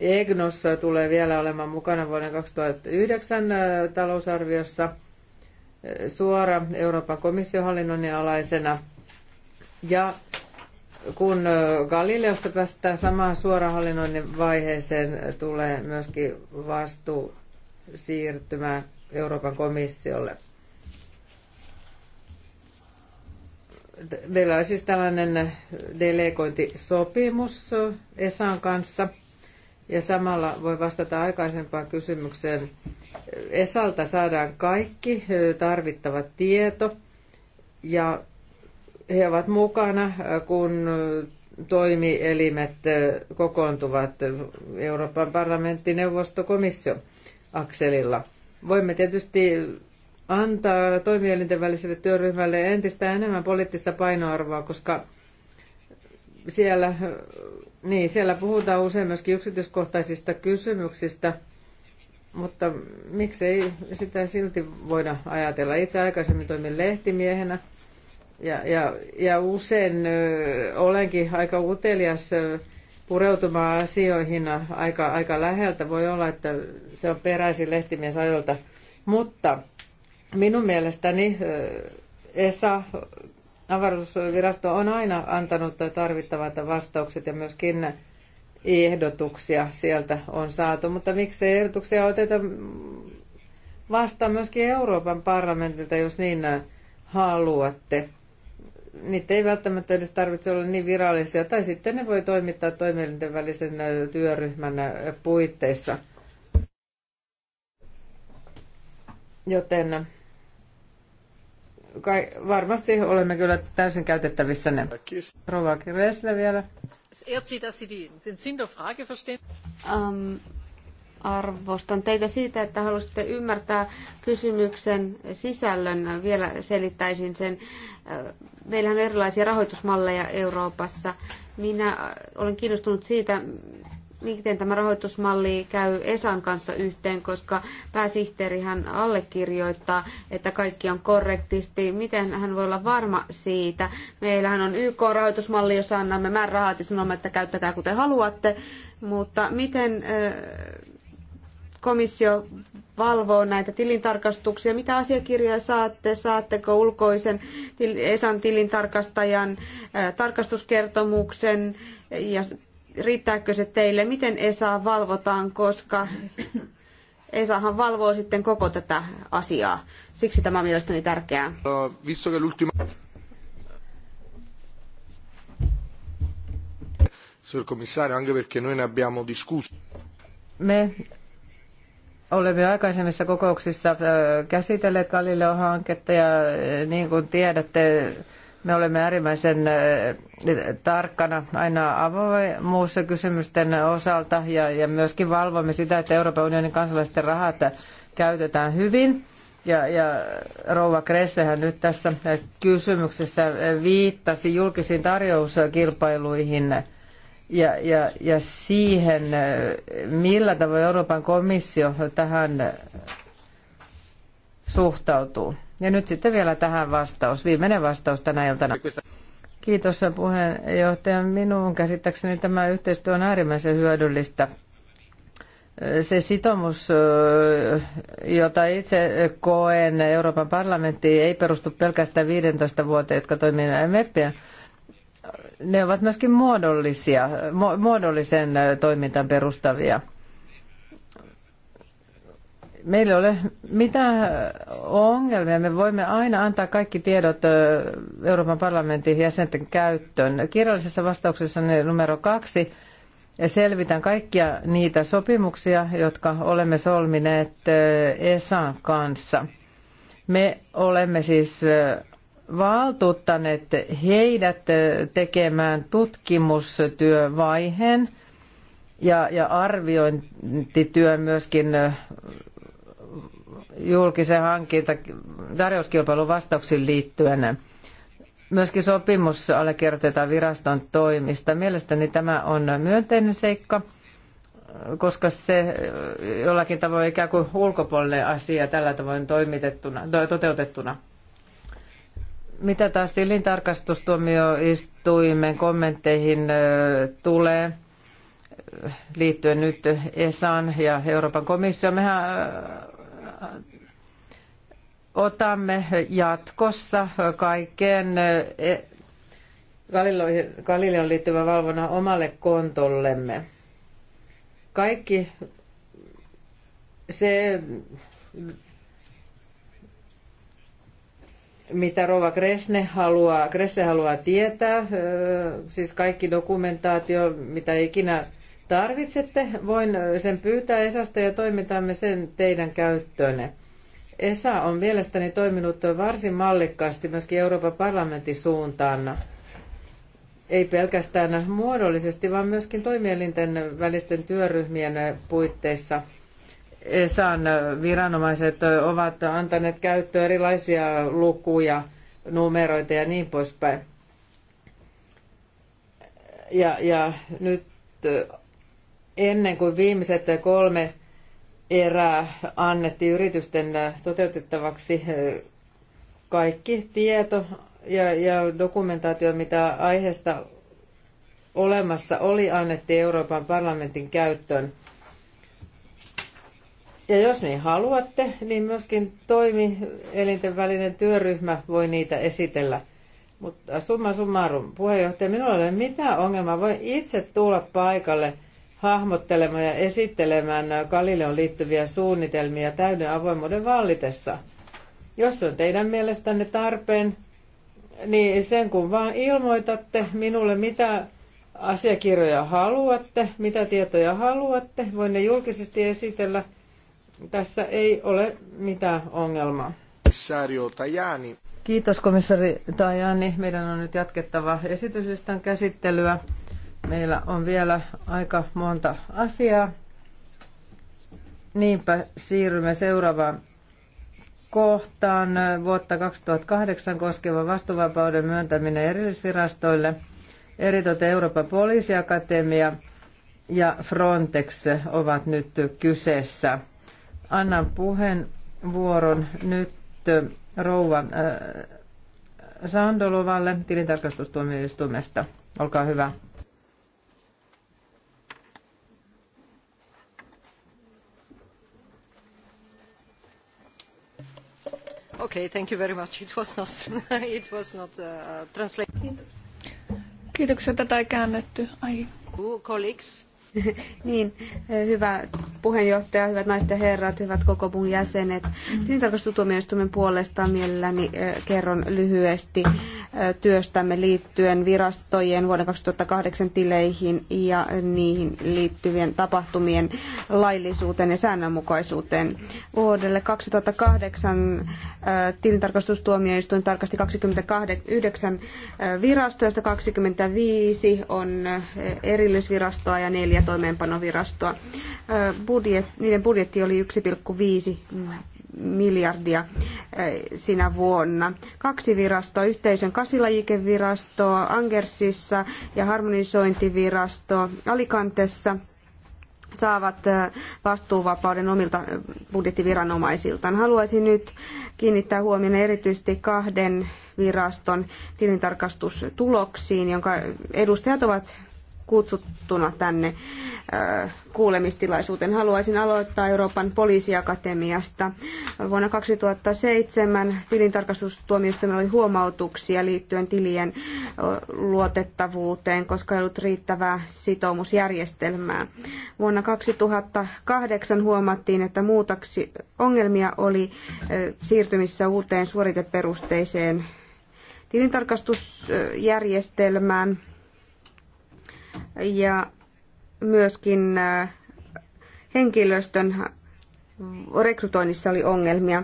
EGNOS tulee vielä olemaan mukana vuoden 2009 talousarviossa suora Euroopan komissiohallinnon alaisena. Ja kun Galileossa päästään samaan suorahallinnoinnin vaiheeseen, tulee myöskin vastuu siirtymään – Euroopan komissiolle. Meillä on siis tällainen delegointisopimus Esan kanssa. Ja samalla voi vastata aikaisempaan kysymykseen. Esalta saadaan kaikki tarvittava tieto ja he ovat mukana, kun toimielimet kokoontuvat Euroopan parlamentti, neuvosto, komissio akselilla – Voimme tietysti antaa toimielinten väliselle työryhmälle entistä enemmän poliittista painoarvoa, koska siellä, niin, siellä puhutaan usein myöskin yksityiskohtaisista kysymyksistä, mutta miksei sitä silti voida ajatella. Itse aikaisemmin toimin lehtimiehenä ja, ja, ja usein ö, olenkin aika utelias ö, pureutumaan asioihin aika, aika läheltä. Voi olla, että se on peräisin lehtimies Mutta minun mielestäni ESA, avaruusvirasto, on aina antanut tarvittavat vastaukset ja myöskin ehdotuksia sieltä on saatu. Mutta miksi ehdotuksia oteta vastaan myöskin Euroopan parlamentilta, jos niin haluatte niitä ei välttämättä edes tarvitse olla niin virallisia, tai sitten ne voi toimittaa toimielinten välisen työryhmän puitteissa. Joten kai, varmasti olemme kyllä täysin käytettävissä ne. Rova Kresle vielä. Um, Arvostan teitä siitä, että halusitte ymmärtää kysymyksen sisällön. Vielä selittäisin sen. Meillähän on erilaisia rahoitusmalleja Euroopassa. Minä olen kiinnostunut siitä, miten tämä rahoitusmalli käy Esan kanssa yhteen, koska hän allekirjoittaa, että kaikki on korrektisti. Miten hän voi olla varma siitä? Meillähän on YK-rahoitusmalli, jossa annamme määrärahat ja sanomme, että käyttäkää kuten haluatte. Mutta miten komissio valvoo näitä tilintarkastuksia. Mitä asiakirjoja saatte? Saatteko ulkoisen Esan tilintarkastajan tarkastuskertomuksen ja riittääkö se teille? Miten Esaa valvotaan, koska Esahan valvoo sitten koko tätä asiaa. Siksi tämä on mielestäni tärkeää. Signor Commissario, anche perché noi ne abbiamo discusso. Me olemme aikaisemmissa kokouksissa käsitelleet Galileo-hanketta ja niin kuin tiedätte, me olemme äärimmäisen tarkkana aina kysymysten osalta ja, ja myöskin valvomme sitä, että Euroopan unionin kansalaisten rahat käytetään hyvin. Ja, ja Rouva Kressehän nyt tässä kysymyksessä viittasi julkisiin tarjouskilpailuihin – ja, ja, ja siihen, millä tavoin Euroopan komissio tähän suhtautuu. Ja nyt sitten vielä tähän vastaus, viimeinen vastaus tänä iltana. Kiitos puheenjohtaja. Minun käsittääkseni tämä yhteistyö on äärimmäisen hyödyllistä. Se sitomus, jota itse koen Euroopan parlamenttiin, ei perustu pelkästään 15 vuoteen, jotka toimin meppien ne ovat myöskin muodollisia, muodollisen toimintaan perustavia. Meillä ei ole mitään ongelmia. Me voimme aina antaa kaikki tiedot Euroopan parlamentin jäsenten käyttöön. Kirjallisessa vastauksessa numero kaksi selvitän kaikkia niitä sopimuksia, jotka olemme solmineet ESAn kanssa. Me olemme siis valtuuttaneet heidät eh, tekemään tutkimustyövaiheen ja, ja arviointityö myöskin eh, julkisen hankinta tarjouskilpailun vastauksiin liittyen. Myöskin sopimus allekirjoitetaan viraston toimista. Mielestäni tämä on myönteinen seikka, koska se eh, jollakin tavoin ikään kuin ulkopuolinen asia tällä tavoin toimitettuna, toteutettuna. Mitä taas tilintarkastustuomioistuimen kommentteihin tulee liittyen nyt ESAan ja Euroopan komissioon, mehän otamme jatkossa kaiken e, Galileon liittyvän valvonnan omalle kontollemme. Kaikki se mitä Rova Kresne haluaa, Kresne haluaa tietää, siis kaikki dokumentaatio, mitä ikinä tarvitsette, voin sen pyytää Esasta ja toimitamme sen teidän käyttöönne. Esa on mielestäni toiminut varsin mallikkaasti myöskin Euroopan parlamentin suuntaan. Ei pelkästään muodollisesti, vaan myöskin toimielinten välisten työryhmien puitteissa – ESAn viranomaiset ovat antaneet käyttöön erilaisia lukuja, numeroita ja niin poispäin. Ja, ja nyt eh, ennen kuin viimeiset kolme erää annettiin yritysten eh, toteutettavaksi eh, kaikki tieto ja, ja dokumentaatio, mitä aiheesta olemassa oli, annettiin Euroopan parlamentin käyttöön. Ja jos niin haluatte, niin myöskin elinten välinen työryhmä voi niitä esitellä. Mutta summa summarum, puheenjohtaja, minulla ei ole mitään ongelmaa. Voin itse tulla paikalle hahmottelemaan ja esittelemään Galileon liittyviä suunnitelmia täyden avoimuuden vallitessa. Jos se on teidän mielestänne tarpeen, niin sen kun vaan ilmoitatte minulle, mitä asiakirjoja haluatte, mitä tietoja haluatte, voin ne julkisesti esitellä – tässä ei ole mitään ongelmaa. Komissario Tajani. Kiitos komissari Tajani. Meidän on nyt jatkettava esityslistan käsittelyä. Meillä on vielä aika monta asiaa. Niinpä siirrymme seuraavaan kohtaan vuotta 2008 koskeva vastuvapauden myöntäminen erillisvirastoille, eritoten Euroopan poliisiakatemia ja Frontex ovat nyt kyseessä. Annan puheenvuoron nyt rouva Sandolovalle tilintarkastustuomioistuimesta. Olkaa hyvä. Okay, thank you very much. It was not, it was not uh, translated. Kiitoksia, tätä ei käännetty. Ai. Colleagues, niin, hyvä puheenjohtaja, hyvät naiset ja herrat, hyvät koko mun jäsenet. Tilintarkastustuomioistuimen puolesta mielelläni kerron lyhyesti työstämme liittyen virastojen vuoden 2008 tileihin ja niihin liittyvien tapahtumien laillisuuteen ja säännönmukaisuuteen. Vuodelle 2008 tilintarkastustuomioistuin tarkasti 29 virastoista, 25 on erillisvirastoa ja neljä ja toimeenpanovirastoa. Budjet, niiden budjetti oli 1,5 miljardia sinä vuonna. Kaksi virastoa, yhteisön kasvilajikevirasto Angersissa ja harmonisointivirasto Alicantessa saavat vastuuvapauden omilta budjettiviranomaisiltaan. Haluaisin nyt kiinnittää huomioon erityisesti kahden viraston tilintarkastustuloksiin, jonka edustajat ovat kutsuttuna tänne äh, kuulemistilaisuuteen. Haluaisin aloittaa Euroopan poliisiakatemiasta. Vuonna 2007 tilintarkastustuomioistuimen oli huomautuksia liittyen tilien luotettavuuteen, koska ei ollut riittävää sitoumusjärjestelmää. Vuonna 2008 huomattiin, että muutaksi ongelmia oli siirtymissä uuteen suoriteperusteiseen tilintarkastusjärjestelmään ja myöskin äh, henkilöstön rekrytoinnissa oli ongelmia.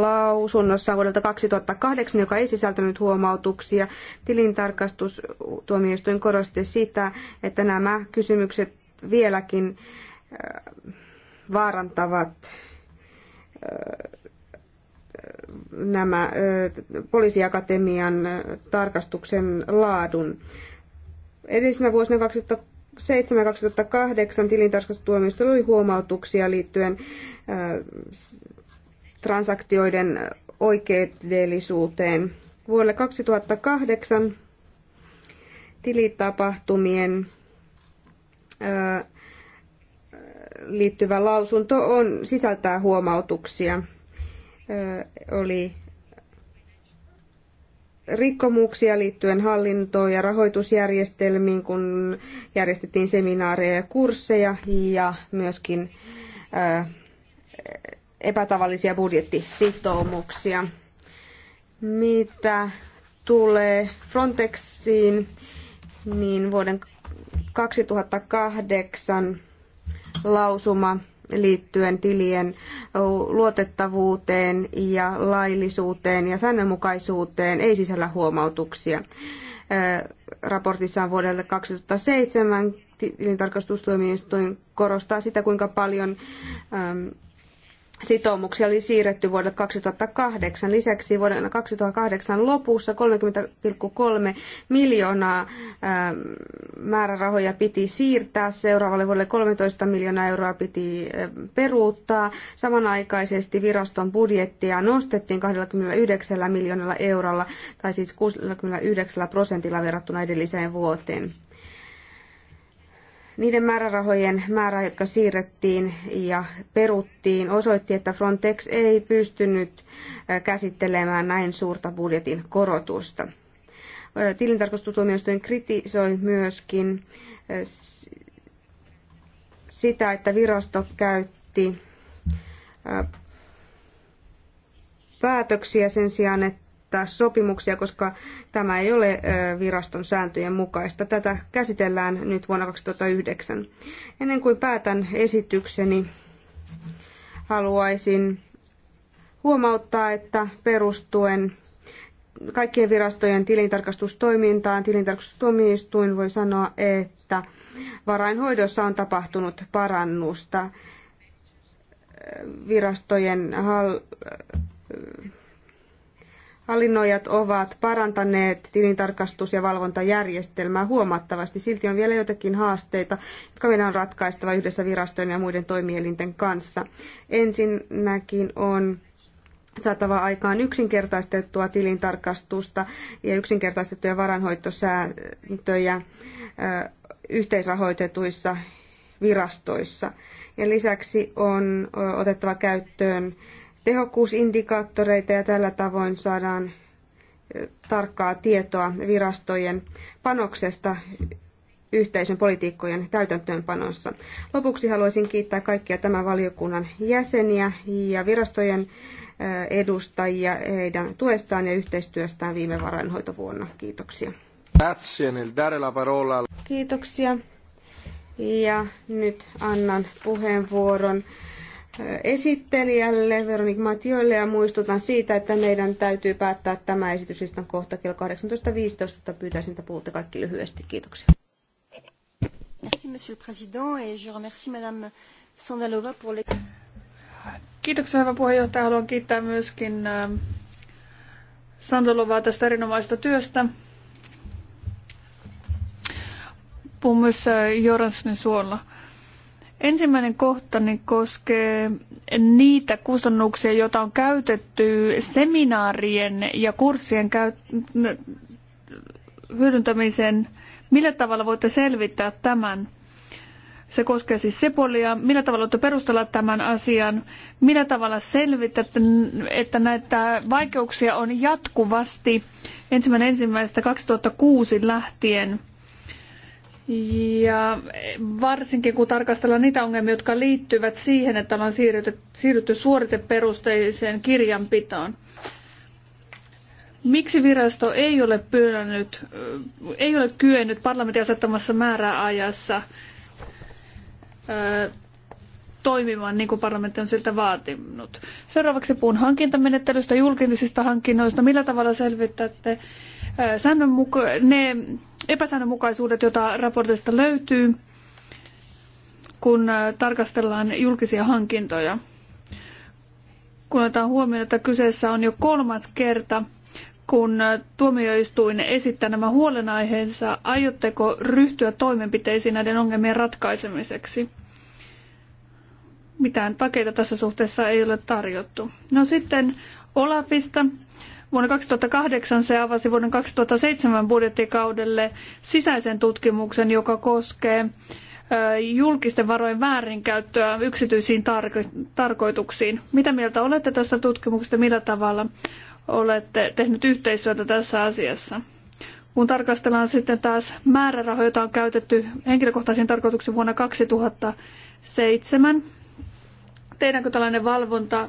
Lausunnossa vuodelta 2008, joka ei sisältänyt huomautuksia, tilintarkastustuomioistuin korosti sitä, että nämä kysymykset vieläkin äh, vaarantavat äh, nämä poliisiakatemian tarkastuksen laadun. Edellisenä vuosina 2007-2008 tilintarkastustuomioistuin oli huomautuksia liittyen äh, transaktioiden oikeudellisuuteen. Vuodelle 2008 tilitapahtumien äh, liittyvä lausunto on, sisältää huomautuksia. Äh, oli rikkomuksia liittyen hallintoon ja rahoitusjärjestelmiin, kun järjestettiin seminaareja ja kursseja ja myöskin epätavallisia budjettisitoumuksia. Mitä tulee Frontexiin, niin vuoden 2008 lausuma liittyen tilien luotettavuuteen ja laillisuuteen ja säännönmukaisuuteen ei sisällä huomautuksia. Raportissaan vuodelle 2007 tilintarkastustuomioistuin korostaa sitä, kuinka paljon sitoumuksia oli siirretty vuodelle 2008. Lisäksi vuoden 2008 lopussa 30,3 miljoonaa ähm, määrärahoja piti siirtää. Seuraavalle vuodelle 13 miljoonaa euroa piti ähm, peruuttaa. Samanaikaisesti viraston budjettia nostettiin 29 miljoonalla eurolla, tai siis 69 prosentilla verrattuna edelliseen vuoteen. Niiden määrärahojen määrä, jotka siirrettiin ja peruttiin, osoitti, että Frontex ei pystynyt käsittelemään näin suurta budjetin korotusta. Tilintarkastustuomioistuin kritisoi myöskin sitä, että virasto käytti päätöksiä sen sijaan, että noudattaa sopimuksia, koska tämä ei ole viraston sääntöjen mukaista. Tätä käsitellään nyt vuonna 2009. Ennen kuin päätän esitykseni, haluaisin huomauttaa, että perustuen kaikkien virastojen tilintarkastustoimintaan tilintarkastustuomioistuin voi sanoa, että varainhoidossa on tapahtunut parannusta virastojen hall hallinnoijat ovat parantaneet tilintarkastus- ja valvontajärjestelmää huomattavasti. Silti on vielä jotakin haasteita, jotka meidän on ratkaistava yhdessä virastojen ja muiden toimielinten kanssa. Ensinnäkin on saatava aikaan yksinkertaistettua tilintarkastusta ja yksinkertaistettuja varanhoitosääntöjä yhteisrahoitetuissa virastoissa. Ja lisäksi on otettava käyttöön tehokkuusindikaattoreita ja tällä tavoin saadaan tarkkaa tietoa virastojen panoksesta yhteisön politiikkojen täytäntöönpanossa. Lopuksi haluaisin kiittää kaikkia tämän valiokunnan jäseniä ja virastojen edustajia heidän tuestaan ja yhteistyöstään viime varainhoitovuonna. Kiitoksia. Kiitoksia. Ja nyt annan puheenvuoron esittelijälle Veronik Matiolle ja muistutan siitä, että meidän täytyy päättää tämä esityslistan kohta kello 18.15. Pyytäisin, että puhutte kaikki lyhyesti. Kiitoksia. Merci, monsieur le président, et je remercie madame Sandalova pour les... Kiitoksia, hyvä puheenjohtaja. Haluan kiittää myöskin äh, Sandalovaa tästä erinomaista työstä. Puhun myös äh, Joransonin suolla Ensimmäinen kohtani koskee niitä kustannuksia, joita on käytetty seminaarien ja kurssien käy- hyödyntämiseen. Millä tavalla voitte selvittää tämän? Se koskee siis Sepolia. Millä tavalla voitte perustella tämän asian? Millä tavalla selvitätte, että näitä vaikeuksia on jatkuvasti ensimmäinen ensimmäistä 2006 lähtien? Ja varsinkin kun tarkastellaan niitä ongelmia, jotka liittyvät siihen, että ollaan siirrytty, siirrytty suoriteperusteiseen kirjanpitoon. Miksi virasto ei ole pyynnnyt, ei ole kyennyt parlamentin asettamassa määräajassa ö, toimimaan niin kuin parlamentti on siltä vaatinut? Seuraavaksi puhun hankintamenettelystä, julkisista hankinnoista. Millä tavalla selvitätte säännönmuka- ne epäsäännönmukaisuudet, joita raportista löytyy, kun tarkastellaan julkisia hankintoja. Kun otetaan huomioon, että kyseessä on jo kolmas kerta, kun tuomioistuin esittää nämä huolenaiheensa, aiotteko ryhtyä toimenpiteisiin näiden ongelmien ratkaisemiseksi? Mitään takeita tässä suhteessa ei ole tarjottu. No sitten Olafista. Vuonna 2008 se avasi vuoden 2007 budjettikaudelle sisäisen tutkimuksen, joka koskee julkisten varojen väärinkäyttöä yksityisiin tarkoituksiin. Mitä mieltä olette tästä tutkimuksesta? Millä tavalla olette tehnyt yhteistyötä tässä asiassa? Kun tarkastellaan sitten taas määrärahoja, joita on käytetty henkilökohtaisiin tarkoituksiin vuonna 2007, tehdäänkö tällainen valvonta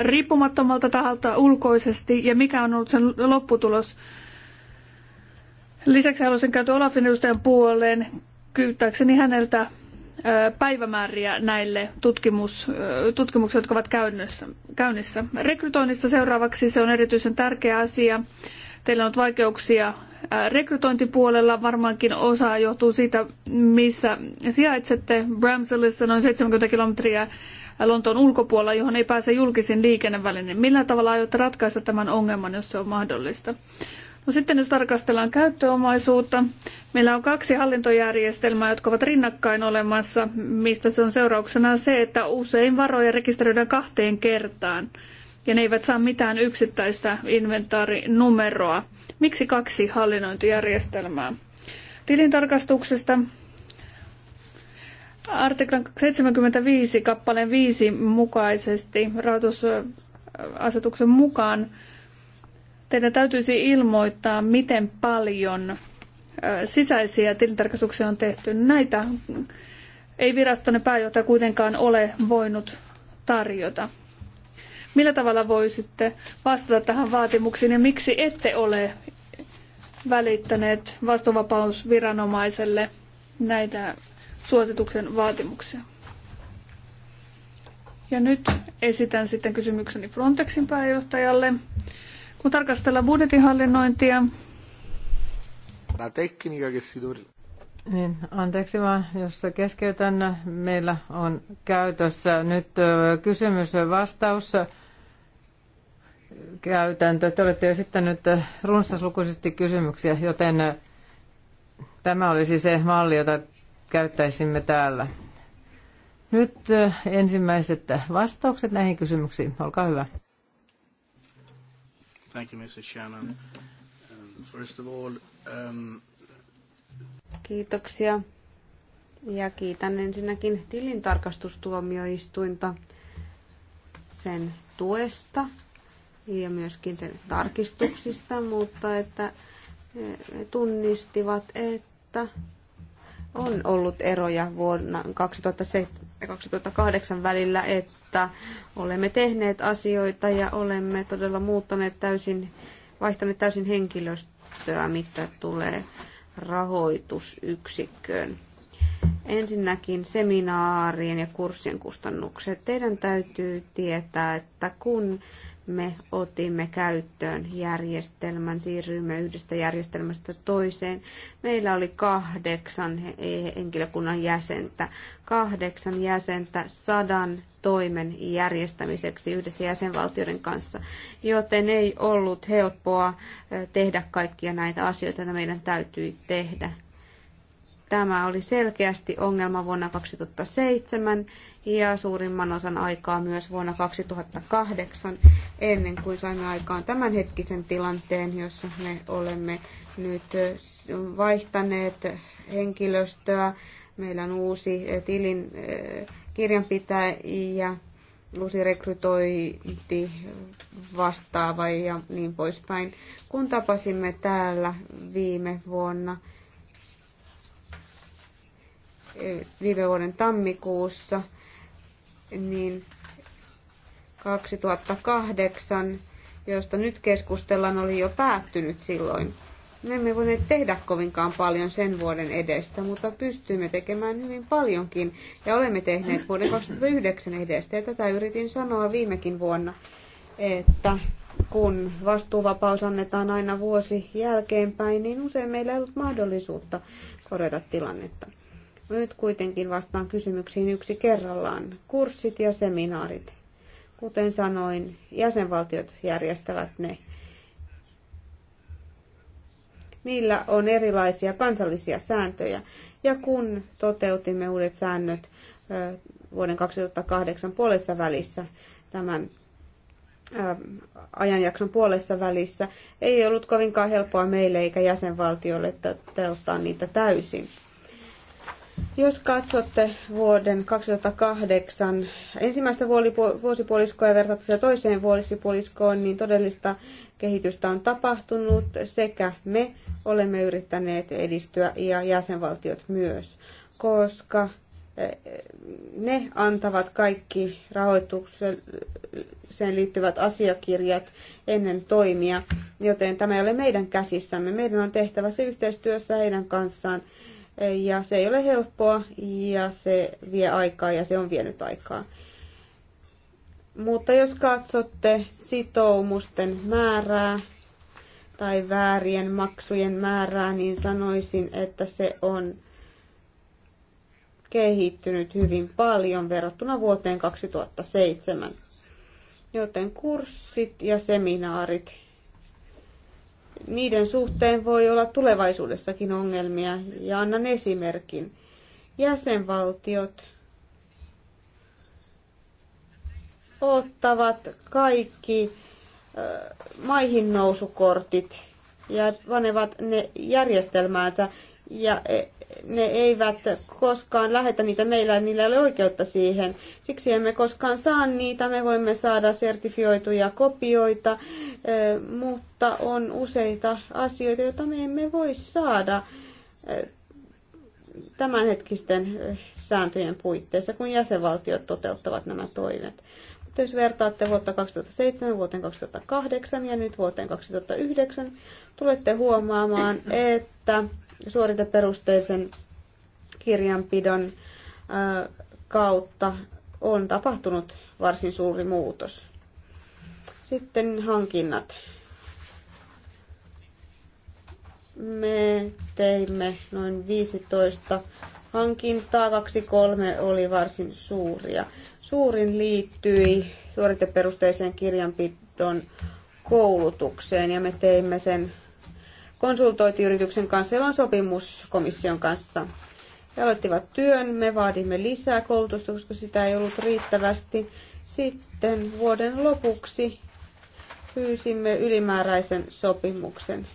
riippumattomalta taholta ulkoisesti ja mikä on ollut sen lopputulos. Lisäksi haluaisin käydä Olafin edustajan puoleen kyyttääkseni häneltä päivämääriä näille tutkimus, tutkimuksille, jotka ovat käynnissä, käynnissä. Rekrytoinnista seuraavaksi se on erityisen tärkeä asia. Teillä on vaikeuksia rekrytointipuolella. Varmaankin osa johtuu siitä, missä sijaitsette. Bramsellissa noin 70 kilometriä Lontoon ulkopuolella, johon ei pääse julkisin liikennevälineen. Millä tavalla aiotte ratkaista tämän ongelman, jos se on mahdollista? No sitten jos tarkastellaan käyttöomaisuutta, meillä on kaksi hallintojärjestelmää, jotka ovat rinnakkain olemassa, mistä se on seurauksena se, että usein varoja rekisteröidään kahteen kertaan ja ne eivät saa mitään yksittäistä inventaarinumeroa. Miksi kaksi hallinnointijärjestelmää? Tilintarkastuksesta artiklan 75 kappaleen 5 mukaisesti rahoitusasetuksen mukaan teidän täytyisi ilmoittaa, miten paljon sisäisiä tilintarkastuksia on tehty. Näitä ei virastonne pääjohtaja kuitenkaan ole voinut tarjota. Millä tavalla voisitte vastata tähän vaatimuksiin ja miksi ette ole välittäneet vastuuvapausviranomaiselle näitä suosituksen vaatimuksia. Ja nyt esitän sitten kysymykseni Frontexin pääjohtajalle. Kun tarkastellaan budjetinhallinnointia... Niin, anteeksi vaan, jos keskeytän. Meillä on käytössä nyt kysymys vastaus käytäntö. Te olette esittänyt runsaslukuisesti kysymyksiä, joten tämä olisi se malli, jota käyttäisimme täällä. Nyt ensimmäiset vastaukset näihin kysymyksiin. Olkaa hyvä. Thank you, Shannon. Um, first of all, um... Kiitoksia. Ja kiitän ensinnäkin tilintarkastustuomioistuinta sen tuesta ja myöskin sen tarkistuksista, mutta että e, tunnistivat, että on ollut eroja vuonna 2007 ja 2008 välillä, että olemme tehneet asioita ja olemme todella muuttaneet täysin, vaihtaneet täysin henkilöstöä, mitä tulee rahoitusyksikköön. Ensinnäkin seminaarien ja kurssien kustannukset. Teidän täytyy tietää, että kun me otimme käyttöön järjestelmän, siirryimme yhdestä järjestelmästä toiseen. Meillä oli kahdeksan henkilökunnan jäsentä, kahdeksan jäsentä sadan toimen järjestämiseksi yhdessä jäsenvaltioiden kanssa, joten ei ollut helppoa tehdä kaikkia näitä asioita, joita meidän täytyi tehdä. Tämä oli selkeästi ongelma vuonna 2007 ja suurimman osan aikaa myös vuonna 2008, ennen kuin saimme aikaan tämänhetkisen tilanteen, jossa me olemme nyt vaihtaneet henkilöstöä. Meillä on uusi tilin kirjanpitäjä, uusi rekrytointi vastaava ja niin poispäin. Kun tapasimme täällä viime vuonna, viime vuoden tammikuussa, niin 2008, josta nyt keskustellaan, oli jo päättynyt silloin. Me emme voineet tehdä kovinkaan paljon sen vuoden edestä, mutta pystyimme tekemään hyvin paljonkin ja olemme tehneet vuoden 2009 edestä. Ja tätä yritin sanoa viimekin vuonna, että kun vastuuvapaus annetaan aina vuosi jälkeenpäin, niin usein meillä ei ollut mahdollisuutta korjata tilannetta. Nyt kuitenkin vastaan kysymyksiin yksi kerrallaan. Kurssit ja seminaarit. Kuten sanoin, jäsenvaltiot järjestävät ne. Niillä on erilaisia kansallisia sääntöjä. Ja kun toteutimme uudet säännöt vuoden 2008 puolessa välissä, tämän ajanjakson puolessa välissä, ei ollut kovinkaan helppoa meille eikä jäsenvaltiolle toteuttaa niitä täysin. Jos katsotte vuoden 2008 ensimmäistä vuosipuoliskoa ja vertaatte sitä toiseen vuosipuoliskoon, niin todellista kehitystä on tapahtunut sekä me olemme yrittäneet edistyä ja jäsenvaltiot myös, koska eh, ne antavat kaikki rahoitukseen liittyvät asiakirjat ennen toimia, joten tämä ei ole meidän käsissämme. Meidän on tehtävä se yhteistyössä heidän kanssaan ja se ei ole helppoa ja se vie aikaa ja se on vienyt aikaa. Mutta jos katsotte sitoumusten määrää tai väärien maksujen määrää, niin sanoisin, että se on kehittynyt hyvin paljon verrattuna vuoteen 2007. Joten kurssit ja seminaarit niiden suhteen voi olla tulevaisuudessakin ongelmia, ja annan esimerkin. Jäsenvaltiot ottavat kaikki maihin nousukortit ja vanevat ne järjestelmäänsä ja e, ne eivät koskaan lähetä niitä meillä, niillä ei ole oikeutta siihen. Siksi emme koskaan saa niitä, me voimme saada sertifioituja kopioita, mutta on useita asioita, joita me emme voi saada tämänhetkisten sääntöjen puitteissa, kun jäsenvaltiot toteuttavat nämä toimet. Mutta jos vertaatte vuotta 2007 vuoteen 2008 ja nyt vuoteen 2009, tulette huomaamaan, että suoriteperusteisen kirjanpidon kautta on tapahtunut varsin suuri muutos. Sitten hankinnat. Me teimme noin 15 hankintaa, kaksi kolme oli varsin suuria. Suurin liittyi suoriteperusteiseen kirjanpidon koulutukseen ja me teimme sen konsultointiyrityksen kanssa, jolla on sopimus komission kanssa. He aloittivat työn, me vaadimme lisää koulutusta, koska sitä ei ollut riittävästi. Sitten vuoden lopuksi pyysimme ylimääräisen sopimuksen.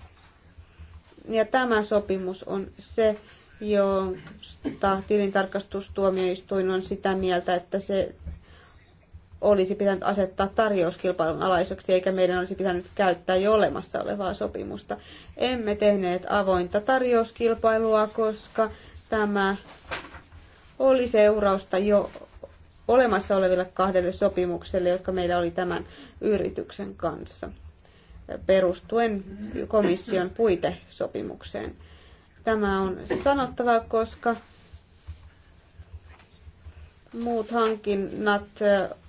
Ja tämä sopimus on se, josta tilintarkastustuomioistuin on sitä mieltä, että se olisi pitänyt asettaa tarjouskilpailun alaiseksi, eikä meidän olisi pitänyt käyttää jo olemassa olevaa sopimusta. Emme tehneet avointa tarjouskilpailua, koska tämä oli seurausta jo olemassa oleville kahdelle sopimukselle, jotka meillä oli tämän yrityksen kanssa, perustuen komission puitesopimukseen. Tämä on sanottava, koska muut hankinnat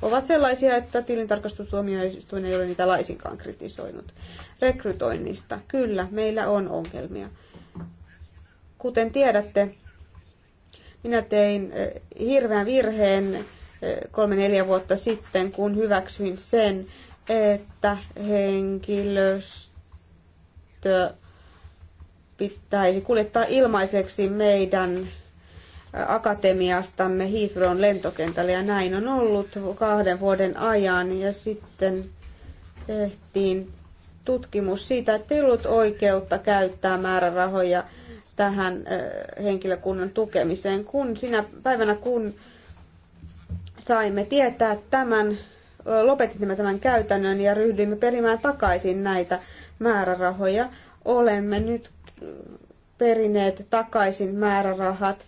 ovat sellaisia, että tilintarkastustuomioistuin ei ole niitä laisinkaan kritisoinut. Rekrytoinnista. Kyllä, meillä on ongelmia. Kuten tiedätte, minä tein hirveän virheen kolme-neljä vuotta sitten, kun hyväksyin sen, että henkilöstö pitäisi kuljettaa ilmaiseksi meidän akatemiastamme Heathrown lentokentälle ja näin on ollut kahden vuoden ajan ja sitten tehtiin tutkimus siitä, että ei ollut oikeutta käyttää määrärahoja tähän henkilökunnan tukemiseen. Kun sinä päivänä, kun saimme tietää tämän, lopetimme tämän käytännön ja ryhdyimme perimään takaisin näitä määrärahoja, olemme nyt perineet takaisin määrärahat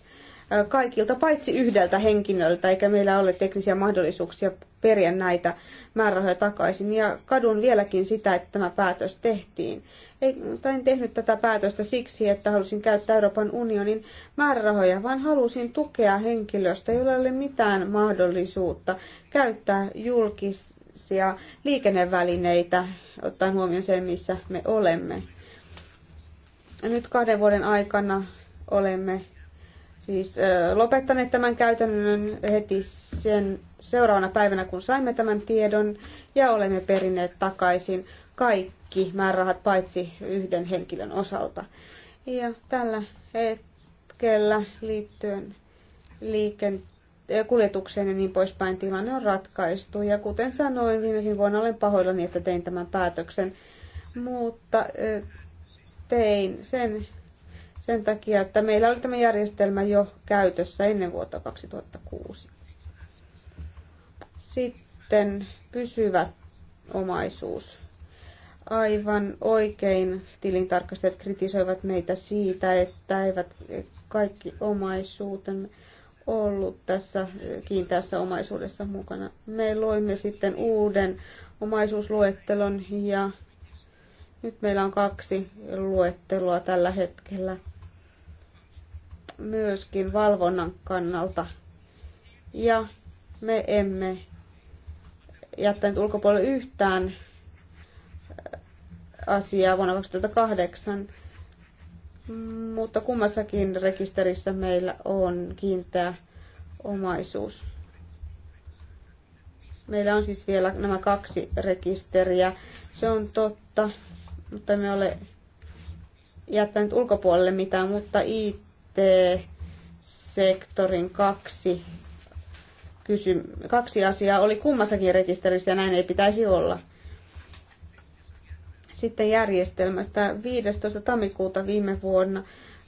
kaikilta paitsi yhdeltä henkilöltä, eikä meillä ole teknisiä mahdollisuuksia periä näitä määrärahoja takaisin. Ja kadun vieläkin sitä, että tämä päätös tehtiin. Ei, mutta en tehnyt tätä päätöstä siksi, että halusin käyttää Euroopan unionin määrärahoja, vaan halusin tukea henkilöstä, jolla ei ole mitään mahdollisuutta käyttää julkisia liikennevälineitä, ottaen huomioon sen, missä me olemme. Ja nyt kahden vuoden aikana olemme siis lopettaneet tämän käytännön heti sen seuraavana päivänä, kun saimme tämän tiedon, ja olemme perineet takaisin kaikki määrärahat paitsi yhden henkilön osalta. Ja tällä hetkellä liittyen liikenteeseen kuljetukseen ja niin poispäin tilanne on ratkaistu. Ja kuten sanoin, viimekin vuonna olen pahoillani, että tein tämän päätöksen, mutta tein sen sen takia, että meillä oli tämä järjestelmä jo käytössä ennen vuotta 2006. Sitten pysyvä omaisuus. Aivan oikein tilintarkastajat kritisoivat meitä siitä, että eivät kaikki omaisuutemme ollut tässä kiinteässä omaisuudessa mukana. Me loimme sitten uuden omaisuusluettelon ja nyt meillä on kaksi luettelua tällä hetkellä myöskin valvonnan kannalta. Ja me emme jättänyt ulkopuolelle yhtään äh, asiaa vuonna 2008, mutta kummassakin rekisterissä meillä on kiinteä omaisuus. Meillä on siis vielä nämä kaksi rekisteriä. Se on totta, mutta me ole jättänyt ulkopuolelle mitään, mutta IT IT-sektorin kaksi, kysy, kaksi asiaa oli kummassakin rekisterissä ja näin ei pitäisi olla. Sitten järjestelmästä 15. tammikuuta viime vuonna,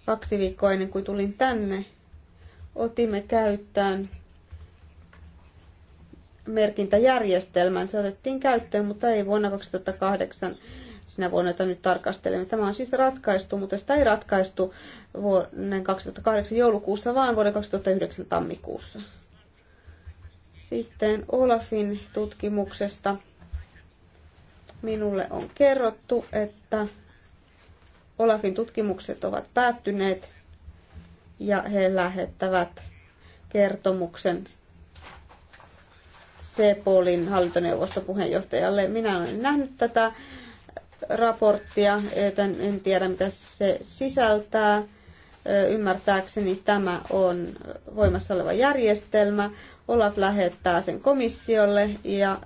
kaksi viikkoa ennen kuin tulin tänne, otimme käyttöön merkintäjärjestelmän. Se otettiin käyttöön, mutta ei vuonna 2008 sinä vuonna, jota nyt tarkastelemme. Tämä on siis ratkaistu, mutta sitä ei ratkaistu vuoden 2008 joulukuussa, vaan vuoden 2009 tammikuussa. Sitten Olafin tutkimuksesta minulle on kerrottu, että Olafin tutkimukset ovat päättyneet ja he lähettävät kertomuksen Sepolin hallintoneuvoston puheenjohtajalle. Minä olen nähnyt tätä raporttia, joten en tiedä mitä se sisältää. Ymmärtääkseni tämä on voimassa oleva järjestelmä. Olaf lähettää sen komissiolle ja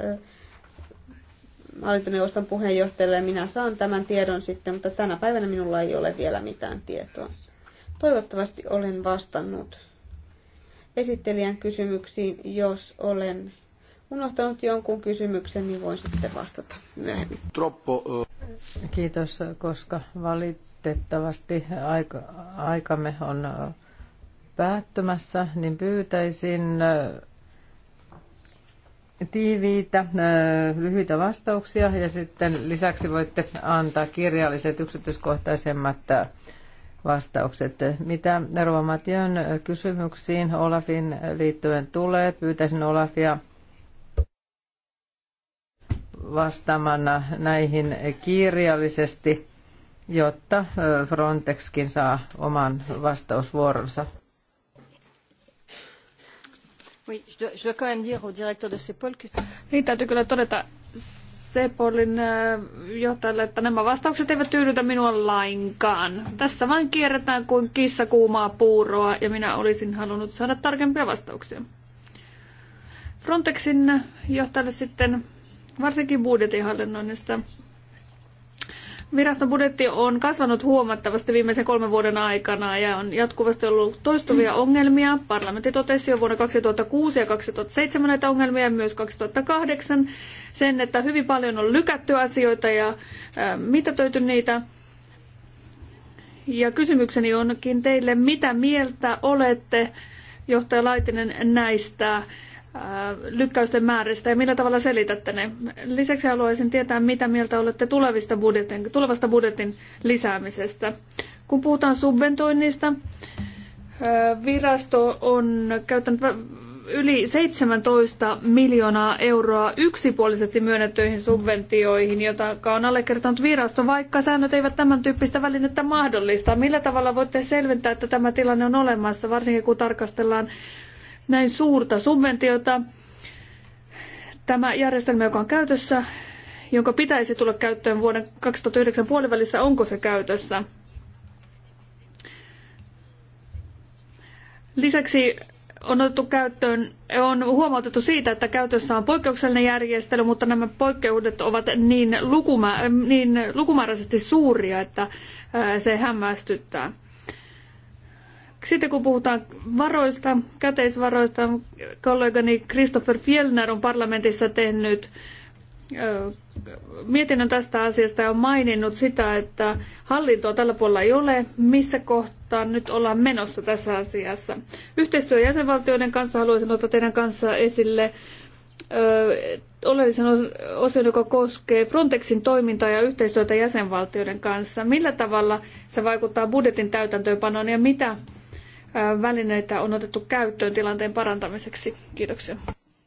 hallintoneuvoston puheenjohtajalle minä saan tämän tiedon sitten, mutta tänä päivänä minulla ei ole vielä mitään tietoa. Toivottavasti olen vastannut esittelijän kysymyksiin, jos olen unohtanut jonkun kysymyksen, niin voin sitten vastata myöhemmin. Troppo. Kiitos, koska valitettavasti aika, aikamme on päättymässä, niin pyytäisin tiiviitä, lyhyitä vastauksia ja sitten lisäksi voitte antaa kirjalliset yksityiskohtaisemmat vastaukset. Mitä Rova Mation kysymyksiin Olafin liittyen tulee, pyytäisin Olafia – vastaamana näihin kirjallisesti, jotta Frontexkin saa oman vastausvuoronsa. Oui, je dois, je dois quand même dire au directeur de CEPOL que... Niin, täytyy kyllä todeta Sepolin johtajalle, että nämä vastaukset eivät tyydytä minua lainkaan. Tässä vain kierretään kuin kissa kuumaa puuroa ja minä olisin halunnut saada tarkempia vastauksia. Frontexin johtajalle sitten varsinkin budjetinhallinnoinnista. Viraston budjetti on kasvanut huomattavasti viimeisen kolmen vuoden aikana ja on jatkuvasti ollut toistuvia ongelmia. Parlamentti totesi jo vuonna 2006 ja 2007 näitä ongelmia ja myös 2008 sen, että hyvin paljon on lykätty asioita ja mitätöity niitä. Ja kysymykseni onkin teille, mitä mieltä olette, johtaja Laitinen, näistä Äh, lykkäysten määristä ja millä tavalla selitätte ne. Lisäksi haluaisin tietää, mitä mieltä olette tulevista budjetin, tulevasta budjetin lisäämisestä. Kun puhutaan subventoinnista, äh, virasto on käyttänyt yli 17 miljoonaa euroa yksipuolisesti myönnettyihin subventioihin, jota on allekirjoittanut virasto, vaikka säännöt eivät tämän tyyppistä välinettä mahdollista. Millä tavalla voitte selventää, että tämä tilanne on olemassa, varsinkin kun tarkastellaan näin suurta subventiota. Tämä järjestelmä, joka on käytössä, jonka pitäisi tulla käyttöön vuoden 2009 puolivälissä, onko se käytössä? Lisäksi on otettu käyttöön, on huomautettu siitä, että käytössä on poikkeuksellinen järjestely, mutta nämä poikkeudet ovat niin, lukumä, niin lukumääräisesti suuria, että se hämmästyttää. Sitten kun puhutaan varoista, käteisvaroista, kollegani Christopher Fjellner on parlamentissa tehnyt mietinnön tästä asiasta ja on maininnut sitä, että hallintoa tällä puolella ei ole, missä kohtaa nyt ollaan menossa tässä asiassa. Yhteistyö jäsenvaltioiden kanssa haluaisin ottaa teidän kanssa esille oleellisen osion, joka koskee Frontexin toimintaa ja yhteistyötä jäsenvaltioiden kanssa. Millä tavalla se vaikuttaa budjetin täytäntöönpanoon ja mitä välineitä on otettu käyttöön tilanteen parantamiseksi. Kiitoksia.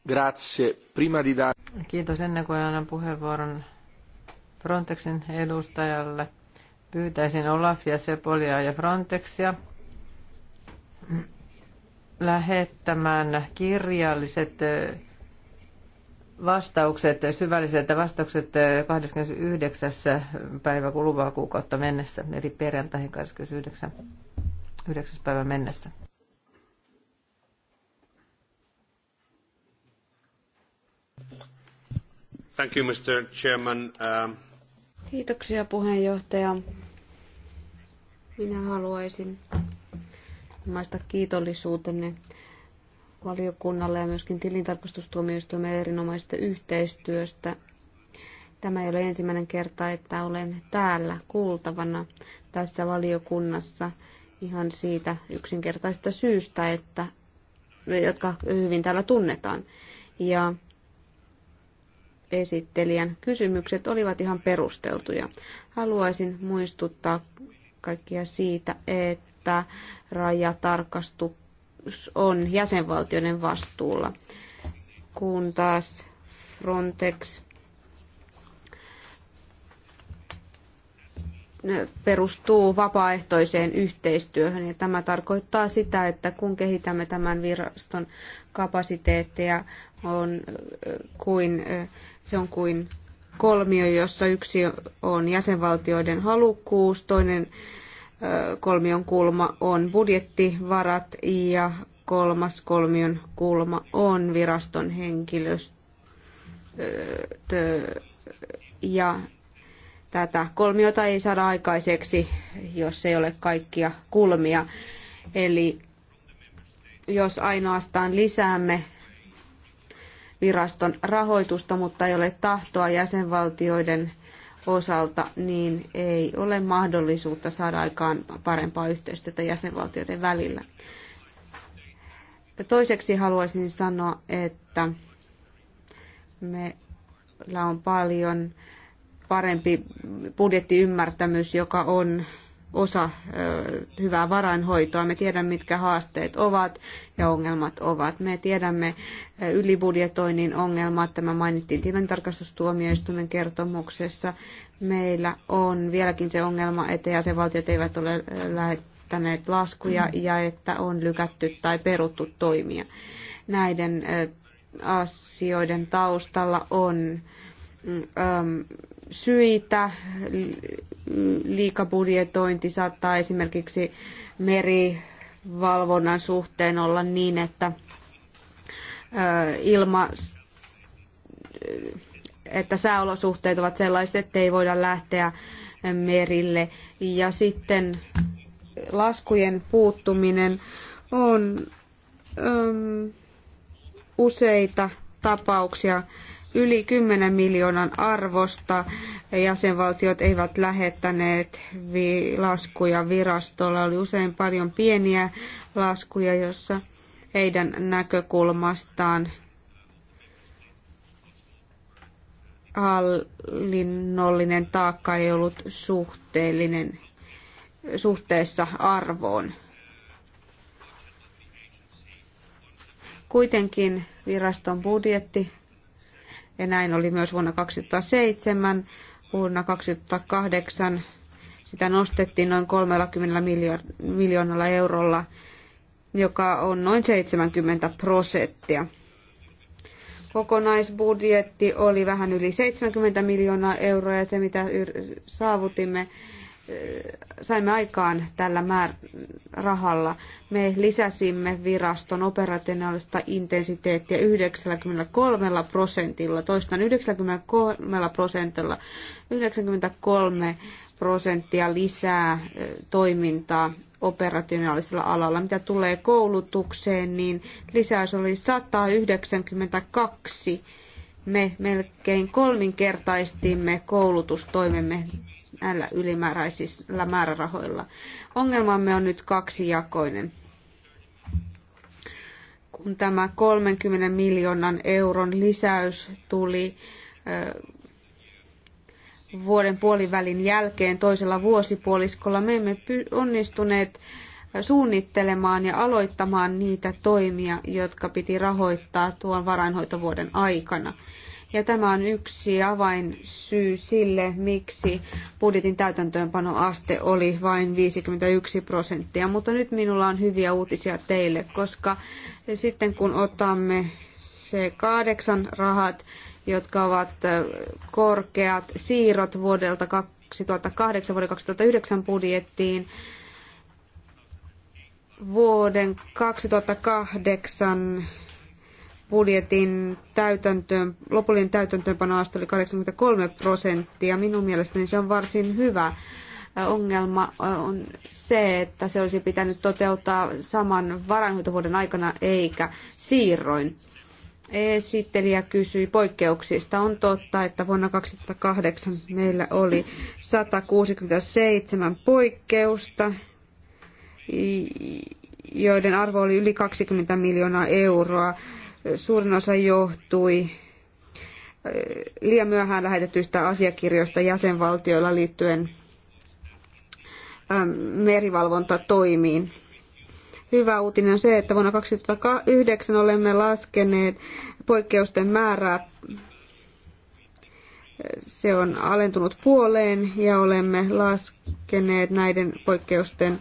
Grazie. Prima di da... Kiitos ennen kuin annan puheenvuoron Frontexin edustajalle. Pyytäisin Olafia, Sepolia ja Frontexia lähettämään kirjalliset vastaukset, syvälliset vastaukset 29. päivä kuluvaa kuukautta mennessä, eli perjantaihin 29 yhdeksäs päivä mennessä. Thank you, Mr. Chairman. Um... Kiitoksia puheenjohtaja. Minä haluaisin maista kiitollisuutenne valiokunnalle ja myöskin tilintarkastustuomioistuimen erinomaisesta yhteistyöstä. Tämä ei ole ensimmäinen kerta, että olen täällä kuultavana tässä valiokunnassa ihan siitä yksinkertaisesta syystä, että, jotka hyvin täällä tunnetaan. Ja esittelijän kysymykset olivat ihan perusteltuja. Haluaisin muistuttaa kaikkia siitä, että rajatarkastus on jäsenvaltioiden vastuulla, kun taas Frontex perustuu vapaaehtoiseen yhteistyöhön ja tämä tarkoittaa sitä, että kun kehitämme tämän viraston kapasiteetteja, on kuin, se on kuin kolmio, jossa yksi on jäsenvaltioiden halukkuus, toinen kolmion kulma on budjettivarat ja kolmas kolmion kulma on viraston henkilöstö ja Tätä kolmiota ei saada aikaiseksi, jos ei ole kaikkia kulmia. Eli jos ainoastaan lisäämme viraston rahoitusta, mutta ei ole tahtoa jäsenvaltioiden osalta, niin ei ole mahdollisuutta saada aikaan parempaa yhteistyötä jäsenvaltioiden välillä. Toiseksi haluaisin sanoa, että meillä on paljon parempi budjettiymmärtämys, joka on osa hyvää varainhoitoa. Me tiedämme, mitkä haasteet ovat ja ongelmat ovat. Me tiedämme ylibudjetoinnin ongelmat. Tämä mainittiin tilintarkastustuomioistuimen kertomuksessa. Meillä on vieläkin se ongelma, että jäsenvaltiot eivät ole lähettäneet laskuja ja että on lykätty tai peruttu toimia. Näiden asioiden taustalla on mm, syitä. Liikabudjetointi saattaa esimerkiksi merivalvonnan suhteen olla niin, että ilma että sääolosuhteet ovat sellaiset, että ei voida lähteä merille. Ja sitten laskujen puuttuminen on öm, useita tapauksia, yli 10 miljoonan arvosta. Jäsenvaltiot eivät lähettäneet laskuja virastolla. Oli usein paljon pieniä laskuja, joissa heidän näkökulmastaan hallinnollinen taakka ei ollut suhteellinen suhteessa arvoon. Kuitenkin viraston budjetti ja näin oli myös vuonna 2007. Vuonna 2008 sitä nostettiin noin 30 miljoonalla eurolla, joka on noin 70 prosenttia. Kokonaisbudjetti oli vähän yli 70 miljoonaa euroa ja se mitä saavutimme saimme aikaan tällä rahalla. Me lisäsimme viraston operationaalista intensiteettiä 93 prosentilla, toistan 93 prosentilla, 93 prosenttia lisää toimintaa operationaalisella alalla. Mitä tulee koulutukseen, niin lisäys oli 192. Me melkein kolminkertaistimme koulutustoimemme näillä ylimääräisillä määrärahoilla. Ongelmamme on nyt kaksijakoinen. Kun tämä 30 miljoonan euron lisäys tuli vuoden puolivälin jälkeen toisella vuosipuoliskolla, me emme onnistuneet suunnittelemaan ja aloittamaan niitä toimia, jotka piti rahoittaa tuon varainhoitovuoden aikana. Ja tämä on yksi avainsyy sille, miksi budjetin täytäntöönpanoaste oli vain 51 prosenttia. Mutta nyt minulla on hyviä uutisia teille, koska sitten kun otamme se kahdeksan rahat, jotka ovat korkeat siirrot vuodelta 2008 vuoden 2009 budjettiin, vuoden 2008 budjetin täytäntöön, lopullinen täytäntöönpanoaste oli 83 prosenttia. Minun mielestäni se on varsin hyvä. Ongelma on se, että se olisi pitänyt toteuttaa saman varainhoitovuoden aikana eikä siirroin. Esittelijä kysyi poikkeuksista. On totta, että vuonna 2008 meillä oli 167 poikkeusta, joiden arvo oli yli 20 miljoonaa euroa suurin osa johtui liian myöhään lähetetyistä asiakirjoista jäsenvaltioilla liittyen merivalvontatoimiin. Hyvä uutinen on se, että vuonna 2009 olemme laskeneet poikkeusten määrää. Se on alentunut puoleen ja olemme laskeneet näiden poikkeusten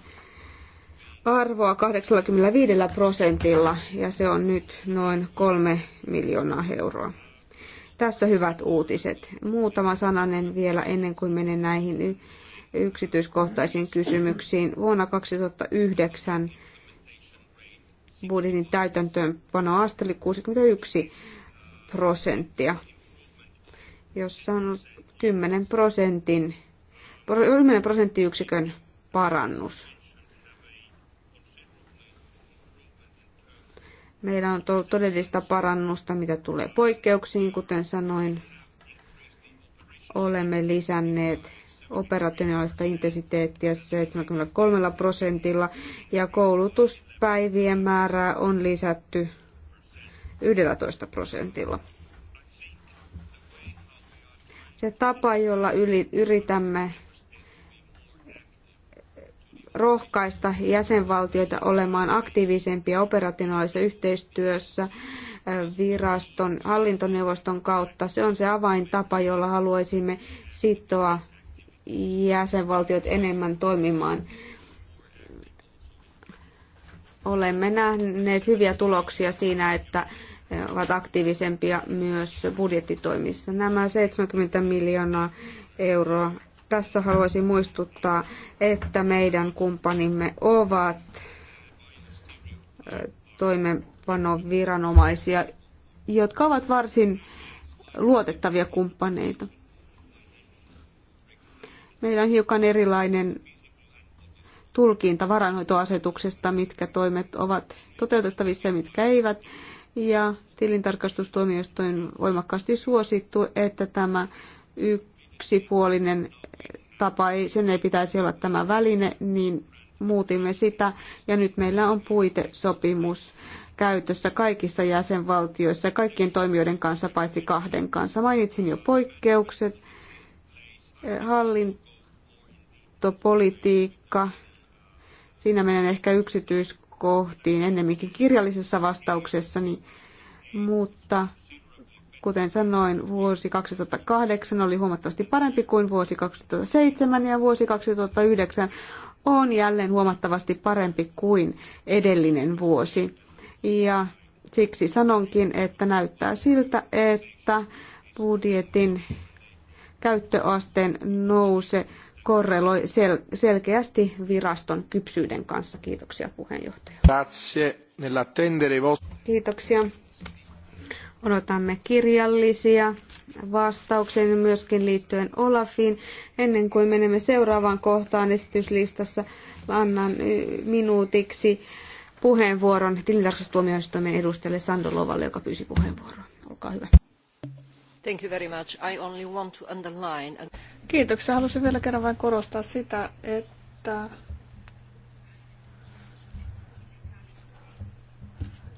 arvoa 85 prosentilla ja se on nyt noin 3 miljoonaa euroa. Tässä hyvät uutiset. Muutama sananen vielä ennen kuin menen näihin yksityiskohtaisiin kysymyksiin. Vuonna 2009 budjetin täytäntöönpanoaste oli 61 prosenttia, jossa on 10 prosentin 10 prosenttiyksikön parannus Meillä on todellista parannusta, mitä tulee poikkeuksiin, kuten sanoin. Olemme lisänneet operationaalista intensiteettiä 73 prosentilla ja koulutuspäivien määrää on lisätty 11 prosentilla. Se tapa, jolla yritämme rohkaista jäsenvaltioita olemaan aktiivisempia operationaalisessa yhteistyössä viraston hallintoneuvoston kautta. Se on se avaintapa, jolla haluaisimme sitoa jäsenvaltiot enemmän toimimaan. Olemme nähneet hyviä tuloksia siinä, että ovat aktiivisempia myös budjettitoimissa. Nämä 70 miljoonaa euroa tässä haluaisin muistuttaa, että meidän kumppanimme ovat toimenpanon viranomaisia, jotka ovat varsin luotettavia kumppaneita. Meillä on hiukan erilainen tulkinta varainhoitoasetuksesta, mitkä toimet ovat toteutettavissa ja mitkä eivät. Ja tilintarkastustuomioistuin voimakkaasti suosittu, että tämä yksipuolinen tapa, ei, sen ei pitäisi olla tämä väline, niin muutimme sitä ja nyt meillä on puitesopimus käytössä kaikissa jäsenvaltioissa ja kaikkien toimijoiden kanssa paitsi kahden kanssa. Mainitsin jo poikkeukset, hallintopolitiikka, siinä menen ehkä yksityiskohtiin ennemminkin kirjallisessa vastauksessani, mutta Kuten sanoin, vuosi 2008 oli huomattavasti parempi kuin vuosi 2007 ja vuosi 2009 on jälleen huomattavasti parempi kuin edellinen vuosi. Ja siksi sanonkin, että näyttää siltä, että budjetin käyttöasteen nouse korreloi sel- selkeästi viraston kypsyyden kanssa. Kiitoksia puheenjohtaja. Grazie. Kiitoksia. Odotamme kirjallisia vastauksia myöskin liittyen Olafiin. Ennen kuin menemme seuraavaan kohtaan esityslistassa, annan minuutiksi puheenvuoron tilintarkastustuomioistuimen edustajalle Sandolovalle, joka pyysi puheenvuoroa. Olkaa hyvä. Thank you very much. I only want to underline... Kiitoksia. Halusin vielä kerran vain korostaa sitä, että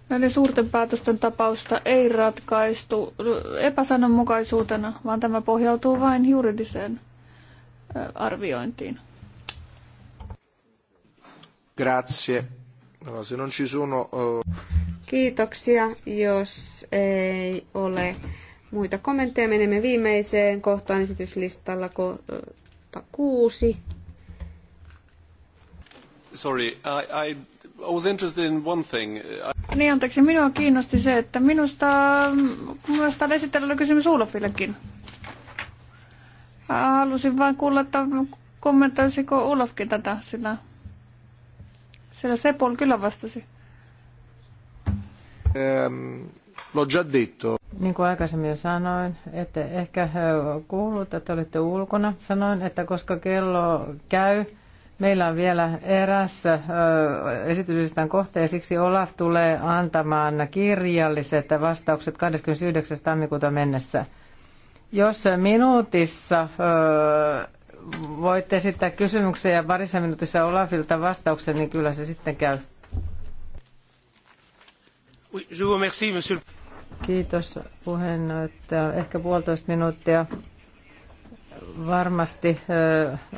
Näiden suurten päätösten tapausta ei ratkaistu epäsanonmukaisuutena, vaan tämä pohjautuu vain juridiseen arviointiin. Grazie. se non ci sono, Kiitoksia, jos ei ole muita kommentteja. Menemme viimeiseen kohtaan esityslistalla kohta kuusi. Sorry, I, I I was interested in one thing. I... Niin, anteeksi, minua kiinnosti se, että minusta, mm, minusta on esitellä kysymys Ulofillekin. Halusin vain kuulla, että kommentoisiko Ulofkin tätä, sillä, sillä Sepol kyllä vastasi. Ehm, l'ho già detto. Niin kuin aikaisemmin jo sanoin, että ehkä kuulut, että olette ulkona. Sanoin, että koska kello käy, Meillä on vielä eräs esityslistan kohta ja siksi Olaf tulee antamaan kirjalliset vastaukset 29. tammikuuta mennessä. Jos minuutissa voit esittää kysymyksiä ja parissa minuutissa Olafilta vastauksen, niin kyllä se sitten käy. Kiitos puheenjohtaja. Ehkä puolitoista minuuttia varmasti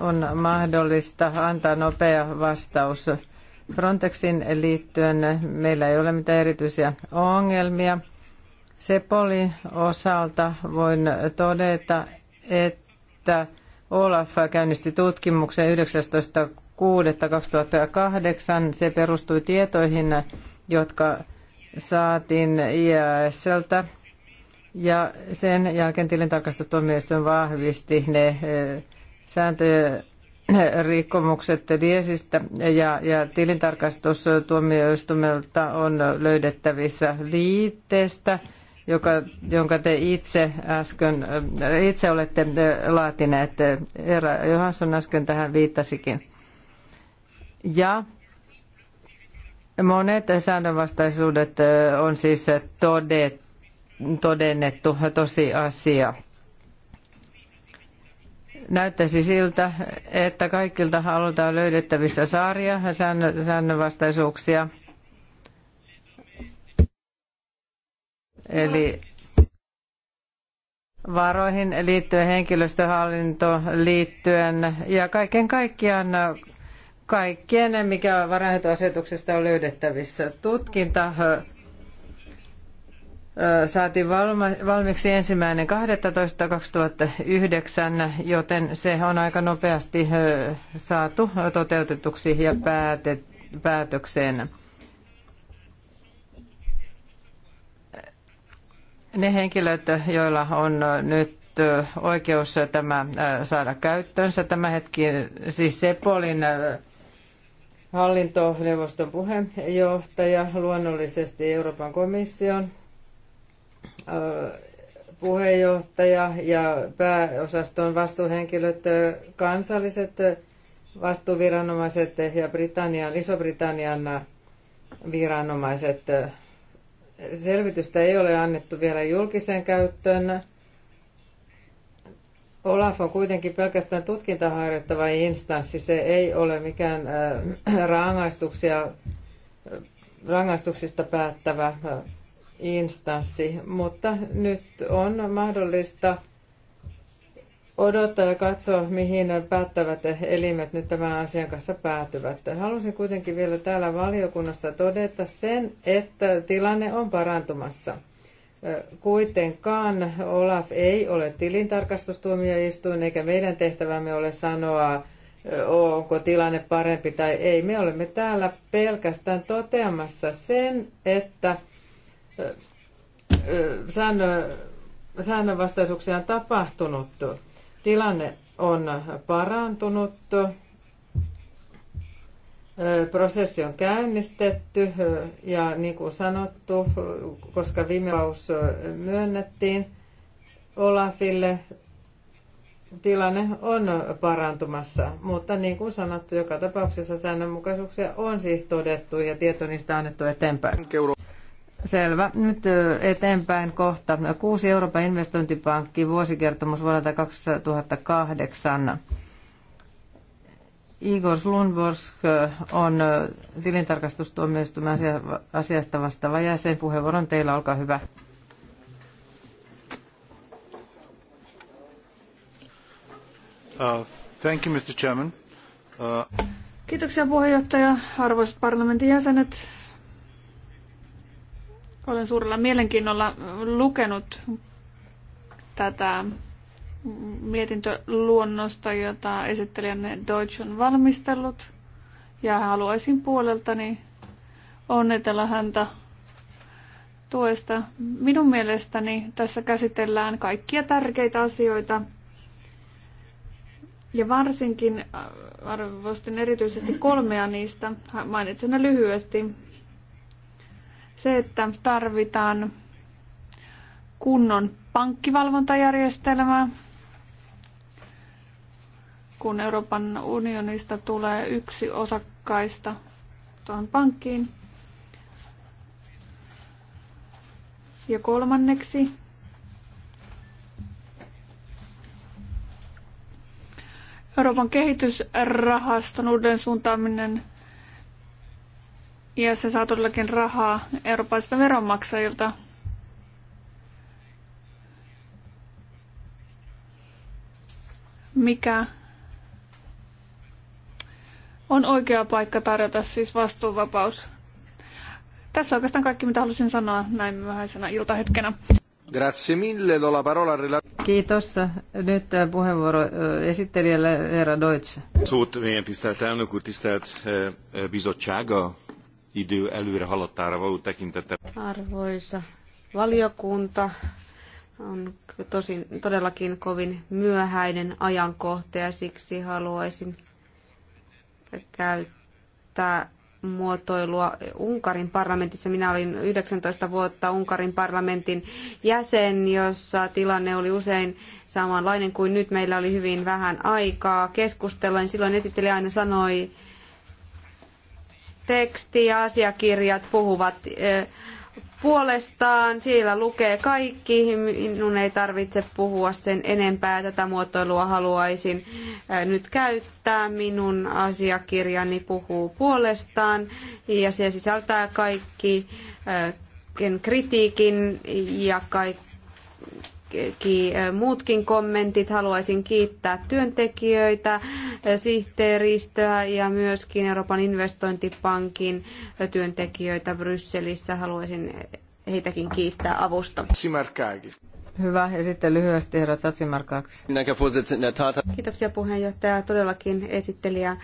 on mahdollista antaa nopea vastaus. Frontexin liittyen meillä ei ole mitään erityisiä ongelmia. Sepolin osalta voin todeta, että Olaf käynnisti tutkimuksen 19.6.2008. Se perustui tietoihin, jotka saatiin IASltä ja sen jälkeen tilintarkastustuomioistuin vahvisti ne eh, sääntöjen rikkomukset Diesistä ja, ja tilintarkastustuomioistuimelta on löydettävissä liitteestä, joka, jonka te itse äsken, eh, itse olette eh, laatineet. Herra Johansson äsken tähän viittasikin. Ja monet säännönvastaisuudet on siis todettu todennettu tosiasia. Näyttäisi siltä, että kaikilta halutaan on löydettävissä saaria, säännönvastaisuuksia. Eli varoihin liittyen, henkilöstöhallinto liittyen ja kaiken kaikkiaan kaikkien, mikä varainhoitoasetuksesta on löydettävissä. Tutkinta saatiin valmiiksi ensimmäinen yhdeksän, joten se on aika nopeasti saatu toteutetuksi ja päätet, päätökseen. Ne henkilöt, joilla on nyt oikeus tämä saada käyttöönsä, tämä hetki siis Sepolin hallintoneuvoston puheenjohtaja, luonnollisesti Euroopan komission puheenjohtaja ja pääosaston vastuuhenkilöt, kansalliset vastuuviranomaiset ja Britannian, Iso-Britannian viranomaiset. Selvitystä ei ole annettu vielä julkiseen käyttöön. Olaf on kuitenkin pelkästään tutkintaharjoittava instanssi. Se ei ole mikään äh, rangaistuksia, äh, rangaistuksista päättävä äh, instanssi, mutta nyt on mahdollista odottaa ja katsoa, mihin päättävät elimet nyt tämän asian kanssa päätyvät. Halusin kuitenkin vielä täällä valiokunnassa todeta sen, että tilanne on parantumassa. Kuitenkaan Olaf ei ole tilintarkastustuomioistuin, eikä meidän tehtävämme ole sanoa, onko tilanne parempi tai ei. Me olemme täällä pelkästään toteamassa sen, että – säännö, säännönvastaisuuksia on tapahtunut. Tilanne on parantunut. Prosessi on käynnistetty ja niin kuin sanottu, koska viime vaus myönnettiin Olafille, tilanne on parantumassa, mutta niin kuin sanottu, joka tapauksessa säännönmukaisuuksia on siis todettu ja tieto niistä annettu eteenpäin. Selvä. Nyt eteenpäin kohta. Kuusi Euroopan investointipankki vuosikertomus vuodelta 2008. Igor Slunborsk on tilintarkastustuomioistuimen asiasta vastaava jäsen. Puheenvuoron teillä, olkaa hyvä. Uh, thank you, Mr. Chairman. Uh... Kiitoksia puheenjohtaja, arvoisat parlamentin jäsenet, olen suurella mielenkiinnolla lukenut tätä mietintöluonnosta, jota esittelijänne Deutsch on valmistellut. Ja haluaisin puoleltani onnitella häntä tuesta. Minun mielestäni tässä käsitellään kaikkia tärkeitä asioita. Ja varsinkin äh, arvostin erityisesti kolmea niistä. Mainitsen ne lyhyesti. Se, että tarvitaan kunnon pankkivalvontajärjestelmää, kun Euroopan unionista tulee yksi osakkaista tuohon pankkiin. Ja kolmanneksi Euroopan kehitysrahaston uuden suuntaaminen ja se saa todellakin rahaa eurooppalaisilta veronmaksajilta. Mikä on oikea paikka tarjota siis vastuuvapaus. Tässä oikeastaan kaikki, mitä halusin sanoa näin myöhäisenä iltahetkenä. Grazie mille, do la parola rela... Kiitos. Nyt puheenvuoro esittelijälle Herra Deutsch. Suut, eh, tisztelt elnök úr, tisztelt eh, bizottsága idő előre haladtára való Arvoisa valiokunta, on tosin, todellakin kovin myöhäinen ajankohta ja siksi haluaisin käyttää muotoilua Unkarin parlamentissa. Minä olin 19 vuotta Unkarin parlamentin jäsen, jossa tilanne oli usein samanlainen kuin nyt. Meillä oli hyvin vähän aikaa keskustella. Niin silloin esittelijä aina sanoi, teksti ja asiakirjat puhuvat eh, puolestaan. Siellä lukee kaikki. Minun ei tarvitse puhua sen enempää. Tätä muotoilua haluaisin eh, nyt käyttää. Minun asiakirjani puhuu puolestaan ja se sisältää kaikki eh, kritiikin ja kaikki kaikki muutkin kommentit. Haluaisin kiittää työntekijöitä, sihteeristöä ja myöskin Euroopan investointipankin työntekijöitä Brysselissä. Haluaisin heitäkin kiittää avusta. Hyvä. Ja sitten lyhyesti herra Tatsimarkaksi. Kiitoksia puheenjohtaja. Todellakin esittelijä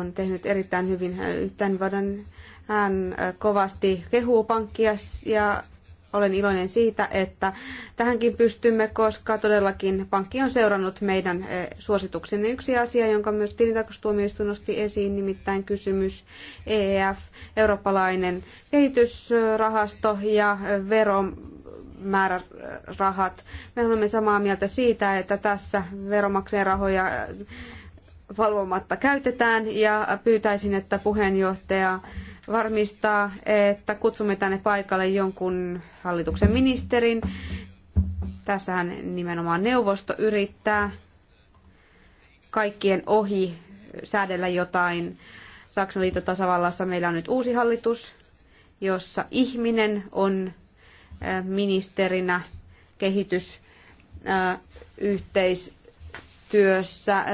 on tehnyt erittäin hyvin yhteenvedon. Hän kovasti kehuu pankkia ja olen iloinen siitä, että tähänkin pystymme, koska todellakin pankki on seurannut meidän eh, suosituksen Yksi asia, jonka myös tilintarkastustuomioistuin nosti esiin, nimittäin kysymys EEF, eurooppalainen kehitysrahasto ja veromäärärahat. Me olemme samaa mieltä siitä, että tässä veromakseen rahoja eh, valvomatta käytetään ja pyytäisin, että puheenjohtaja varmistaa, että kutsumme tänne paikalle jonkun hallituksen ministerin. Tässähän nimenomaan neuvosto yrittää kaikkien ohi säädellä jotain. Saksan liittotasavallassa meillä on nyt uusi hallitus, jossa ihminen on ministerinä kehitysyhteistyössä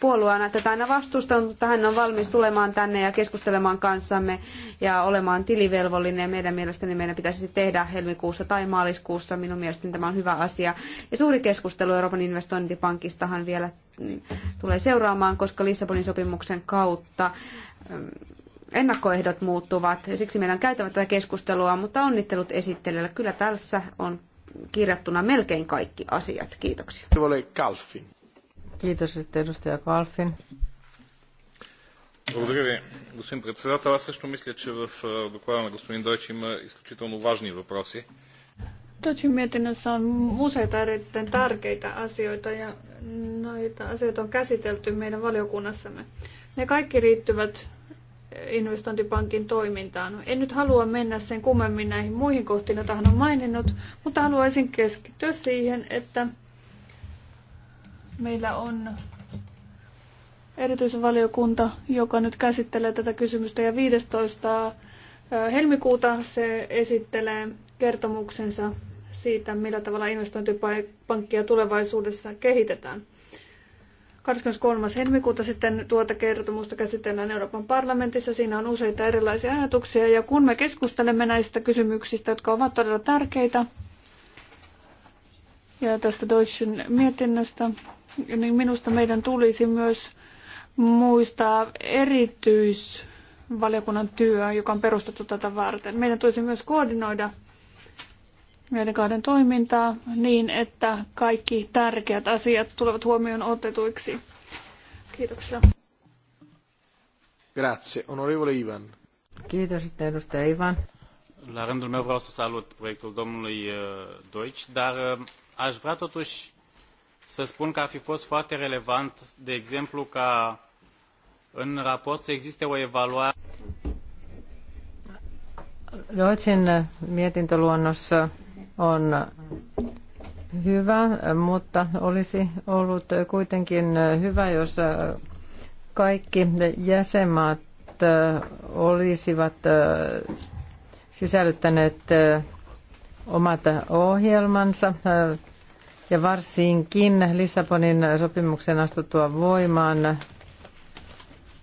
puolueena tätä aina vastustanut, mutta hän on valmis tulemaan tänne ja keskustelemaan kanssamme ja olemaan tilivelvollinen. Meidän mielestäni meidän pitäisi tehdä helmikuussa tai maaliskuussa. Minun mielestäni tämä on hyvä asia. Ja suuri keskustelu Euroopan investointipankistahan vielä mm, tulee seuraamaan, koska Lissabonin sopimuksen kautta mm, ennakkoehdot muuttuvat. Siksi meidän on käytävä tätä keskustelua, mutta onnittelut esittelijälle. Kyllä tässä on kirjattuna melkein kaikki asiat. Kiitoksia. Kalfin. Kiitos sitten edustaja Kalfin. Благодаря ви, господин председател. Аз също мисля, че в доклада на господин Дойч има изключително важни въпроси. Dodgin mietinnössä on useita erittäin tärkeitä asioita ja noita asioita on käsitelty meidän valiokunnassamme. Ne kaikki liittyvät investointipankin toimintaan. En nyt halua mennä sen kummemmin näihin muihin kohtiin, joita hän on maininnut, mutta haluaisin keskittyä siihen, että Meillä on erityisvaliokunta, joka nyt käsittelee tätä kysymystä ja 15. helmikuuta se esittelee kertomuksensa siitä, millä tavalla investointipankkia tulevaisuudessa kehitetään. 23. helmikuuta sitten tuota kertomusta käsitellään Euroopan parlamentissa. Siinä on useita erilaisia ajatuksia ja kun me keskustelemme näistä kysymyksistä, jotka ovat todella tärkeitä, ja tästä Deutschen mietinnöstä, niin minusta meidän tulisi myös muistaa erityisvaliokunnan työ, joka on perustettu tätä varten. Meidän tulisi myös koordinoida meidän kahden toimintaa niin, että kaikki tärkeät asiat tulevat huomioon otetuiksi. Kiitoksia. Grazie. Onorevole Ivan. Kiitos, että edustaja Ivan. La rândul meu vreau să salut proiectul domnului uh, Deutsch, dar uh, aș vrea totuși să spun că ar fi fost foarte relevant, de exemplu, ca în raport să existe o evaluare. Ruotsin mietintöluonnos on hyvä, mutta olisi ollut kuitenkin hyvä, jos kaikki jäsenmaat olisivat sisällyttäneet omat ohjelmansa ja varsinkin Lissabonin sopimuksen astuttua voimaan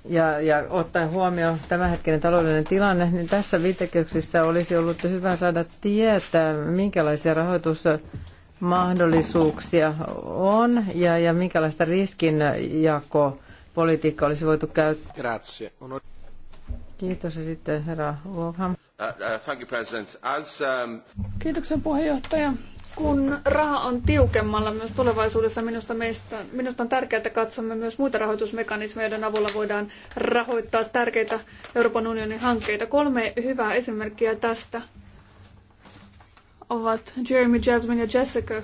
ja, ja ottaen huomioon tämänhetkinen taloudellinen tilanne, niin tässä viitekehyksessä olisi ollut hyvä saada tietää, minkälaisia rahoitusmahdollisuuksia on ja, ja minkälaista riskinjakoa olisi voitu käyttää. Kiitos ja sitten herra Wolfham. Uh, uh, thank you, President. Um- Kiitoksen puheenjohtaja kun raha on tiukemmalla myös tulevaisuudessa, minusta, meistä, minusta on tärkeää, että katsomme myös muita rahoitusmekanismeja, joiden avulla voidaan rahoittaa tärkeitä Euroopan unionin hankkeita. Kolme hyvää esimerkkiä tästä ovat Jeremy, Jasmine ja Jessica.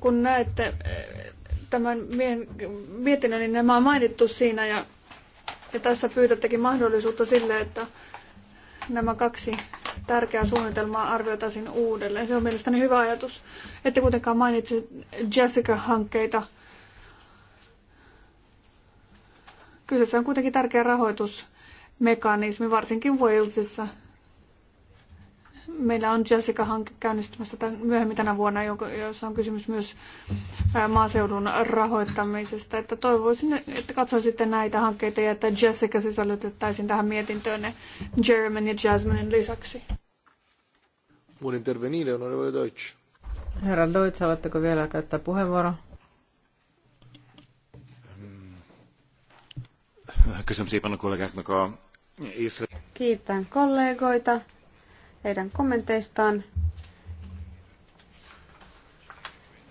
Kun näette eh, tämän mietinnön, niin nämä on mainittu siinä ja, ja tässä pyydättekin mahdollisuutta sille, että nämä kaksi tärkeää suunnitelmaa arvioitaisiin uudelleen. Se on mielestäni hyvä ajatus. Ette kuitenkaan mainitse Jessica-hankkeita. Kyseessä on kuitenkin tärkeä rahoitusmekanismi, varsinkin Walesissa – meillä on Jessica-hanke käynnistymässä tämän, myöhemmin tänä vuonna, jossa on kysymys myös maaseudun rahoittamisesta. Että toivoisin, että katsoisitte näitä hankkeita ja että Jessica sisällytettäisiin tähän ne Jeremyn ja Jasminen lisäksi. Vuoden intervenire, onorevole Deutsch. Herra Deutsch, haluatteko vielä käyttää puheenvuoro? Kysymys kollegat, Kiitän kollegoita heidän kommenteistaan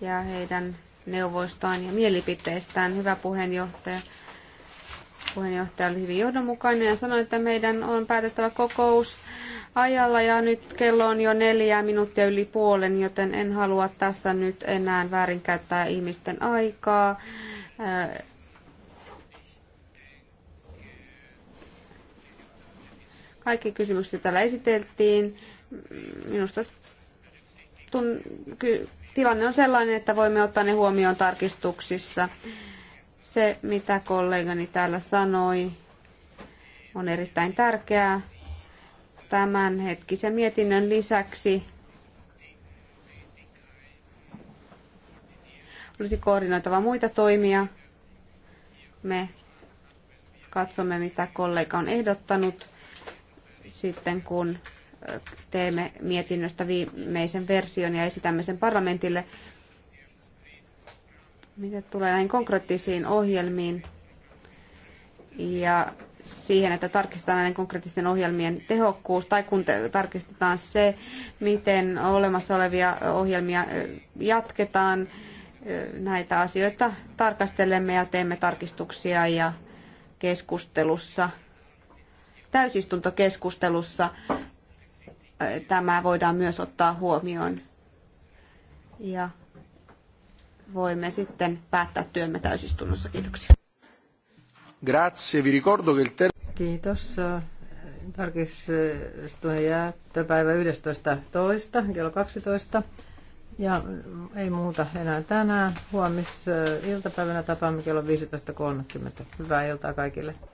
ja heidän neuvoistaan ja mielipiteistään. Hyvä puheenjohtaja. Puheenjohtaja oli hyvin johdonmukainen ja sanoi, että meidän on päätettävä kokous ajalla ja nyt kello on jo neljä minuuttia yli puolen, joten en halua tässä nyt enää väärinkäyttää ihmisten aikaa. Äh, Kaikki kysymykset, täällä esiteltiin, minusta tun, ky, tilanne on sellainen, että voimme ottaa ne huomioon tarkistuksissa. Se, mitä kollegani täällä sanoi, on erittäin tärkeää. Tämän hetkisen mietinnön lisäksi olisi koordinoitava muita toimia. Me katsomme, mitä kollega on ehdottanut sitten, kun teemme mietinnöstä viimeisen version ja esitämme sen parlamentille. Mitä tulee näihin konkreettisiin ohjelmiin ja siihen, että tarkistetaan näiden konkreettisten ohjelmien tehokkuus tai kun te- tarkistetaan se, miten olemassa olevia ohjelmia jatketaan, näitä asioita tarkastelemme ja teemme tarkistuksia ja keskustelussa – täysistuntokeskustelussa tämä voidaan myös ottaa huomioon. Ja voimme sitten päättää työmme täysistunnossa. Kiitoksia. Grazie, vi ricordo che il ter- Kiitos. Tarkistuen jättöpäivä kello 12. Ja ei muuta enää tänään. Huomis iltapäivänä tapaamme kello 15.30. Hyvää iltaa kaikille.